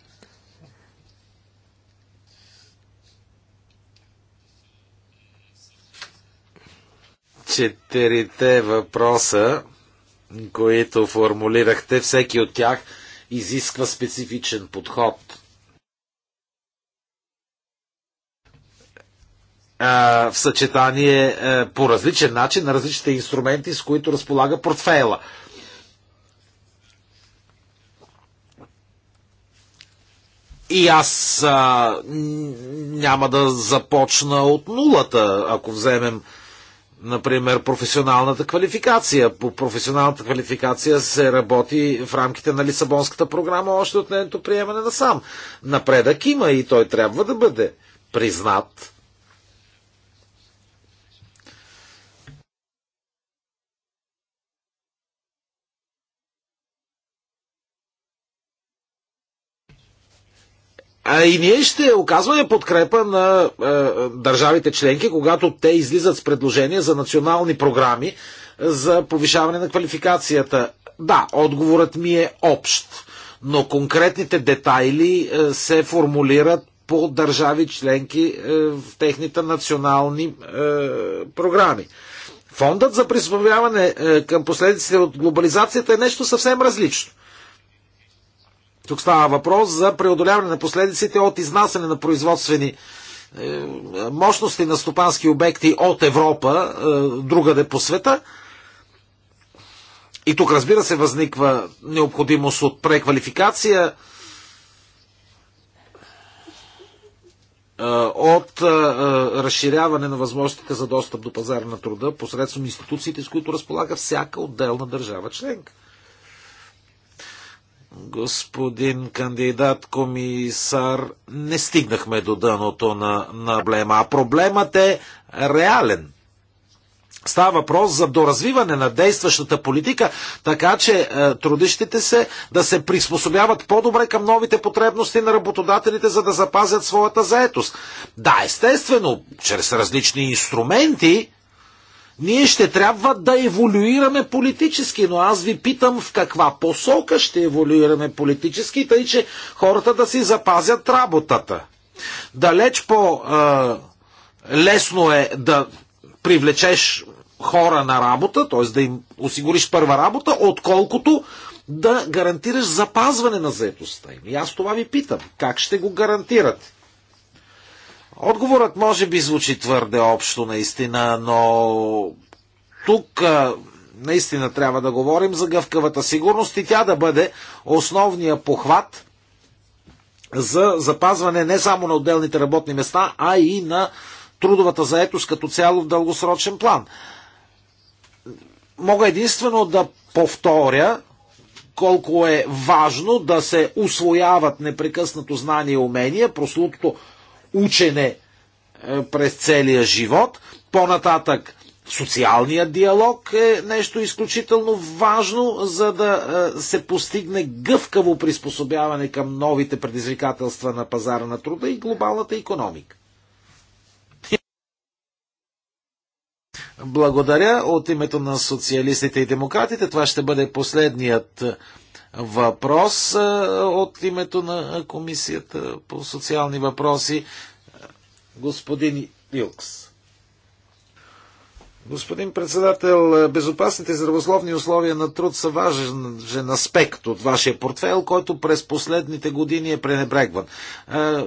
четирите въпроса, които формулирахте, всеки от тях изисква специфичен подход. А, в съчетание а, по различен начин на различните инструменти, с които разполага портфейла. И аз а, няма да започна от нулата, ако вземем, например, професионалната квалификация. По професионалната квалификация се работи в рамките на Лисабонската програма още от нейното приемане на сам. Напредък има и той трябва да бъде признат. А и ние ще оказваме подкрепа на е, е, държавите членки, когато те излизат с предложения за национални програми е, за повишаване на квалификацията. Да, отговорът ми е общ, но конкретните детайли е, се формулират по държави членки е, в техните национални е, програми. Фондът за приспособяване е, към последиците от глобализацията е нещо съвсем различно. Тук става въпрос за преодоляване на последиците от изнасяне на производствени е, мощности на стопански обекти от Европа, е, другаде по света. И тук, разбира се, възниква необходимост от преквалификация, е, от разширяване на възможностите за достъп до пазара на труда посредством институциите, с които разполага всяка отделна държава членка господин кандидат комисар, не стигнахме до дъното на, на проблема, а проблемът е реален. Става въпрос за доразвиване на действащата политика, така че е, трудищите се да се приспособяват по-добре към новите потребности на работодателите, за да запазят своята заетост. Да, естествено, чрез различни инструменти, ние ще трябва да еволюираме политически, но аз ви питам в каква посока ще еволюираме политически, тъй че хората да си запазят работата. Далеч по-лесно е да привлечеш хора на работа, т.е. да им осигуриш първа работа, отколкото да гарантираш запазване на заедостта им. И аз това ви питам. Как ще го гарантирате? Отговорът може би звучи твърде общо наистина, но тук наистина трябва да говорим за гъвкавата сигурност и тя да бъде основния похват за запазване не само на отделните работни места, а и на трудовата заетост като цяло в дългосрочен план. Мога единствено да повторя колко е важно да се освояват непрекъснато знания и умения, прослутото учене е, през целия живот. По-нататък социалният диалог е нещо изключително важно, за да е, се постигне гъвкаво приспособяване към новите предизвикателства на пазара на труда и глобалната економика. Благодаря от името на социалистите и демократите. Това ще бъде последният е, въпрос от името на Комисията по социални въпроси господин Илкс. Господин председател, безопасните здравословни условия на труд са важен аспект от вашия портфел, който през последните години е пренебрегван.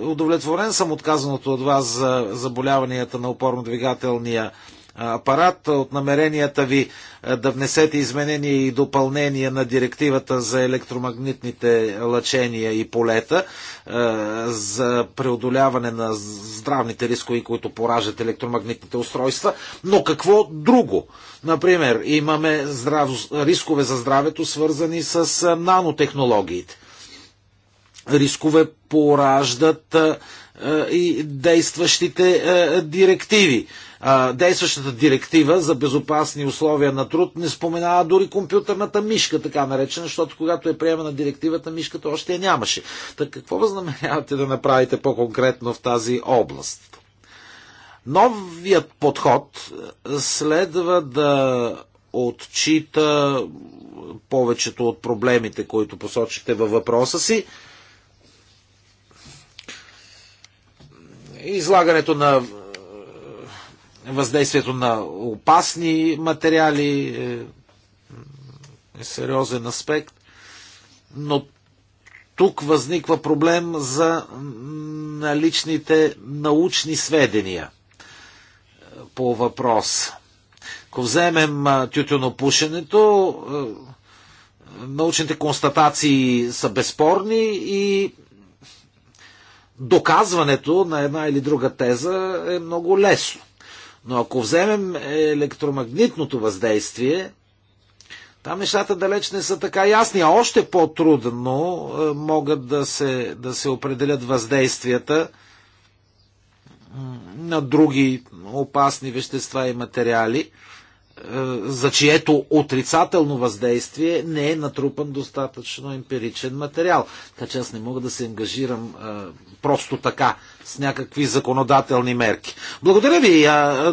Удовлетворен съм отказаното от вас за заболяванията на опорно-двигателния апарат от намеренията ви да внесете изменения и допълнения на директивата за електромагнитните лъчения и полета за преодоляване на здравните рискови, които поражат електромагнитните устройства. Но какво друго? Например, имаме здрав... рискове за здравето, свързани с нанотехнологиите. Рискове пораждат и действащите директиви Действащата директива за безопасни условия на труд не споменава дори компютърната мишка, така наречена, защото когато е приемана директивата, мишката още я нямаше. Так какво възнамерявате да направите по-конкретно в тази област? Новият подход е, следва да отчита повечето от проблемите, които посочихте във въпроса си. Излагането на въздействието на опасни материали е, е сериозен аспект, но тук възниква проблем за наличните научни сведения е, по въпрос. Ако вземем е, тютюнопушенето, научните констатации са безспорни и доказването на една или друга теза е много лесно. Но ако вземем електромагнитното въздействие, там нещата далеч не са така ясни, а още по-трудно е, могат да се, да се определят въздействията на други опасни вещества и материали, е, за чието отрицателно въздействие не е натрупан достатъчно емпиричен материал. Така че аз не мога да се ангажирам е, просто така с някакви законодателни мерки. Благодаря ви.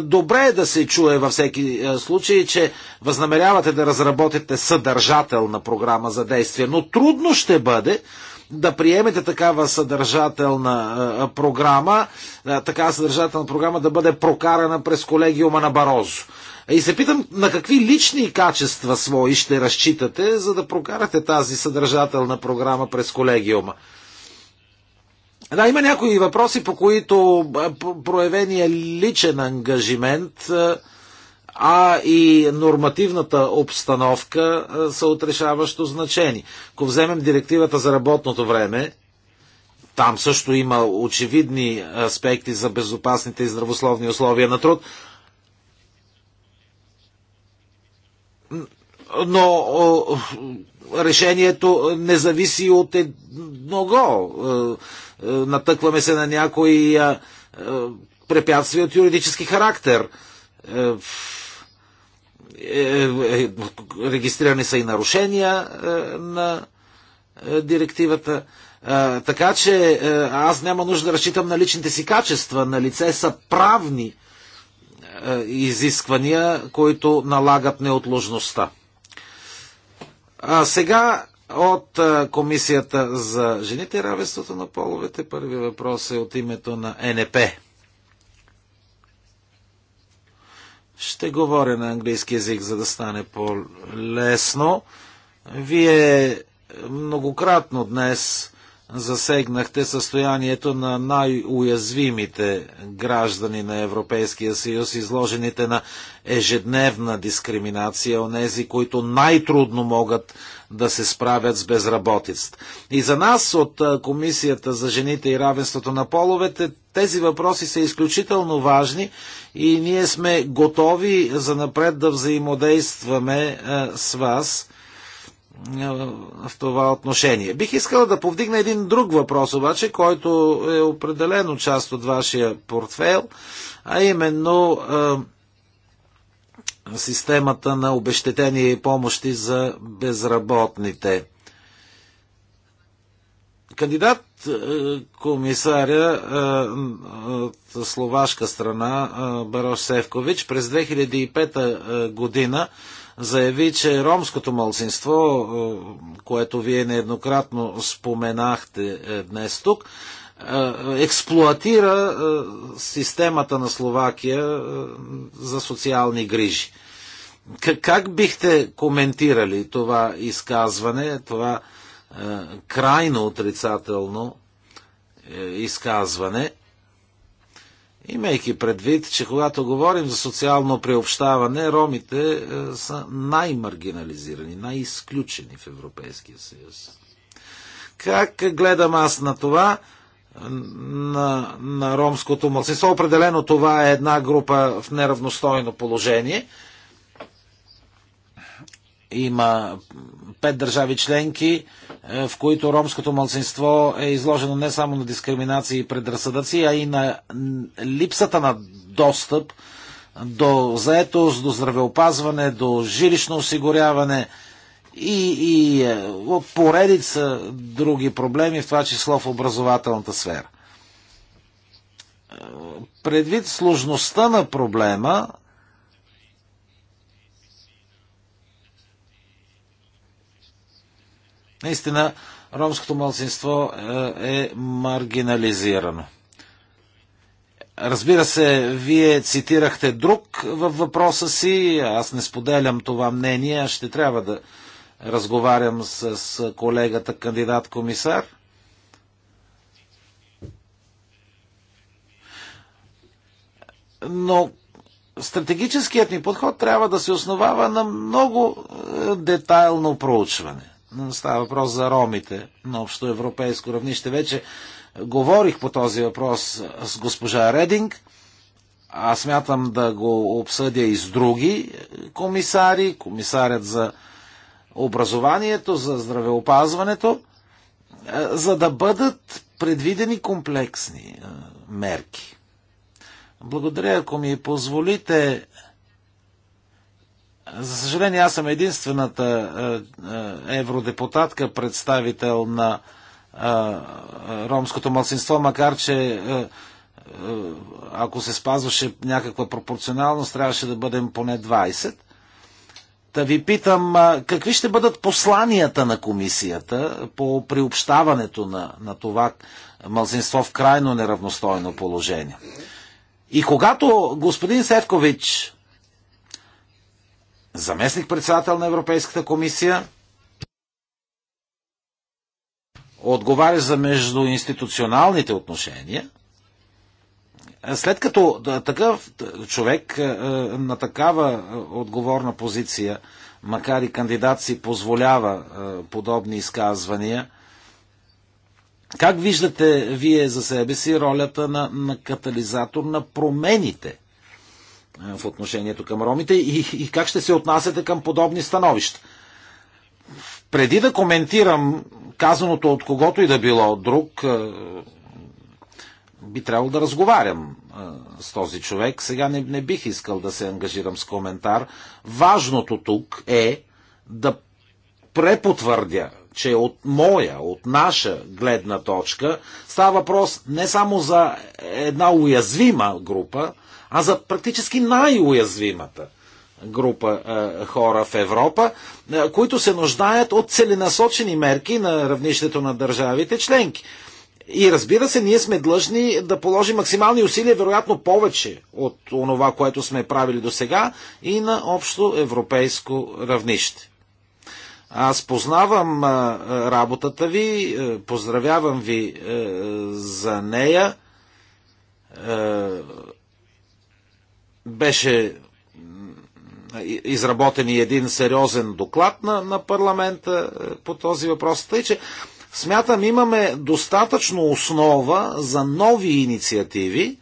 Добре е да се чуе във всеки случай, че възнамерявате да разработите съдържателна програма за действие, но трудно ще бъде да приемете такава съдържателна програма, такава съдържателна програма да бъде прокарана през колегиума на Барозо. И се питам на какви лични качества свои ще разчитате, за да прокарате тази съдържателна програма през колегиума. Да, има някои въпроси, по които проявения личен ангажимент, а и нормативната обстановка са отрешаващо значени. Ако вземем директивата за работното време, там също има очевидни аспекти за безопасните и здравословни условия на труд. Но решението не зависи от едного. Е, е, натъкваме се на някои е, препятствия от юридически характер. Регистрирани са и нарушения на директивата. Така че аз няма нужда да разчитам на личните си качества. На лице са правни изисквания, които налагат неотложността. А сега от Комисията за жените и равенството на половете. Първи въпрос е от името на НП. Ще говоря на английски язик, за да стане по-лесно. Вие многократно днес засегнахте състоянието на най-уязвимите граждани на Европейския съюз, изложените на ежедневна дискриминация, онези, които най-трудно могат да се справят с безработицата. И за нас от Комисията за жените и равенството на половете тези въпроси са изключително важни и ние сме готови за напред да взаимодействаме с вас – в това отношение. Бих искала да повдигна един друг въпрос обаче, който е определено част от вашия портфел, а именно е, системата на обещетение и помощи за безработните. Кандидат комисаря от словашка страна Барош Севкович през 2005 година заяви, че ромското малцинство, е, което вие нееднократно споменахте е, днес тук, е, експлуатира системата на Словакия за социални грижи. Как бихте коментирали това изказване, това крайно отрицателно изказване? Имайки предвид, че когато говорим за социално приобщаване, ромите е, са най-маргинализирани, най-изключени в Европейския съюз. Как гледам аз на това? На, на ромското младсинство. Определено това е една група в неравностойно положение. Има пет държави членки, е, в които ромското мълцинство е изложено не само на дискриминации и предразсъдъци, а и на липсата на достъп до заетост, до здравеопазване, до жилищно осигуряване и, и е, поредица други проблеми, в това число в образователната сфера. Е, предвид сложността на проблема, Наистина, ромското младсинство е, е маргинализирано. Разбира се, вие цитирахте друг във въпроса си, аз не споделям това мнение, аз ще трябва да разговарям с колегата кандидат-комисар. Но стратегическият ни подход трябва да се основава на много е, детайлно проучване. Става въпрос за ромите на общо европейско равнище. Вече говорих по този въпрос с госпожа Рединг. Аз смятам да го обсъдя и с други комисари, комисарят за образованието, за здравеопазването, е, за да бъдат предвидени комплексни е, мерки. Благодаря, ако ми позволите за съжаление, аз съм единствената е, е, евродепутатка, представител на е, ромското младсинство, макар че ако се спазваше някаква пропорционалност, трябваше да бъдем поне 20. Та ви питам, какви ще бъдат посланията на комисията по приобщаването на, на това мълзинство в крайно неравностойно положение? И когато господин Севкович заместник-председател на Европейската комисия, отговаря за междуинституционалните отношения, след като такъв човек е, е, на такава е, отговорна позиция, макар и кандидат си позволява подобни изказвания, как виждате вие за себе си ролята на, на катализатор на промените е, в отношението към ромите и, и как ще се отнасяте към подобни становища. Преди да коментирам казаното от когото и да било друг, е, би трябвало да разговарям е, с този човек. Сега не, не бих искал да се ангажирам с коментар. Важното тук е да препотвърдя, че от моя, от наша гледна точка става въпрос не само за една уязвима група, а за практически най-уязвимата група е, хора в Европа, е, които се нуждаят от целенасочени мерки на равнището на държавите членки. И разбира се, ние сме длъжни да положим максимални усилия, вероятно повече от онова, което сме правили до сега и на общо европейско равнище. Аз познавам а, е, работата ви, е, поздравявам ви а, е, за нея. А, беше изработен и един сериозен доклад на, на парламента е, по този въпрос. Тъй, че смятам имаме достатъчно основа за нови инициативи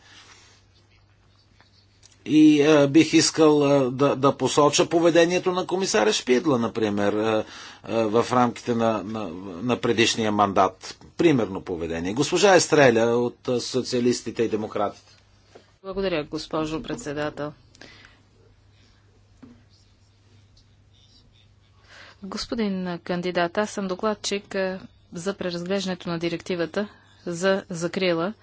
и е, бих искал е, да, да посоча поведението на комисаря Шпидла, например, е, е, в рамките на, на, на предишния мандат. Примерно поведение. Госпожа Естреля от е, социалистите и демократите. Благодаря, госпожо председател. Господин кандидат, аз съм докладчик за преразглеждането на директивата за закрила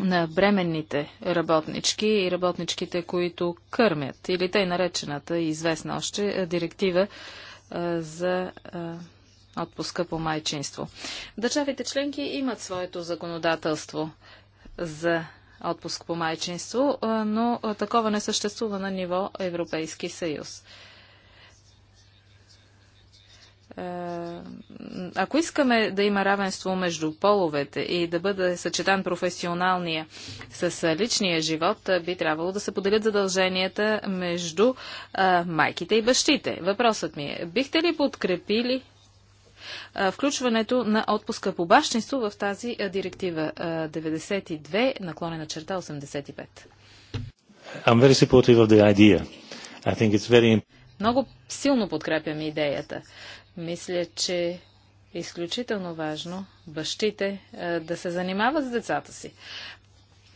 на бременните работнички и работничките, които кърмят, или тъй наречената и известна още директива за отпуска по майчинство. Държавите членки имат своето законодателство за отпуск по майчинство, но такова не съществува на ниво Европейски съюз. Е, ако искаме да има равенство между половете и да бъде съчетан професионалния с личния живот, би трябвало да се поделят задълженията между майките и бащите. Въпросът ми е, бихте ли подкрепили включването на отпуска по бащинство в тази директива 92 наклонена черта 85. I'm very supportive of the idea. I think it's very... Много силно подкрепям идеята. Мисля, че е изключително важно бащите да се занимават с децата си,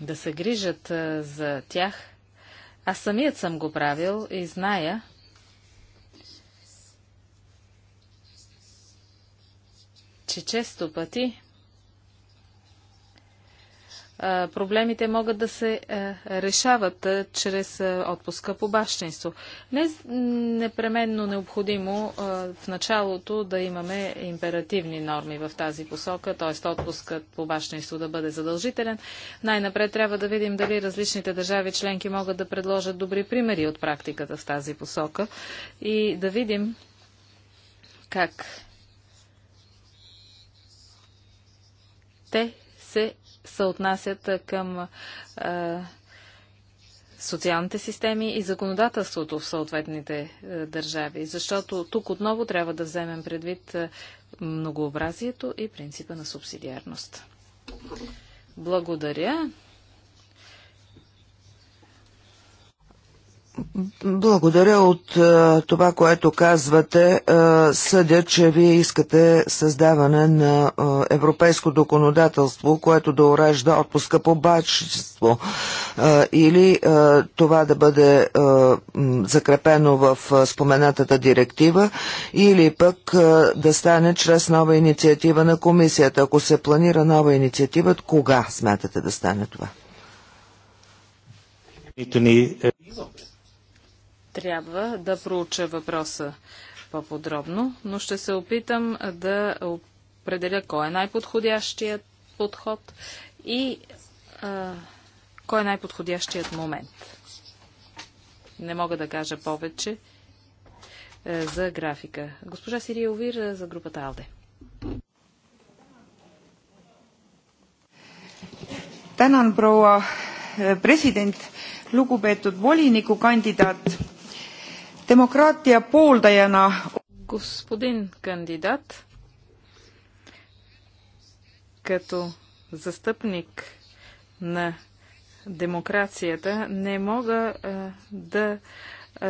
да се грижат за тях. Аз самият съм го правил и зная че често пъти проблемите могат да се решават чрез отпуска по бащинство. Не непременно необходимо в началото да имаме императивни норми в тази посока, т.е. отпускът по бащинство да бъде задължителен. Най-напред трябва да видим дали различните държави членки могат да предложат добри примери от практиката в тази посока и да видим как те се съотнасят към социалните системи и законодателството в съответните държави. Защото тук отново трябва да вземем предвид многообразието и принципа на субсидиарност. Благодаря. Благодаря от е, това, което казвате. Е, съдя, че вие искате създаване на е, европейско законодателство, което да урежда отпуска по бачество или това да бъде закрепено в споменатата директива или пък да стане чрез нова инициатива на комисията. Ако се планира нова инициатива, кога смятате да стане това? трябва да проуча въпроса по-подробно, но ще се опитам да определя кой е най-подходящият подход и а, кой е най-подходящият момент. Не мога да кажа повече а, е, за графика. Госпожа Сирия Овир е, за групата АЛДЕ. Tänan президент, president lugupeetud кандидат, Демократия pooldajana Господин кандидат, като застъпник на демокрацията, не мога а, да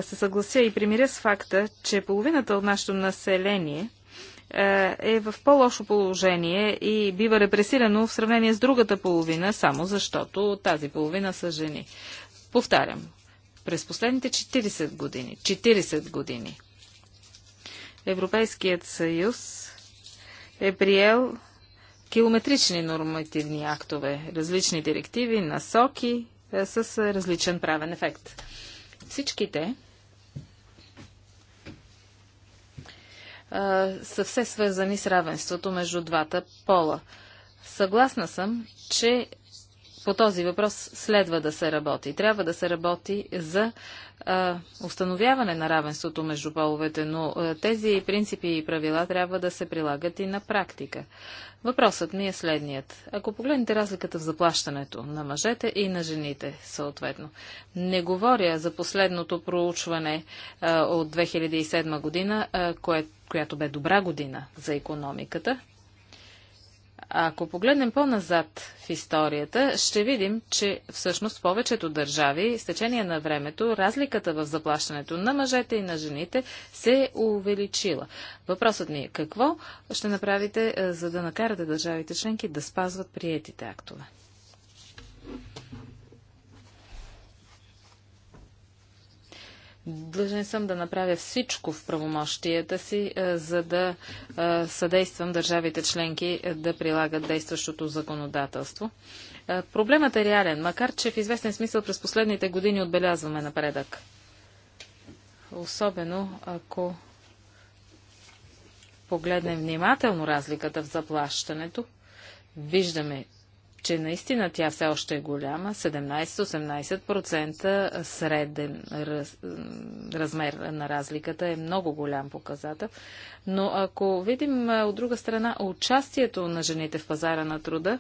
се съглася и примиря с факта, че половината от нашето население а, е в по-лошо положение и бива репресирано в сравнение с другата половина, само защото тази половина са жени. Повтарям, през последните 40 години, 40 години, Европейският съюз е приел километрични нормативни актове, различни директиви, насоки е, с е, различен правен ефект. Всичките е, са все свързани с равенството между двата пола. Съгласна съм, че по този въпрос следва да се работи. Трябва да се работи за а, установяване на равенството между половете, но а, тези принципи и правила трябва да се прилагат и на практика. Въпросът ми е следният. Ако погледнете разликата в заплащането на мъжете и на жените, съответно, не говоря за последното проучване а, от 2007 година, а, кое, която бе добра година за економиката, ако погледнем по-назад в историята, ще видим, че всъщност повечето държави с течение на времето разликата в заплащането на мъжете и на жените се е увеличила. Въпросът ми е какво ще направите, е, за да накарате държавите членки да спазват приетите актове? Длъжен съм да направя всичко в правомощията си, е, за да е, съдействам държавите членки е, да прилагат действащото законодателство. Проблемът е реален, макар че в известен смисъл през последните години отбелязваме напредък. Особено ако погледнем внимателно разликата в заплащането, виждаме, че наистина тя все още е голяма, 17-18% среден раз, размер на разликата е много голям показател. Но ако видим от друга страна участието на жените в пазара на труда,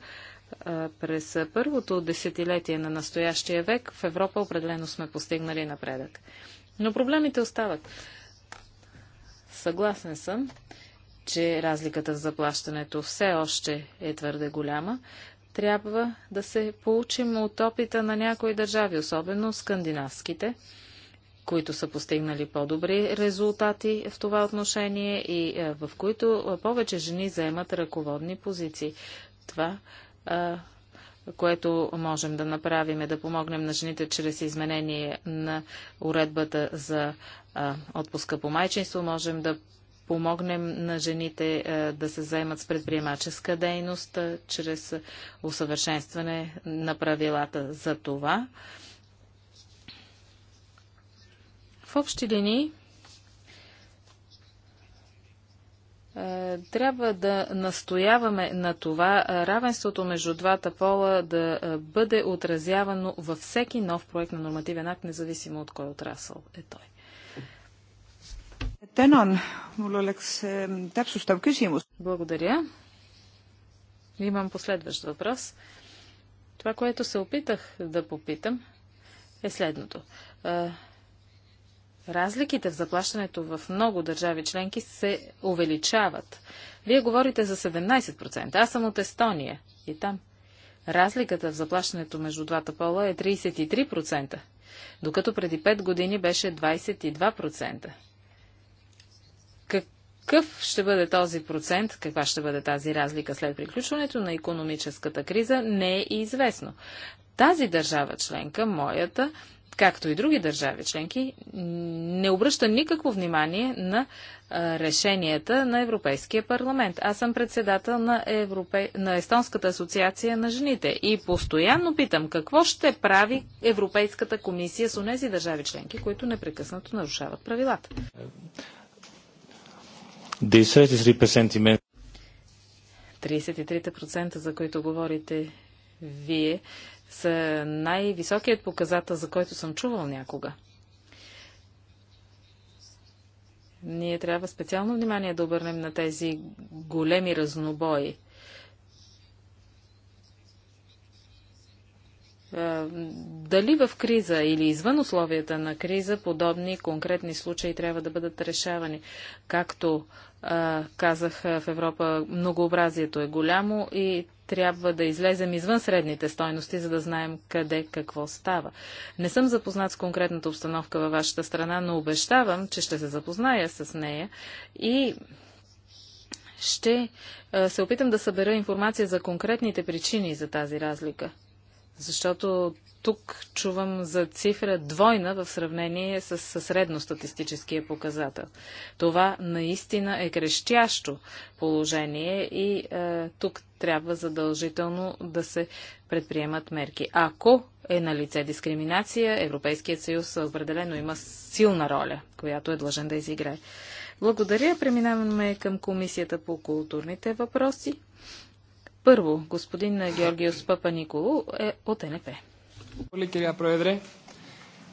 през първото десетилетие на настоящия век в Европа определено сме постигнали напредък. Но проблемите остават. Съгласен съм, че разликата в заплащането все още е твърде голяма, трябва да се получим от опита на някои държави, особено скандинавските, които са постигнали по-добри резултати в това отношение и е, в които е, повече жени заемат ръководни позиции. Това е, което можем да направим е да помогнем на жените чрез изменение на уредбата за отпуска по майчинство. Можем да помогнем на жените е, да се заемат с предприемаческа дейност е, чрез усъвършенстване на правилата за това. В общи линии е, трябва да настояваме на това равенството между двата пола да бъде отразявано във всеки нов проект на нормативен акт, независимо от кой отрасъл е той. Ehm, Благодаря. Имам последващ въпрос. Това, което се опитах да попитам, е следното. Е, разликите в заплащането в много държави членки се увеличават. Вие говорите за 17%. Аз съм от Естония и там разликата в заплащането между двата пола е 33%, докато преди 5 години беше 22% какъв ще бъде този процент, каква ще бъде тази разлика след приключването на економическата криза, не е известно. Тази държава членка, моята, както и други държави членки, не обръща никакво внимание на решенията на Европейския парламент. Аз съм председател на, Европе... на Естонската асоциация на жените и постоянно питам какво ще прави Европейската комисия с онези държави членки, които непрекъснато нарушават правилата. 33% за които говорите вие са най-високият показател, за който съм чувал някога. Ние трябва специално внимание да обърнем на тези големи разнобои. Дали в криза или извън условията на криза подобни конкретни случаи трябва да бъдат решавани, както казах, в Европа многообразието е голямо и трябва да излезем извън средните стойности, за да знаем къде какво става. Не съм запознат с конкретната обстановка във вашата страна, но обещавам, че ще се запозная с нея и ще се опитам да събера информация за конкретните причини за тази разлика. Защото тук чувам за цифра двойна в сравнение с, средностатистическия показател. Това наистина е крещящо положение и е, тук трябва задължително да се предприемат мерки. Ако е на лице дискриминация, Европейският съюз определено има силна роля, която е длъжен да изиграе. Благодаря. Преминаваме към Комисията по културните въпроси. Първо, господин Георгиос Николу е от НП.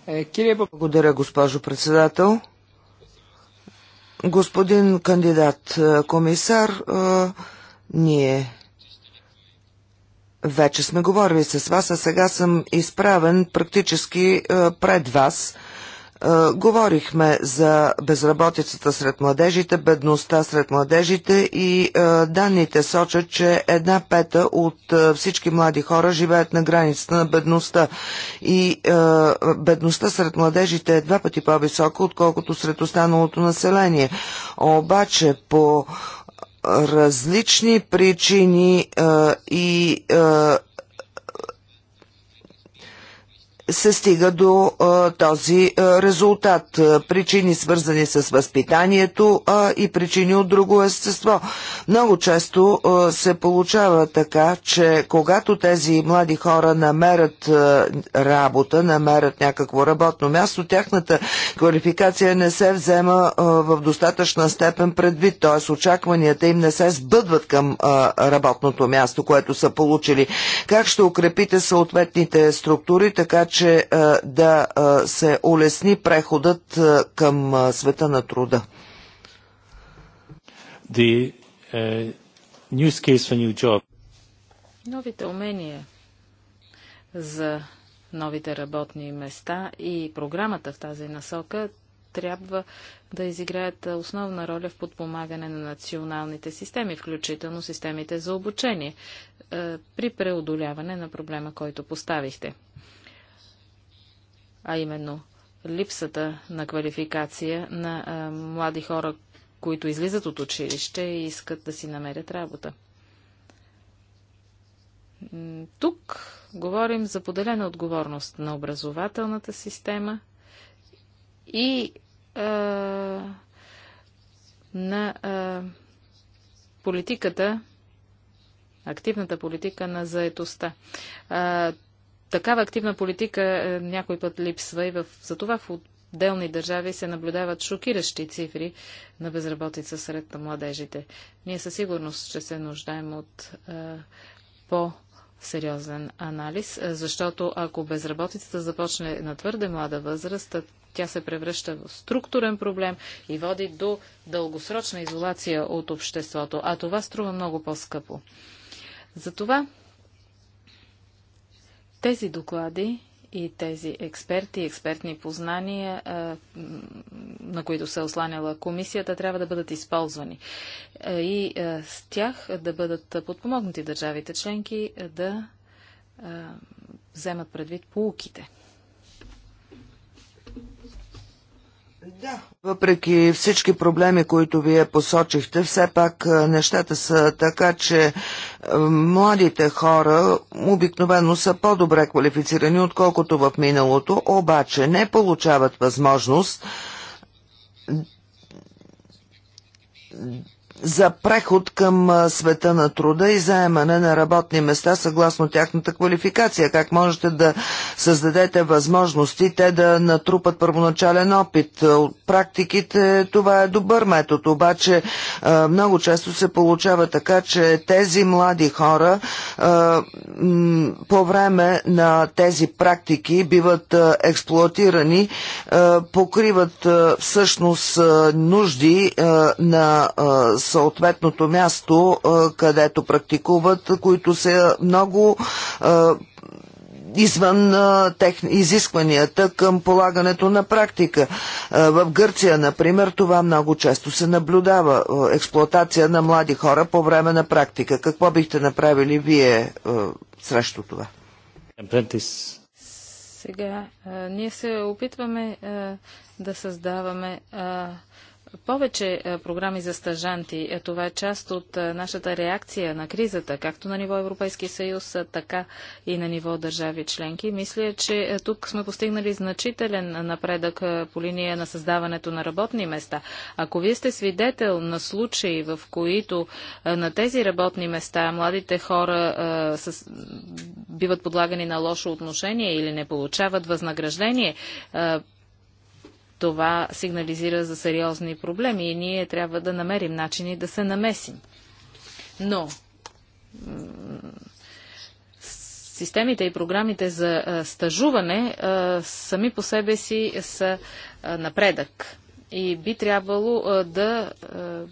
Е, Благодаря, госпожо председател. Господин кандидат е, комисар, е, ние вече сме говорили с вас, а сега съм изправен практически пред вас – е, говорихме за безработицата сред младежите, бедността сред младежите и е, данните сочат, че една пета от е, всички млади хора живеят на границата на бедността. И бедността сред младежите е два пъти по-висока, отколкото сред останалото население. Обаче по различни причини и се стига до а, този а, резултат. Причини свързани с възпитанието а, и причини от друго естество. Много често а, се получава така, че когато тези млади хора намерят а, работа, намерят някакво работно място, тяхната квалификация не се взема а, в достатъчна степен предвид, т.е. очакванията им не се сбъдват към а, работното място, което са получили. Как ще укрепите съответните структури, така че че е, да е, се улесни преходът е, към света на труда. The, uh, new skills for new job. Новите умения за новите работни места и програмата в тази насока трябва да изиграят основна роля в подпомагане на националните системи, включително системите за обучение, при преодоляване на проблема, който поставихте а именно липсата на квалификация на а, млади хора, които излизат от училище и искат да си намерят работа. Тук говорим за поделена отговорност на образователната система и а, на а, политиката, активната политика на заетостта такава активна политика е, някой път липсва и в... за това в отделни държави се наблюдават шокиращи цифри на безработица сред на младежите. Ние със сигурност ще се нуждаем от а, е, по- сериозен анализ, е, защото ако безработицата започне на твърде млада възраст, тя се превръща в структурен проблем и води до дългосрочна изолация от обществото, а това струва много по-скъпо. Затова тези доклади и тези експерти, експертни познания, на които се е осланяла комисията, трябва да бъдат използвани. И с тях да бъдат подпомогнати държавите членки да вземат предвид полуките. Да. Въпреки всички проблеми, които вие посочихте, все пак нещата са така, че младите хора обикновено са по-добре квалифицирани, отколкото в миналото, обаче не получават възможност за преход към света на труда и заемане на работни места съгласно тяхната квалификация? Как можете да създадете възможности те да натрупат първоначален опит? От практиките това е добър метод, обаче много често се получава така, че тези млади хора по време на тези практики биват експлуатирани, покриват всъщност нужди на съответното място, където практикуват, които са много извън тех, изискванията към полагането на практика. В Гърция, например, това много често се наблюдава. Експлоатация на млади хора по време на практика. Какво бихте направили вие срещу това? Сега, а, ние се опитваме а, да създаваме а, повече е, програми за стажанти. Е, това е част от е, нашата реакция на кризата, както на ниво Европейски съюз, така и на ниво държави членки. Мисля, че тук сме постигнали значителен напредък по линия на създаването на работни места. Ако вие сте свидетел на случаи, в които на тези работни места младите хора с, биват подлагани на лошо отношение или не получават възнаграждение, това сигнализира за сериозни проблеми и ние трябва да намерим начини да се намесим. Но системите и програмите за стажуване сами по себе си са напредък. И би трябвало да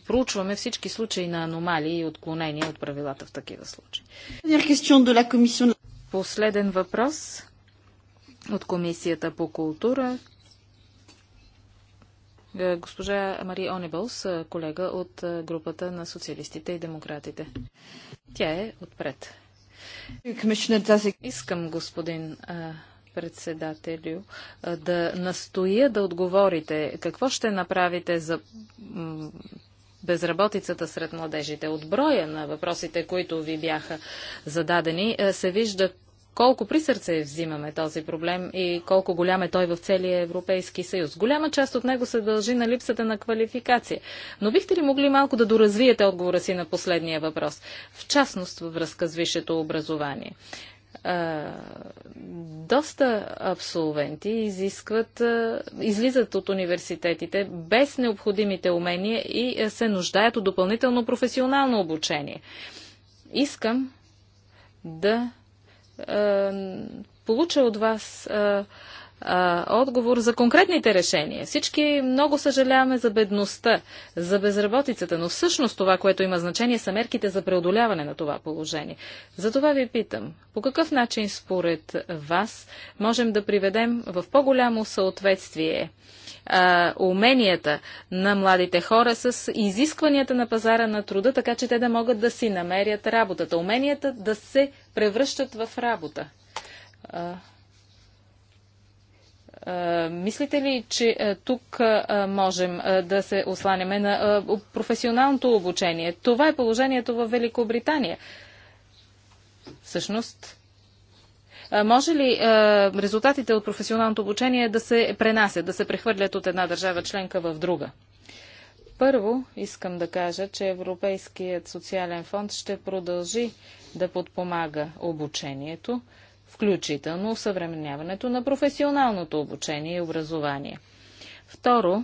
проучваме всички случаи на аномалии и отклонения от правилата в такива случаи. Последен въпрос от Комисията по култура е, госпожа Мари Онебълс, е, колега от е, групата на социалистите и демократите. Тя е отпред. Искам, господин председателю, да настоя да отговорите какво ще направите за безработицата сред младежите. От броя на въпросите, които ви бяха зададени, се вижда колко при сърце взимаме този проблем и колко голям е той в целия Европейски съюз. Голяма част от него се дължи на липсата на квалификация. Но бихте ли могли малко да доразвиете отговора си на последния въпрос? В частност във връзка с висшето образование доста абсолвенти изискват, излизат от университетите без необходимите умения и се нуждаят от допълнително професионално обучение. Искам да е, получа от вас е, е, отговор за конкретните решения. Всички много съжаляваме за бедността, за безработицата, но всъщност това, което има значение, са мерките за преодоляване на това положение. Затова ви питам, по какъв начин според вас можем да приведем в по-голямо съответствие а, уменията на младите хора с изискванията на пазара на труда, така че те да могат да си намерят работата. Уменията да се превръщат в работа. А, а, мислите ли, че тук можем да се осланяме на професионалното обучение? Това е положението в Великобритания. Всъщност, е, може ли е, резултатите от професионалното обучение да се пренасят, да се прехвърлят от една държава членка в друга? Първо искам да кажа, че Европейският социален фонд ще продължи да подпомага обучението, включително съвременяването на професионалното обучение и образование. Второ,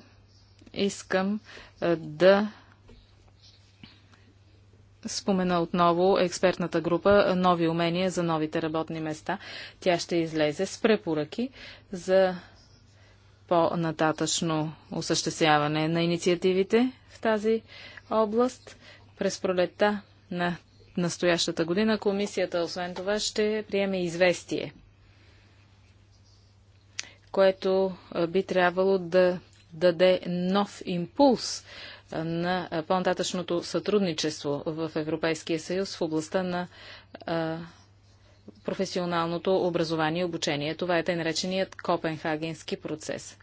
искам е, да спомена отново експертната група Нови умения за новите работни места. Тя ще излезе с препоръки за по-нататъчно осъществяване на инициативите в тази област. През пролета на настоящата година комисията, освен това, ще приеме известие, което би трябвало да даде нов импулс на по-нататъчното сътрудничество в Европейския съюз в областта на професионалното образование и обучение. Това е тъй нареченият Копенхагенски процес.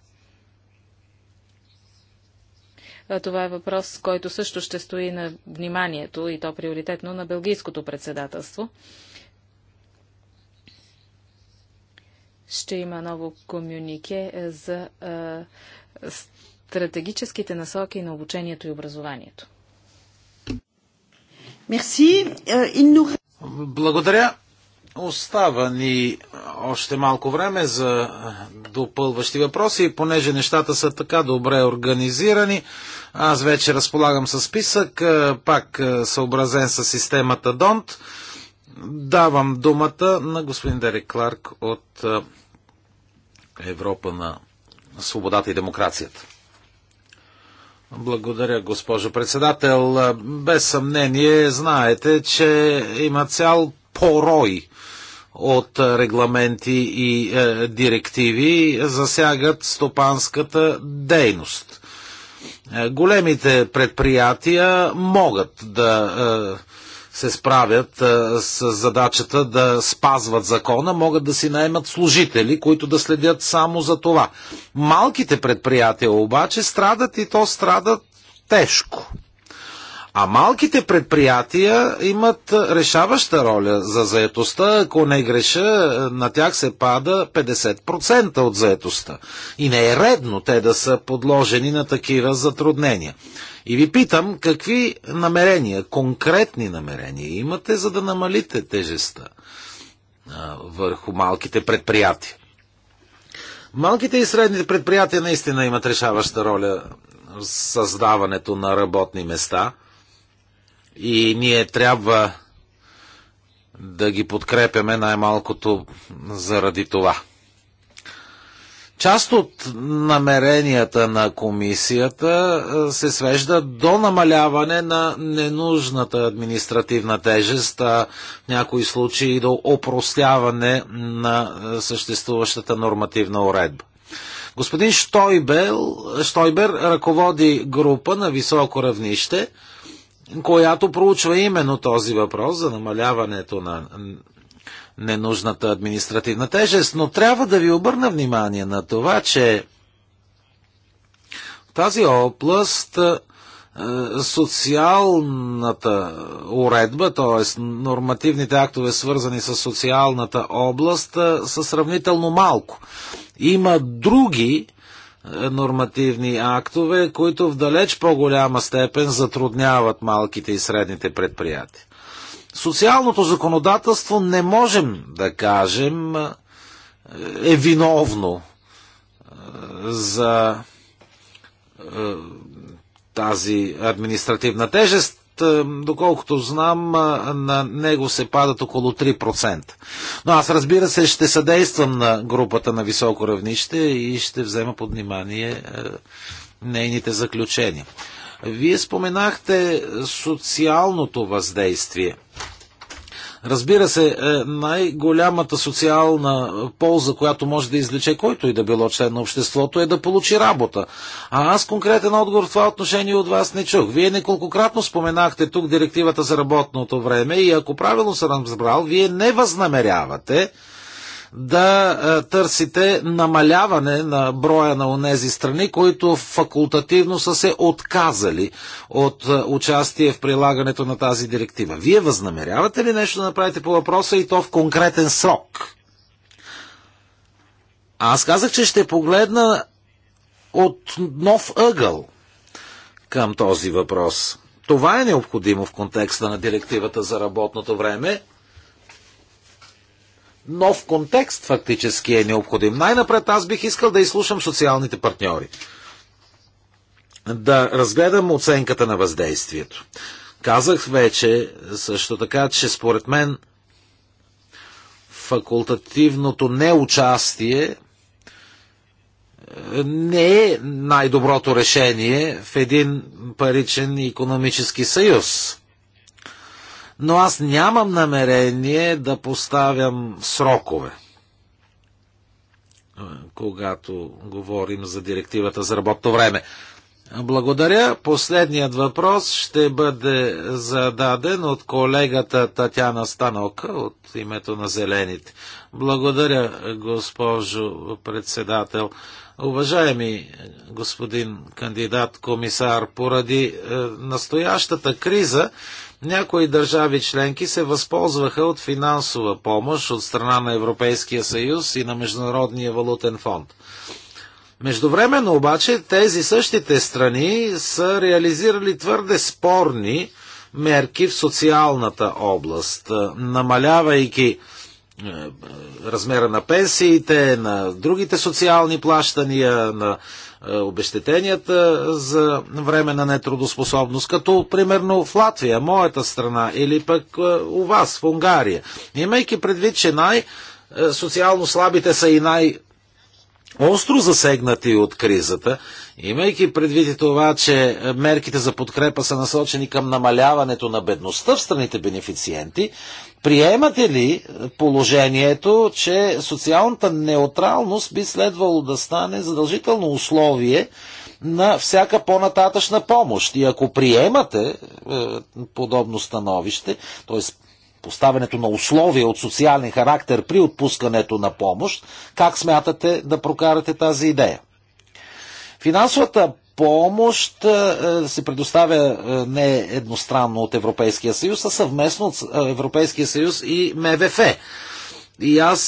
това е въпрос, който също ще стои на вниманието и то приоритетно на Белгийското председателство. Ще има ново комюнике за стратегическите насоки на обучението и образованието. Euh, Благодаря. Остава ни още малко време за допълващи въпроси понеже нещата са така добре организирани, аз вече разполагам със списък, пак съобразен с системата ДОНТ. Давам думата на господин Дерек Кларк от Европа на свободата и демокрацията. Благодаря, госпожо председател. Без съмнение знаете, че има цял порой от регламенти и е, директиви засягат стопанската дейност. Е, големите предприятия могат да е, се справят а, с задачата да спазват закона, могат да си наемат служители, които да следят само за това. Малките предприятия обаче страдат и то страдат тежко. А малките предприятия имат решаваща роля за заетостта. Ако не греша, на тях се пада 50% от заетостта. И не е редно те да са подложени на такива затруднения. И ви питам, какви намерения, конкретни намерения имате, за да намалите тежестта върху малките предприятия? Малките и средните предприятия наистина имат решаваща роля в създаването на работни места – и ние трябва да ги подкрепяме най-малкото заради това. Част от намеренията на комисията се свежда до намаляване на ненужната административна тежест, а в някои случаи до опростяване на съществуващата нормативна уредба. Господин Штойбер, Штойбер ръководи група на високо равнище – която проучва именно този въпрос за намаляването на ненужната административна тежест, но трябва да ви обърна внимание на това, че в тази област е, социалната уредба, т.е. нормативните актове свързани с социалната област, е, са сравнително малко. Има други нормативни актове, които в далеч по-голяма степен затрудняват малките и средните предприятия. Социалното законодателство не можем да кажем е, е виновно е, за е, тази административна тежест. Е, доколкото знам, е, на него се падат около 3%. Но аз разбира се ще съдействам на групата на високо равнище и ще взема под внимание е, нейните заключения. Вие споменахте социалното въздействие – Разбира се, е, най-голямата социална полза, която може да излече който и да било член на обществото, е да получи работа. А аз конкретен отговор в това отношение от вас не чух. Вие неколкократно споменахте тук директивата за работното време и ако правилно съм разбрал, вие не възнамерявате да е, търсите намаляване на броя на онези страни, които факултативно са се отказали от е, участие в прилагането на тази директива. Вие възнамерявате ли нещо да направите по въпроса и то в конкретен срок? Аз казах, че ще погледна от нов ъгъл към този въпрос. Това е необходимо в контекста на директивата за работното време нов контекст фактически е необходим. Най-напред аз бих искал да изслушам социалните партньори. Да разгледам оценката на въздействието. Казах вече също така, че според мен факултативното неучастие е, не е най-доброто решение в един паричен економически съюз но аз нямам намерение да поставям срокове. Когато говорим за директивата за работно време. Благодаря. Последният въпрос ще бъде зададен от колегата Татяна Станока от името на Зелените. Благодаря, госпожо председател. Уважаеми господин кандидат комисар, поради е, настоящата криза някои държави членки се възползваха от финансова помощ от страна на Европейския съюз и на Международния валутен фонд. Междувременно обаче тези същите страни са реализирали твърде спорни мерки в социалната област, е, намалявайки е, размера на пенсиите, на другите социални плащания, на е, обещетенията за време на нетрудоспособност, като примерно в Латвия, моята страна, или пък е, у вас, в Унгария. Имайки предвид, че най- е, социално слабите са и най- остро засегнати от кризата, имайки предвид и това, че мерките за подкрепа са насочени към намаляването на бедността в страните бенефициенти, Приемате ли положението, че социалната неутралност би следвало да стане задължително условие на всяка по-нататъчна помощ? И ако приемате е, подобно становище, т.е. поставянето на условия от социален характер при отпускането на помощ, как смятате да прокарате тази идея? Финансовата помощ е, е, се предоставя е, не едностранно от Европейския съюз, а съвместно от Европейския съюз и МВФ. И аз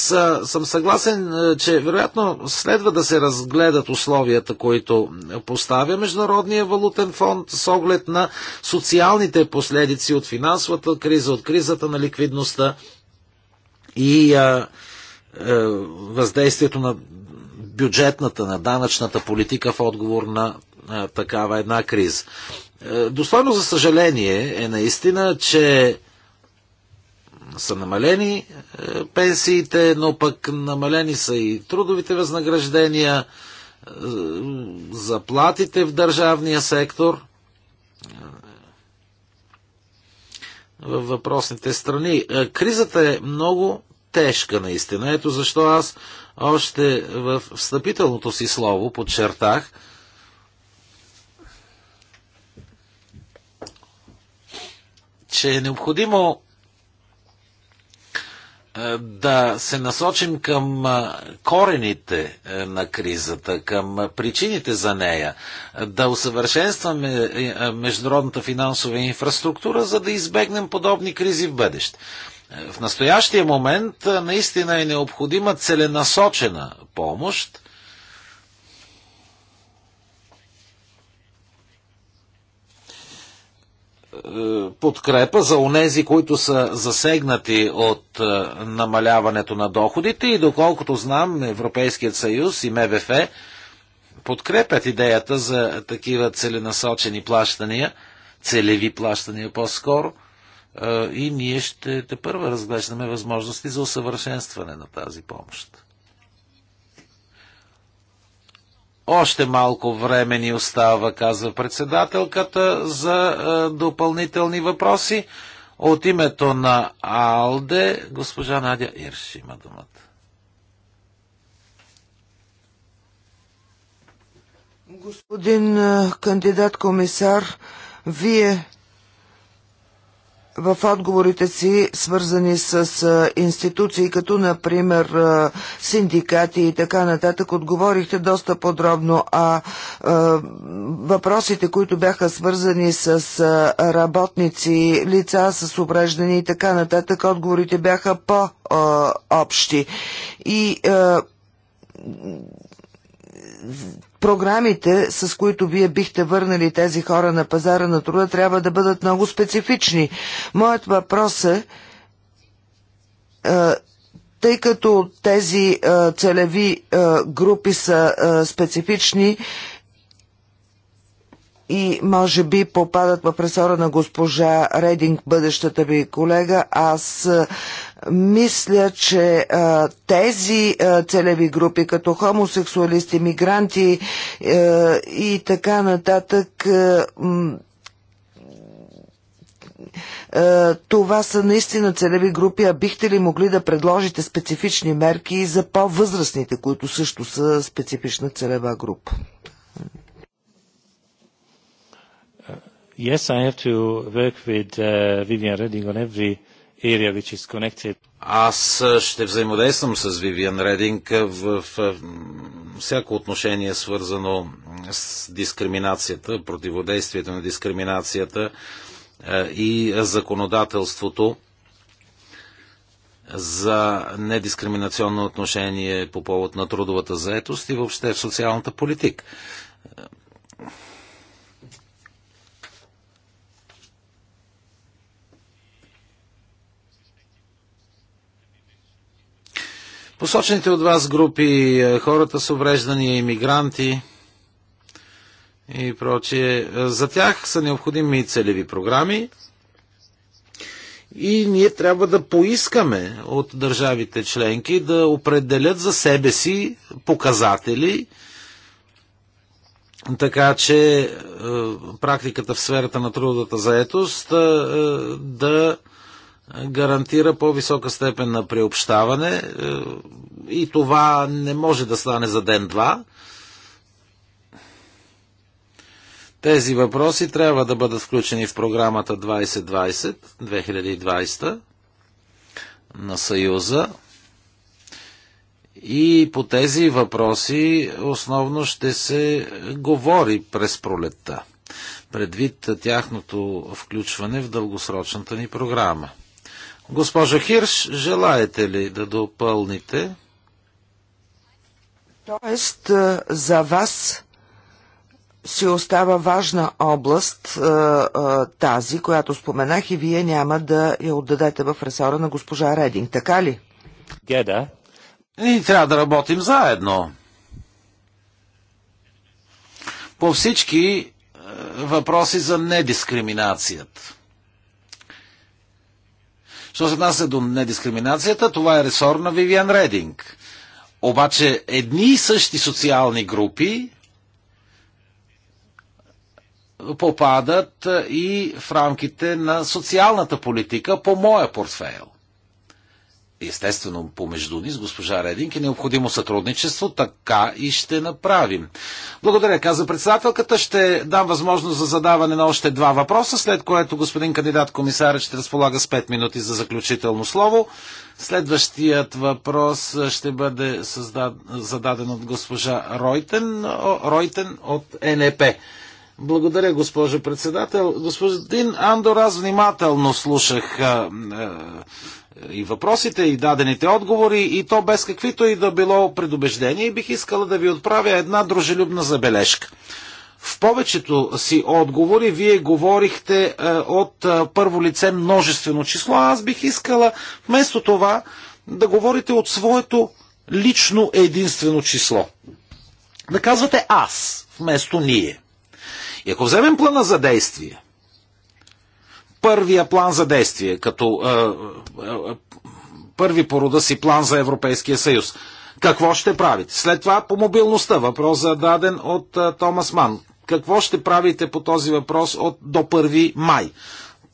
съм съгласен, че вероятно следва да се разгледат условията, които поставя Международния валутен фонд с оглед на социалните последици от финансовата криза, от кризата на ликвидността и а, а, въздействието на бюджетната, на данъчната политика в отговор на такава една криза. Е, Достойно за съжаление е наистина, че са намалени е, пенсиите, но пък намалени са и трудовите възнаграждения, е, заплатите в държавния сектор във въпросните страни. Кризата е много тежка наистина. Ето защо аз още в встъпителното си слово подчертах, че е необходимо е, да се насочим към е, корените е, на кризата, към причините за нея, да усъвършенстваме международната финансова инфраструктура, за да избегнем подобни кризи в бъдеще. В настоящия момент наистина е необходима целенасочена помощ, Е, подкрепа за онези, които са засегнати от е, намаляването на доходите и доколкото знам, Европейският съюз и МВФ подкрепят идеята за такива целенасочени плащания, целеви плащания по-скоро, е, и ние ще те първа разглеждаме възможности за усъвършенстване на тази помощ. Още малко време ни остава, казва председателката, за е, допълнителни въпроси. От името на АЛДЕ, госпожа Надя Ирш има думата. Господин е, кандидат комисар, вие в отговорите си, свързани с институции, като например синдикати и така нататък, отговорихте доста подробно, а въпросите, които бяха свързани с работници, лица с увреждания и така нататък, отговорите бяха по-общи. И програмите, с които вие бихте върнали тези хора на пазара на труда, трябва да бъдат много специфични. Моят въпрос е, е тъй като тези е, целеви е, групи са специфични, и може би попадат в ресора на госпожа Рединг, бъдещата ви колега. Аз мисля, че тези целеви групи, като хомосексуалисти, мигранти и така нататък, това са наистина целеви групи, а бихте ли могли да предложите специфични мерки за по-възрастните, които също са специфична целева група? Yes, I have to work with uh, Vivian Redding on every area which is connected. Аз ще взаимодействам с Вивиан Рединг в, в, в всяко отношение свързано с дискриминацията, противодействието на дискриминацията е, и законодателството за недискриминационно отношение по повод на трудовата заетост и въобще в социалната политика Посочените от вас групи, е, хората с увреждания, иммигранти и прочие, е, за тях са необходими и целеви програми и ние трябва да поискаме от държавите членки да определят за себе си показатели, така че е, практиката в сферата на трудовата заетост да гарантира по-висока степен на приобщаване е, и това не може да стане за ден-два. Тези въпроси трябва да бъдат включени в програмата 2020, 2020 на Съюза. И по тези въпроси основно ще се говори през пролетта, предвид тяхното включване в дългосрочната ни програма. Госпожа Хирш, желаете ли да допълните? Тоест, е, за вас си остава важна област е, е, тази, която споменах и вие няма да я отдадете в ресора на госпожа Рединг, така ли? Геда. Ние трябва да работим заедно. По всички въпроси за недискриминацията. Що се отнася до недискриминацията, това е ресор на Вивиан Рединг. Обаче едни и същи социални групи попадат и в рамките на социалната политика по моя портфейл естествено помежду ни с госпожа Рединки е необходимо сътрудничество, така и ще направим. Благодаря, каза председателката. Ще дам възможност за задаване на още два въпроса, след което господин кандидат комисарът ще разполага с 5 минути за заключително слово. Следващият въпрос ще бъде създад... зададен от госпожа Ройтен, Ройтен от НЕП. Благодаря, госпожо председател. Господин Андор, аз внимателно слушах е, е, и въпросите, и дадените отговори, и то без каквито и да било предубеждение, бих искала да ви отправя една дружелюбна забележка. В повечето си отговори вие говорихте е, от е, първо лице множествено число, а аз бих искала вместо това да говорите от своето лично единствено число. Да казвате аз, вместо ние. И ако вземем плана за действие, първия план за действие, като е, е, е, първи по рода си план за Европейския съюз. Какво ще правите? След това по мобилността, въпрос зададен от е, Томас Ман. Какво ще правите по този въпрос от до 1 май?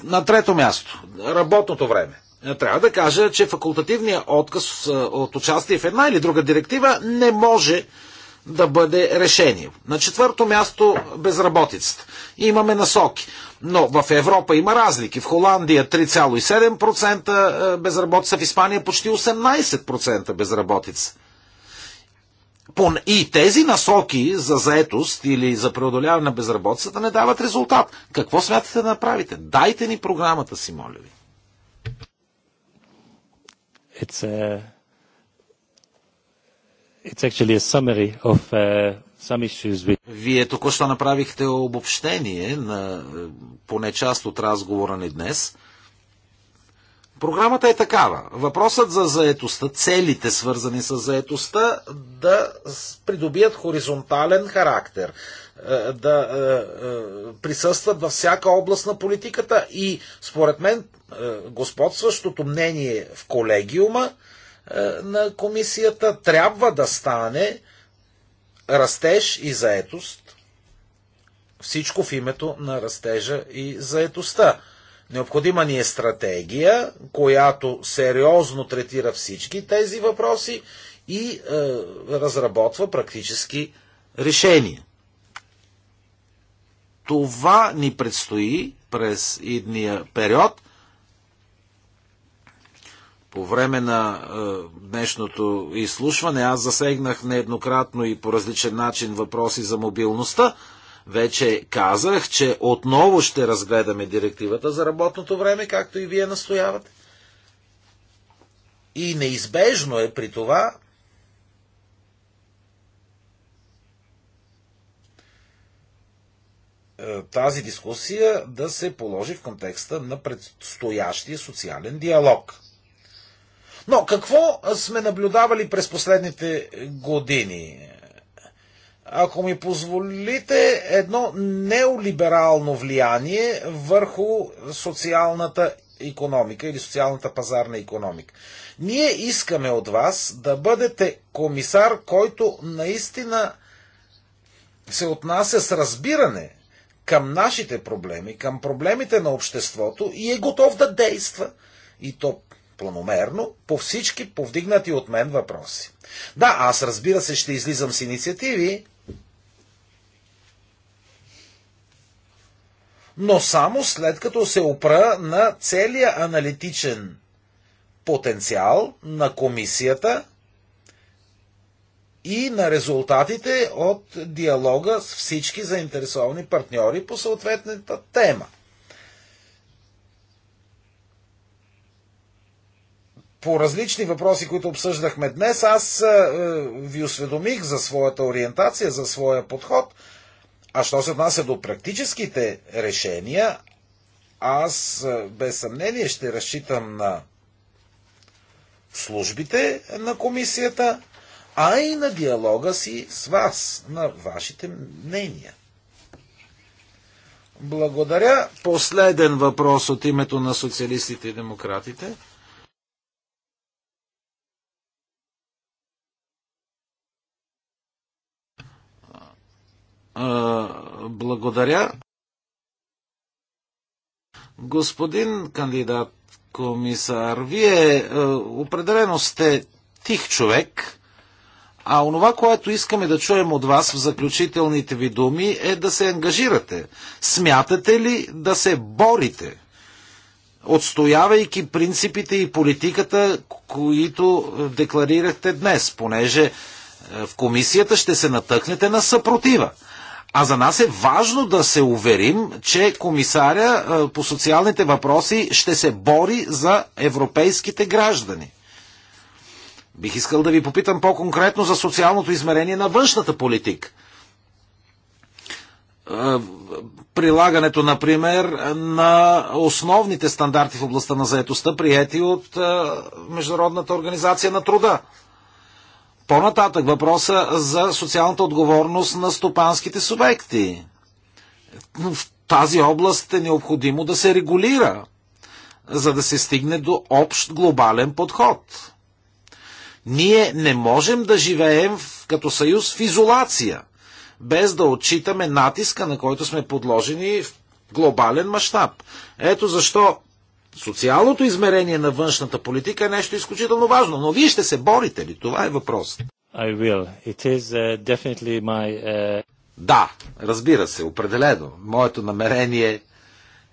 На трето място, работното време. Трябва да кажа, че факултативният отказ е, от участие в една или друга директива не може да бъде решение. На четвърто място безработицата. Имаме насоки. Но в Европа има разлики. В Холандия 3,7% е, безработица, в Испания почти 18% безработица. И тези насоки за заетост или за преодоляване на безработицата не дават резултат. Какво смятате да направите? Дайте ни програмата си, моля ви. It's a uh, It's actually a summary of uh, some issues with... Вие току-що направихте обобщение на е, поне част от разговора ни днес. Програмата е такава. Въпросът за заетостта, целите свързани с заетостта, да придобият хоризонтален характер, е, да е, присъстват във всяка област на политиката и, според мен, господстващото мнение в колегиума е, на комисията трябва да стане растеж и заетост. Всичко в името на растежа и заетостта. Необходима ни е стратегия, която сериозно третира всички тези въпроси и е, разработва практически решения. Това ни предстои през идния период – по време на е, днешното изслушване аз засегнах нееднократно и по различен начин въпроси за мобилността. Вече казах, че отново ще разгледаме директивата за работното време, както и вие настоявате. И неизбежно е при това е, тази дискусия да се положи в контекста на предстоящия социален диалог. Но какво сме наблюдавали през последните години? Ако ми позволите, едно неолиберално влияние върху социалната економика или социалната пазарна економика. Ние искаме от вас да бъдете комисар, който наистина се отнася с разбиране към нашите проблеми, към проблемите на обществото и е готов да действа. И то планомерно по всички повдигнати от мен въпроси. Да, аз разбира се ще излизам с инициативи, но само след като се опра на целия аналитичен потенциал на комисията и на резултатите от диалога с всички заинтересовани партньори по съответната тема. по различни въпроси, които обсъждахме днес, аз е, е, ви осведомих за своята ориентация, за своя подход. А що се отнася до практическите решения, аз е, без съмнение ще разчитам на службите на комисията, а и на диалога си с вас, на вашите мнения. Благодаря. Последен въпрос от името на социалистите и демократите. Благодаря. Господин кандидат комисар, вие е, определено сте тих човек, а онова, което искаме да чуем от вас в заключителните ви думи е да се ангажирате. Смятате ли да се борите, отстоявайки принципите и политиката, които декларирахте днес, понеже е, в комисията ще се натъкнете на съпротива. А за нас е важно да се уверим, че комисаря е, по социалните въпроси ще се бори за европейските граждани. Бих искал да ви попитам по-конкретно за социалното измерение на външната политика. Е, прилагането, например, на основните стандарти в областта на заетостта, приети от е, Международната организация на труда. По-нататък въпроса за социалната отговорност на стопанските субекти. В тази област е необходимо да се регулира, за да се стигне до общ глобален подход. Ние не можем да живеем в, като съюз в изолация, без да отчитаме натиска, на който сме подложени в глобален мащаб. Ето защо социалното измерение на външната политика е нещо изключително важно. Но вие ще се борите ли? Това е въпрос. I will. It is, uh, my, uh... Да, разбира се, определено. Моето намерение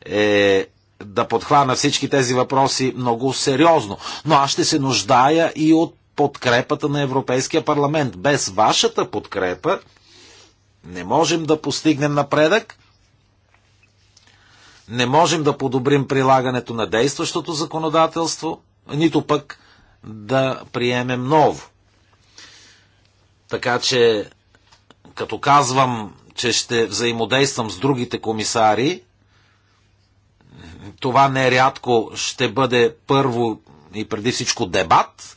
е да подхвана всички тези въпроси много сериозно. Но аз ще се нуждая и от подкрепата на Европейския парламент. Без вашата подкрепа не можем да постигнем напредък не можем да подобрим прилагането на действащото законодателство, нито пък да приемем ново. Така че, като казвам, че ще взаимодействам с другите комисари, това нерядко ще бъде първо и преди всичко дебат,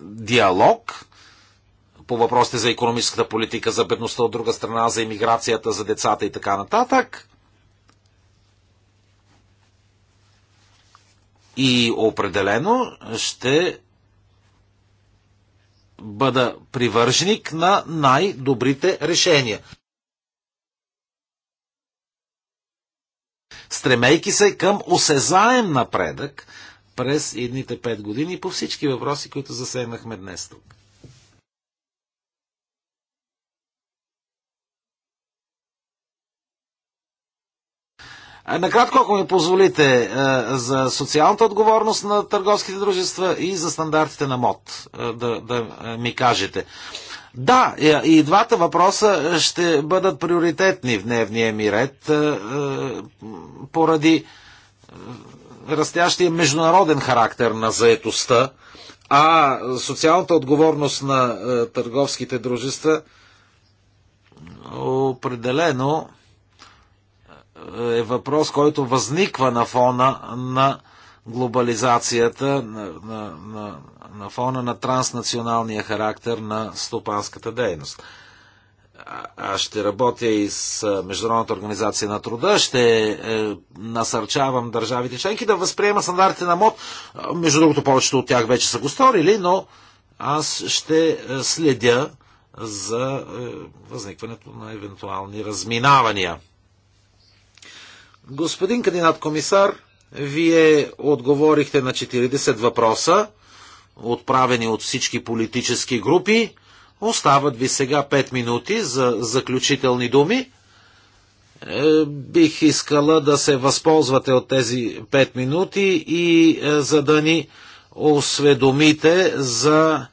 диалог по въпросите за економическата политика, за бедността от друга страна, за иммиграцията, за децата и така нататък. И определено ще бъда привърженик на най-добрите решения. Стремейки се към осезаем напредък през едните пет години по всички въпроси, които засегнахме днес тук. Накратко, ако ми позволите, е, за социалната отговорност на търговските дружества и за стандартите на МОД, е, да, да е, ми кажете. Да, и двата въпроса ще бъдат приоритетни в дневния ми ред поради растящия международен характер на заетостта, а социалната отговорност на търговските дружества определено е въпрос, който възниква на фона на глобализацията, на, на, на, на фона на транснационалния характер на стопанската дейност. Аз ще работя и с Международната организация на труда, ще е, насърчавам държавите членки да възприема стандартите на МОД. Между другото, повечето от тях вече са го сторили, но аз ще е, следя за е, възникването на евентуални разминавания. Господин кандидат комисар, вие отговорихте на 40 въпроса, отправени от всички политически групи. Остават ви сега 5 минути за заключителни думи. Е, бих искала да се възползвате от тези 5 минути и е, за да ни осведомите за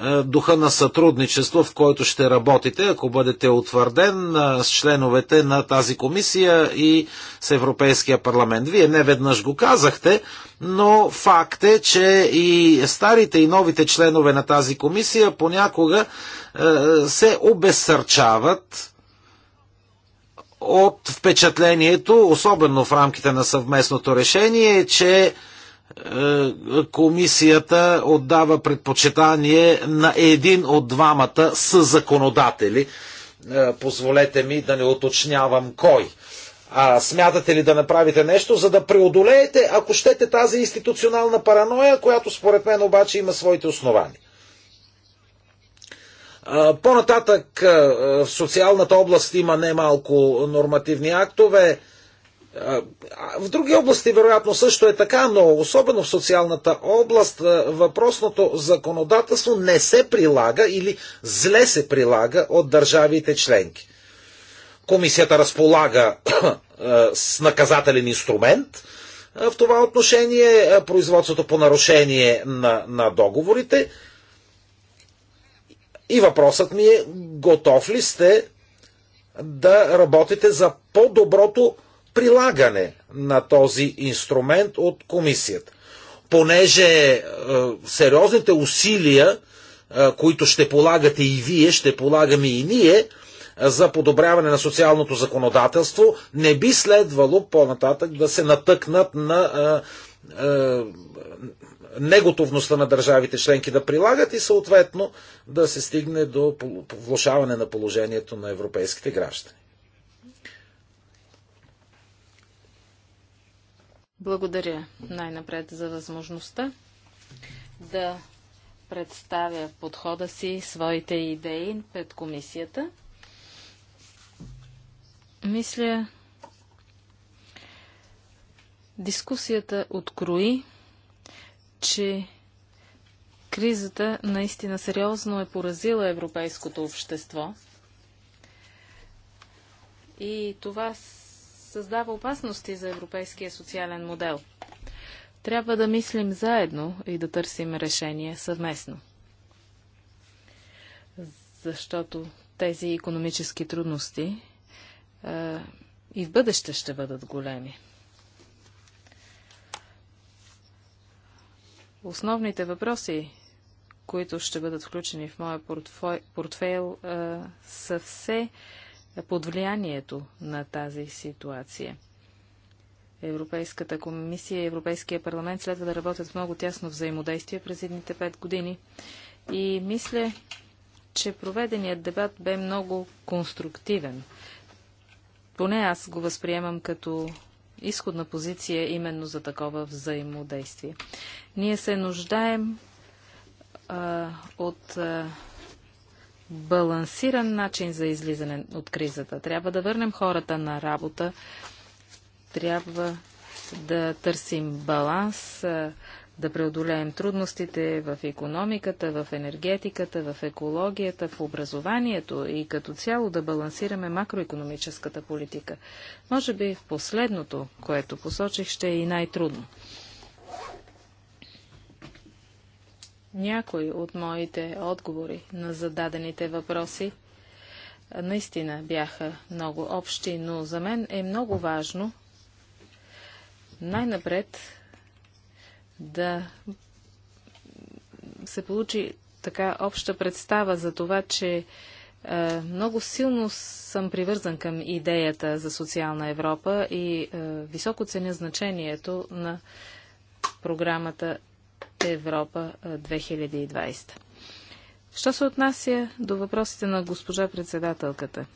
е, духа на сътрудничество, в който ще работите, ако бъдете утвърден е, с членовете на тази комисия и с Европейския парламент. Вие не веднъж го казахте, но факт е, че и старите и новите членове на тази комисия понякога е, се обесърчават от впечатлението, особено в рамките на съвместното решение, че е, комисията отдава предпочитание на един от двамата с законодатели. Е, позволете ми да не уточнявам кой. А смятате ли да направите нещо, за да преодолеете, ако щете, тази институционална параноя, която според мен обаче има своите основания? Е, по-нататък в социалната област има немалко нормативни актове в други области вероятно също е така, но особено в социалната област въпросното законодателство не се прилага или зле се прилага от държавите членки. Комисията разполага с наказателен инструмент в това отношение, производството по нарушение на, на договорите. И въпросът ми е, готов ли сте да работите за по-доброто прилагане на този инструмент от комисията. Понеже е, сериозните усилия, е, които ще полагате и вие, ще полагаме и ние, е, за подобряване на социалното законодателство, не би следвало по-нататък да се натъкнат на е, е, неготовността на държавите членки да прилагат и съответно да се стигне до влушаване на положението на европейските граждани. Благодаря най-напред за възможността да представя подхода си, своите идеи пред комисията. Мисля, дискусията открои, че кризата наистина сериозно е поразила европейското общество. И това създава опасности за европейския социален модел. Трябва да мислим заедно и да търсим решение съвместно. Защото тези економически трудности е, и в бъдеще ще бъдат големи. Основните въпроси, които ще бъдат включени в моя портфейл, са все под влиянието на тази ситуация. Европейската комисия и Европейския парламент следва да работят в много тясно взаимодействие през едните пет години. И мисля, че проведеният дебат бе много конструктивен. Поне аз го възприемам като изходна позиция именно за такова взаимодействие. Ние се нуждаем а, от а, балансиран начин за излизане от кризата. Трябва да върнем хората на работа. Трябва да търсим баланс, да преодолеем трудностите в економиката, в енергетиката, в екологията, в образованието и като цяло да балансираме макроекономическата политика. Може би последното, което посочих, ще е и най-трудно. Някои от моите отговори на зададените въпроси наистина бяха много общи, но за мен е много важно най-напред да се получи така обща представа за това, че е, много силно съм привързан към идеята за социална Европа и е, високо ценя значението на програмата Европа 2020. Що се отнася до въпросите на госпожа председателката?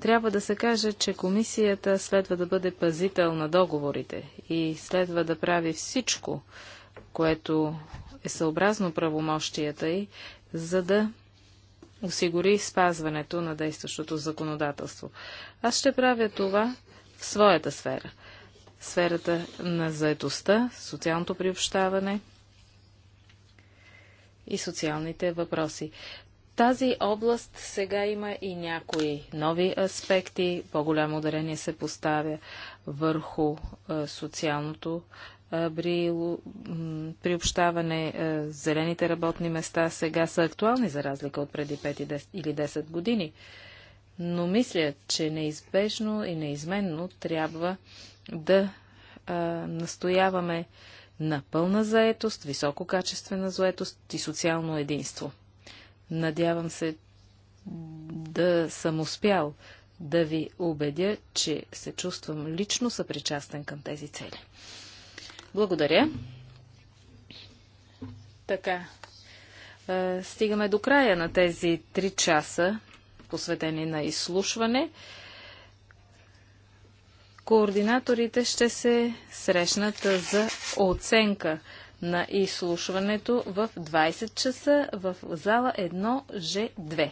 Трябва да се каже, че комисията следва да бъде пазител на договорите и следва да прави всичко, което е съобразно правомощията й, за да осигури спазването на действащото законодателство. Аз ще правя това в своята сфера. Сферата на заедостта, социалното приобщаване – и социалните въпроси. Тази област сега има и някои нови аспекти. По-голямо ударение се поставя върху социалното приобщаване, зелените работни места сега са актуални за разлика от преди 5 или 10 години. Но мисля, че неизбежно и неизменно трябва да настояваме на пълна заетост, висококачествена заетост и социално единство. Надявам се да съм успял да ви убедя, че се чувствам лично съпричастен към тези цели. Благодаря. Така. Стигаме до края на тези три часа, посветени на изслушване. Координаторите ще се срещнат за оценка на изслушването в 20 часа в зала 1 Ж2.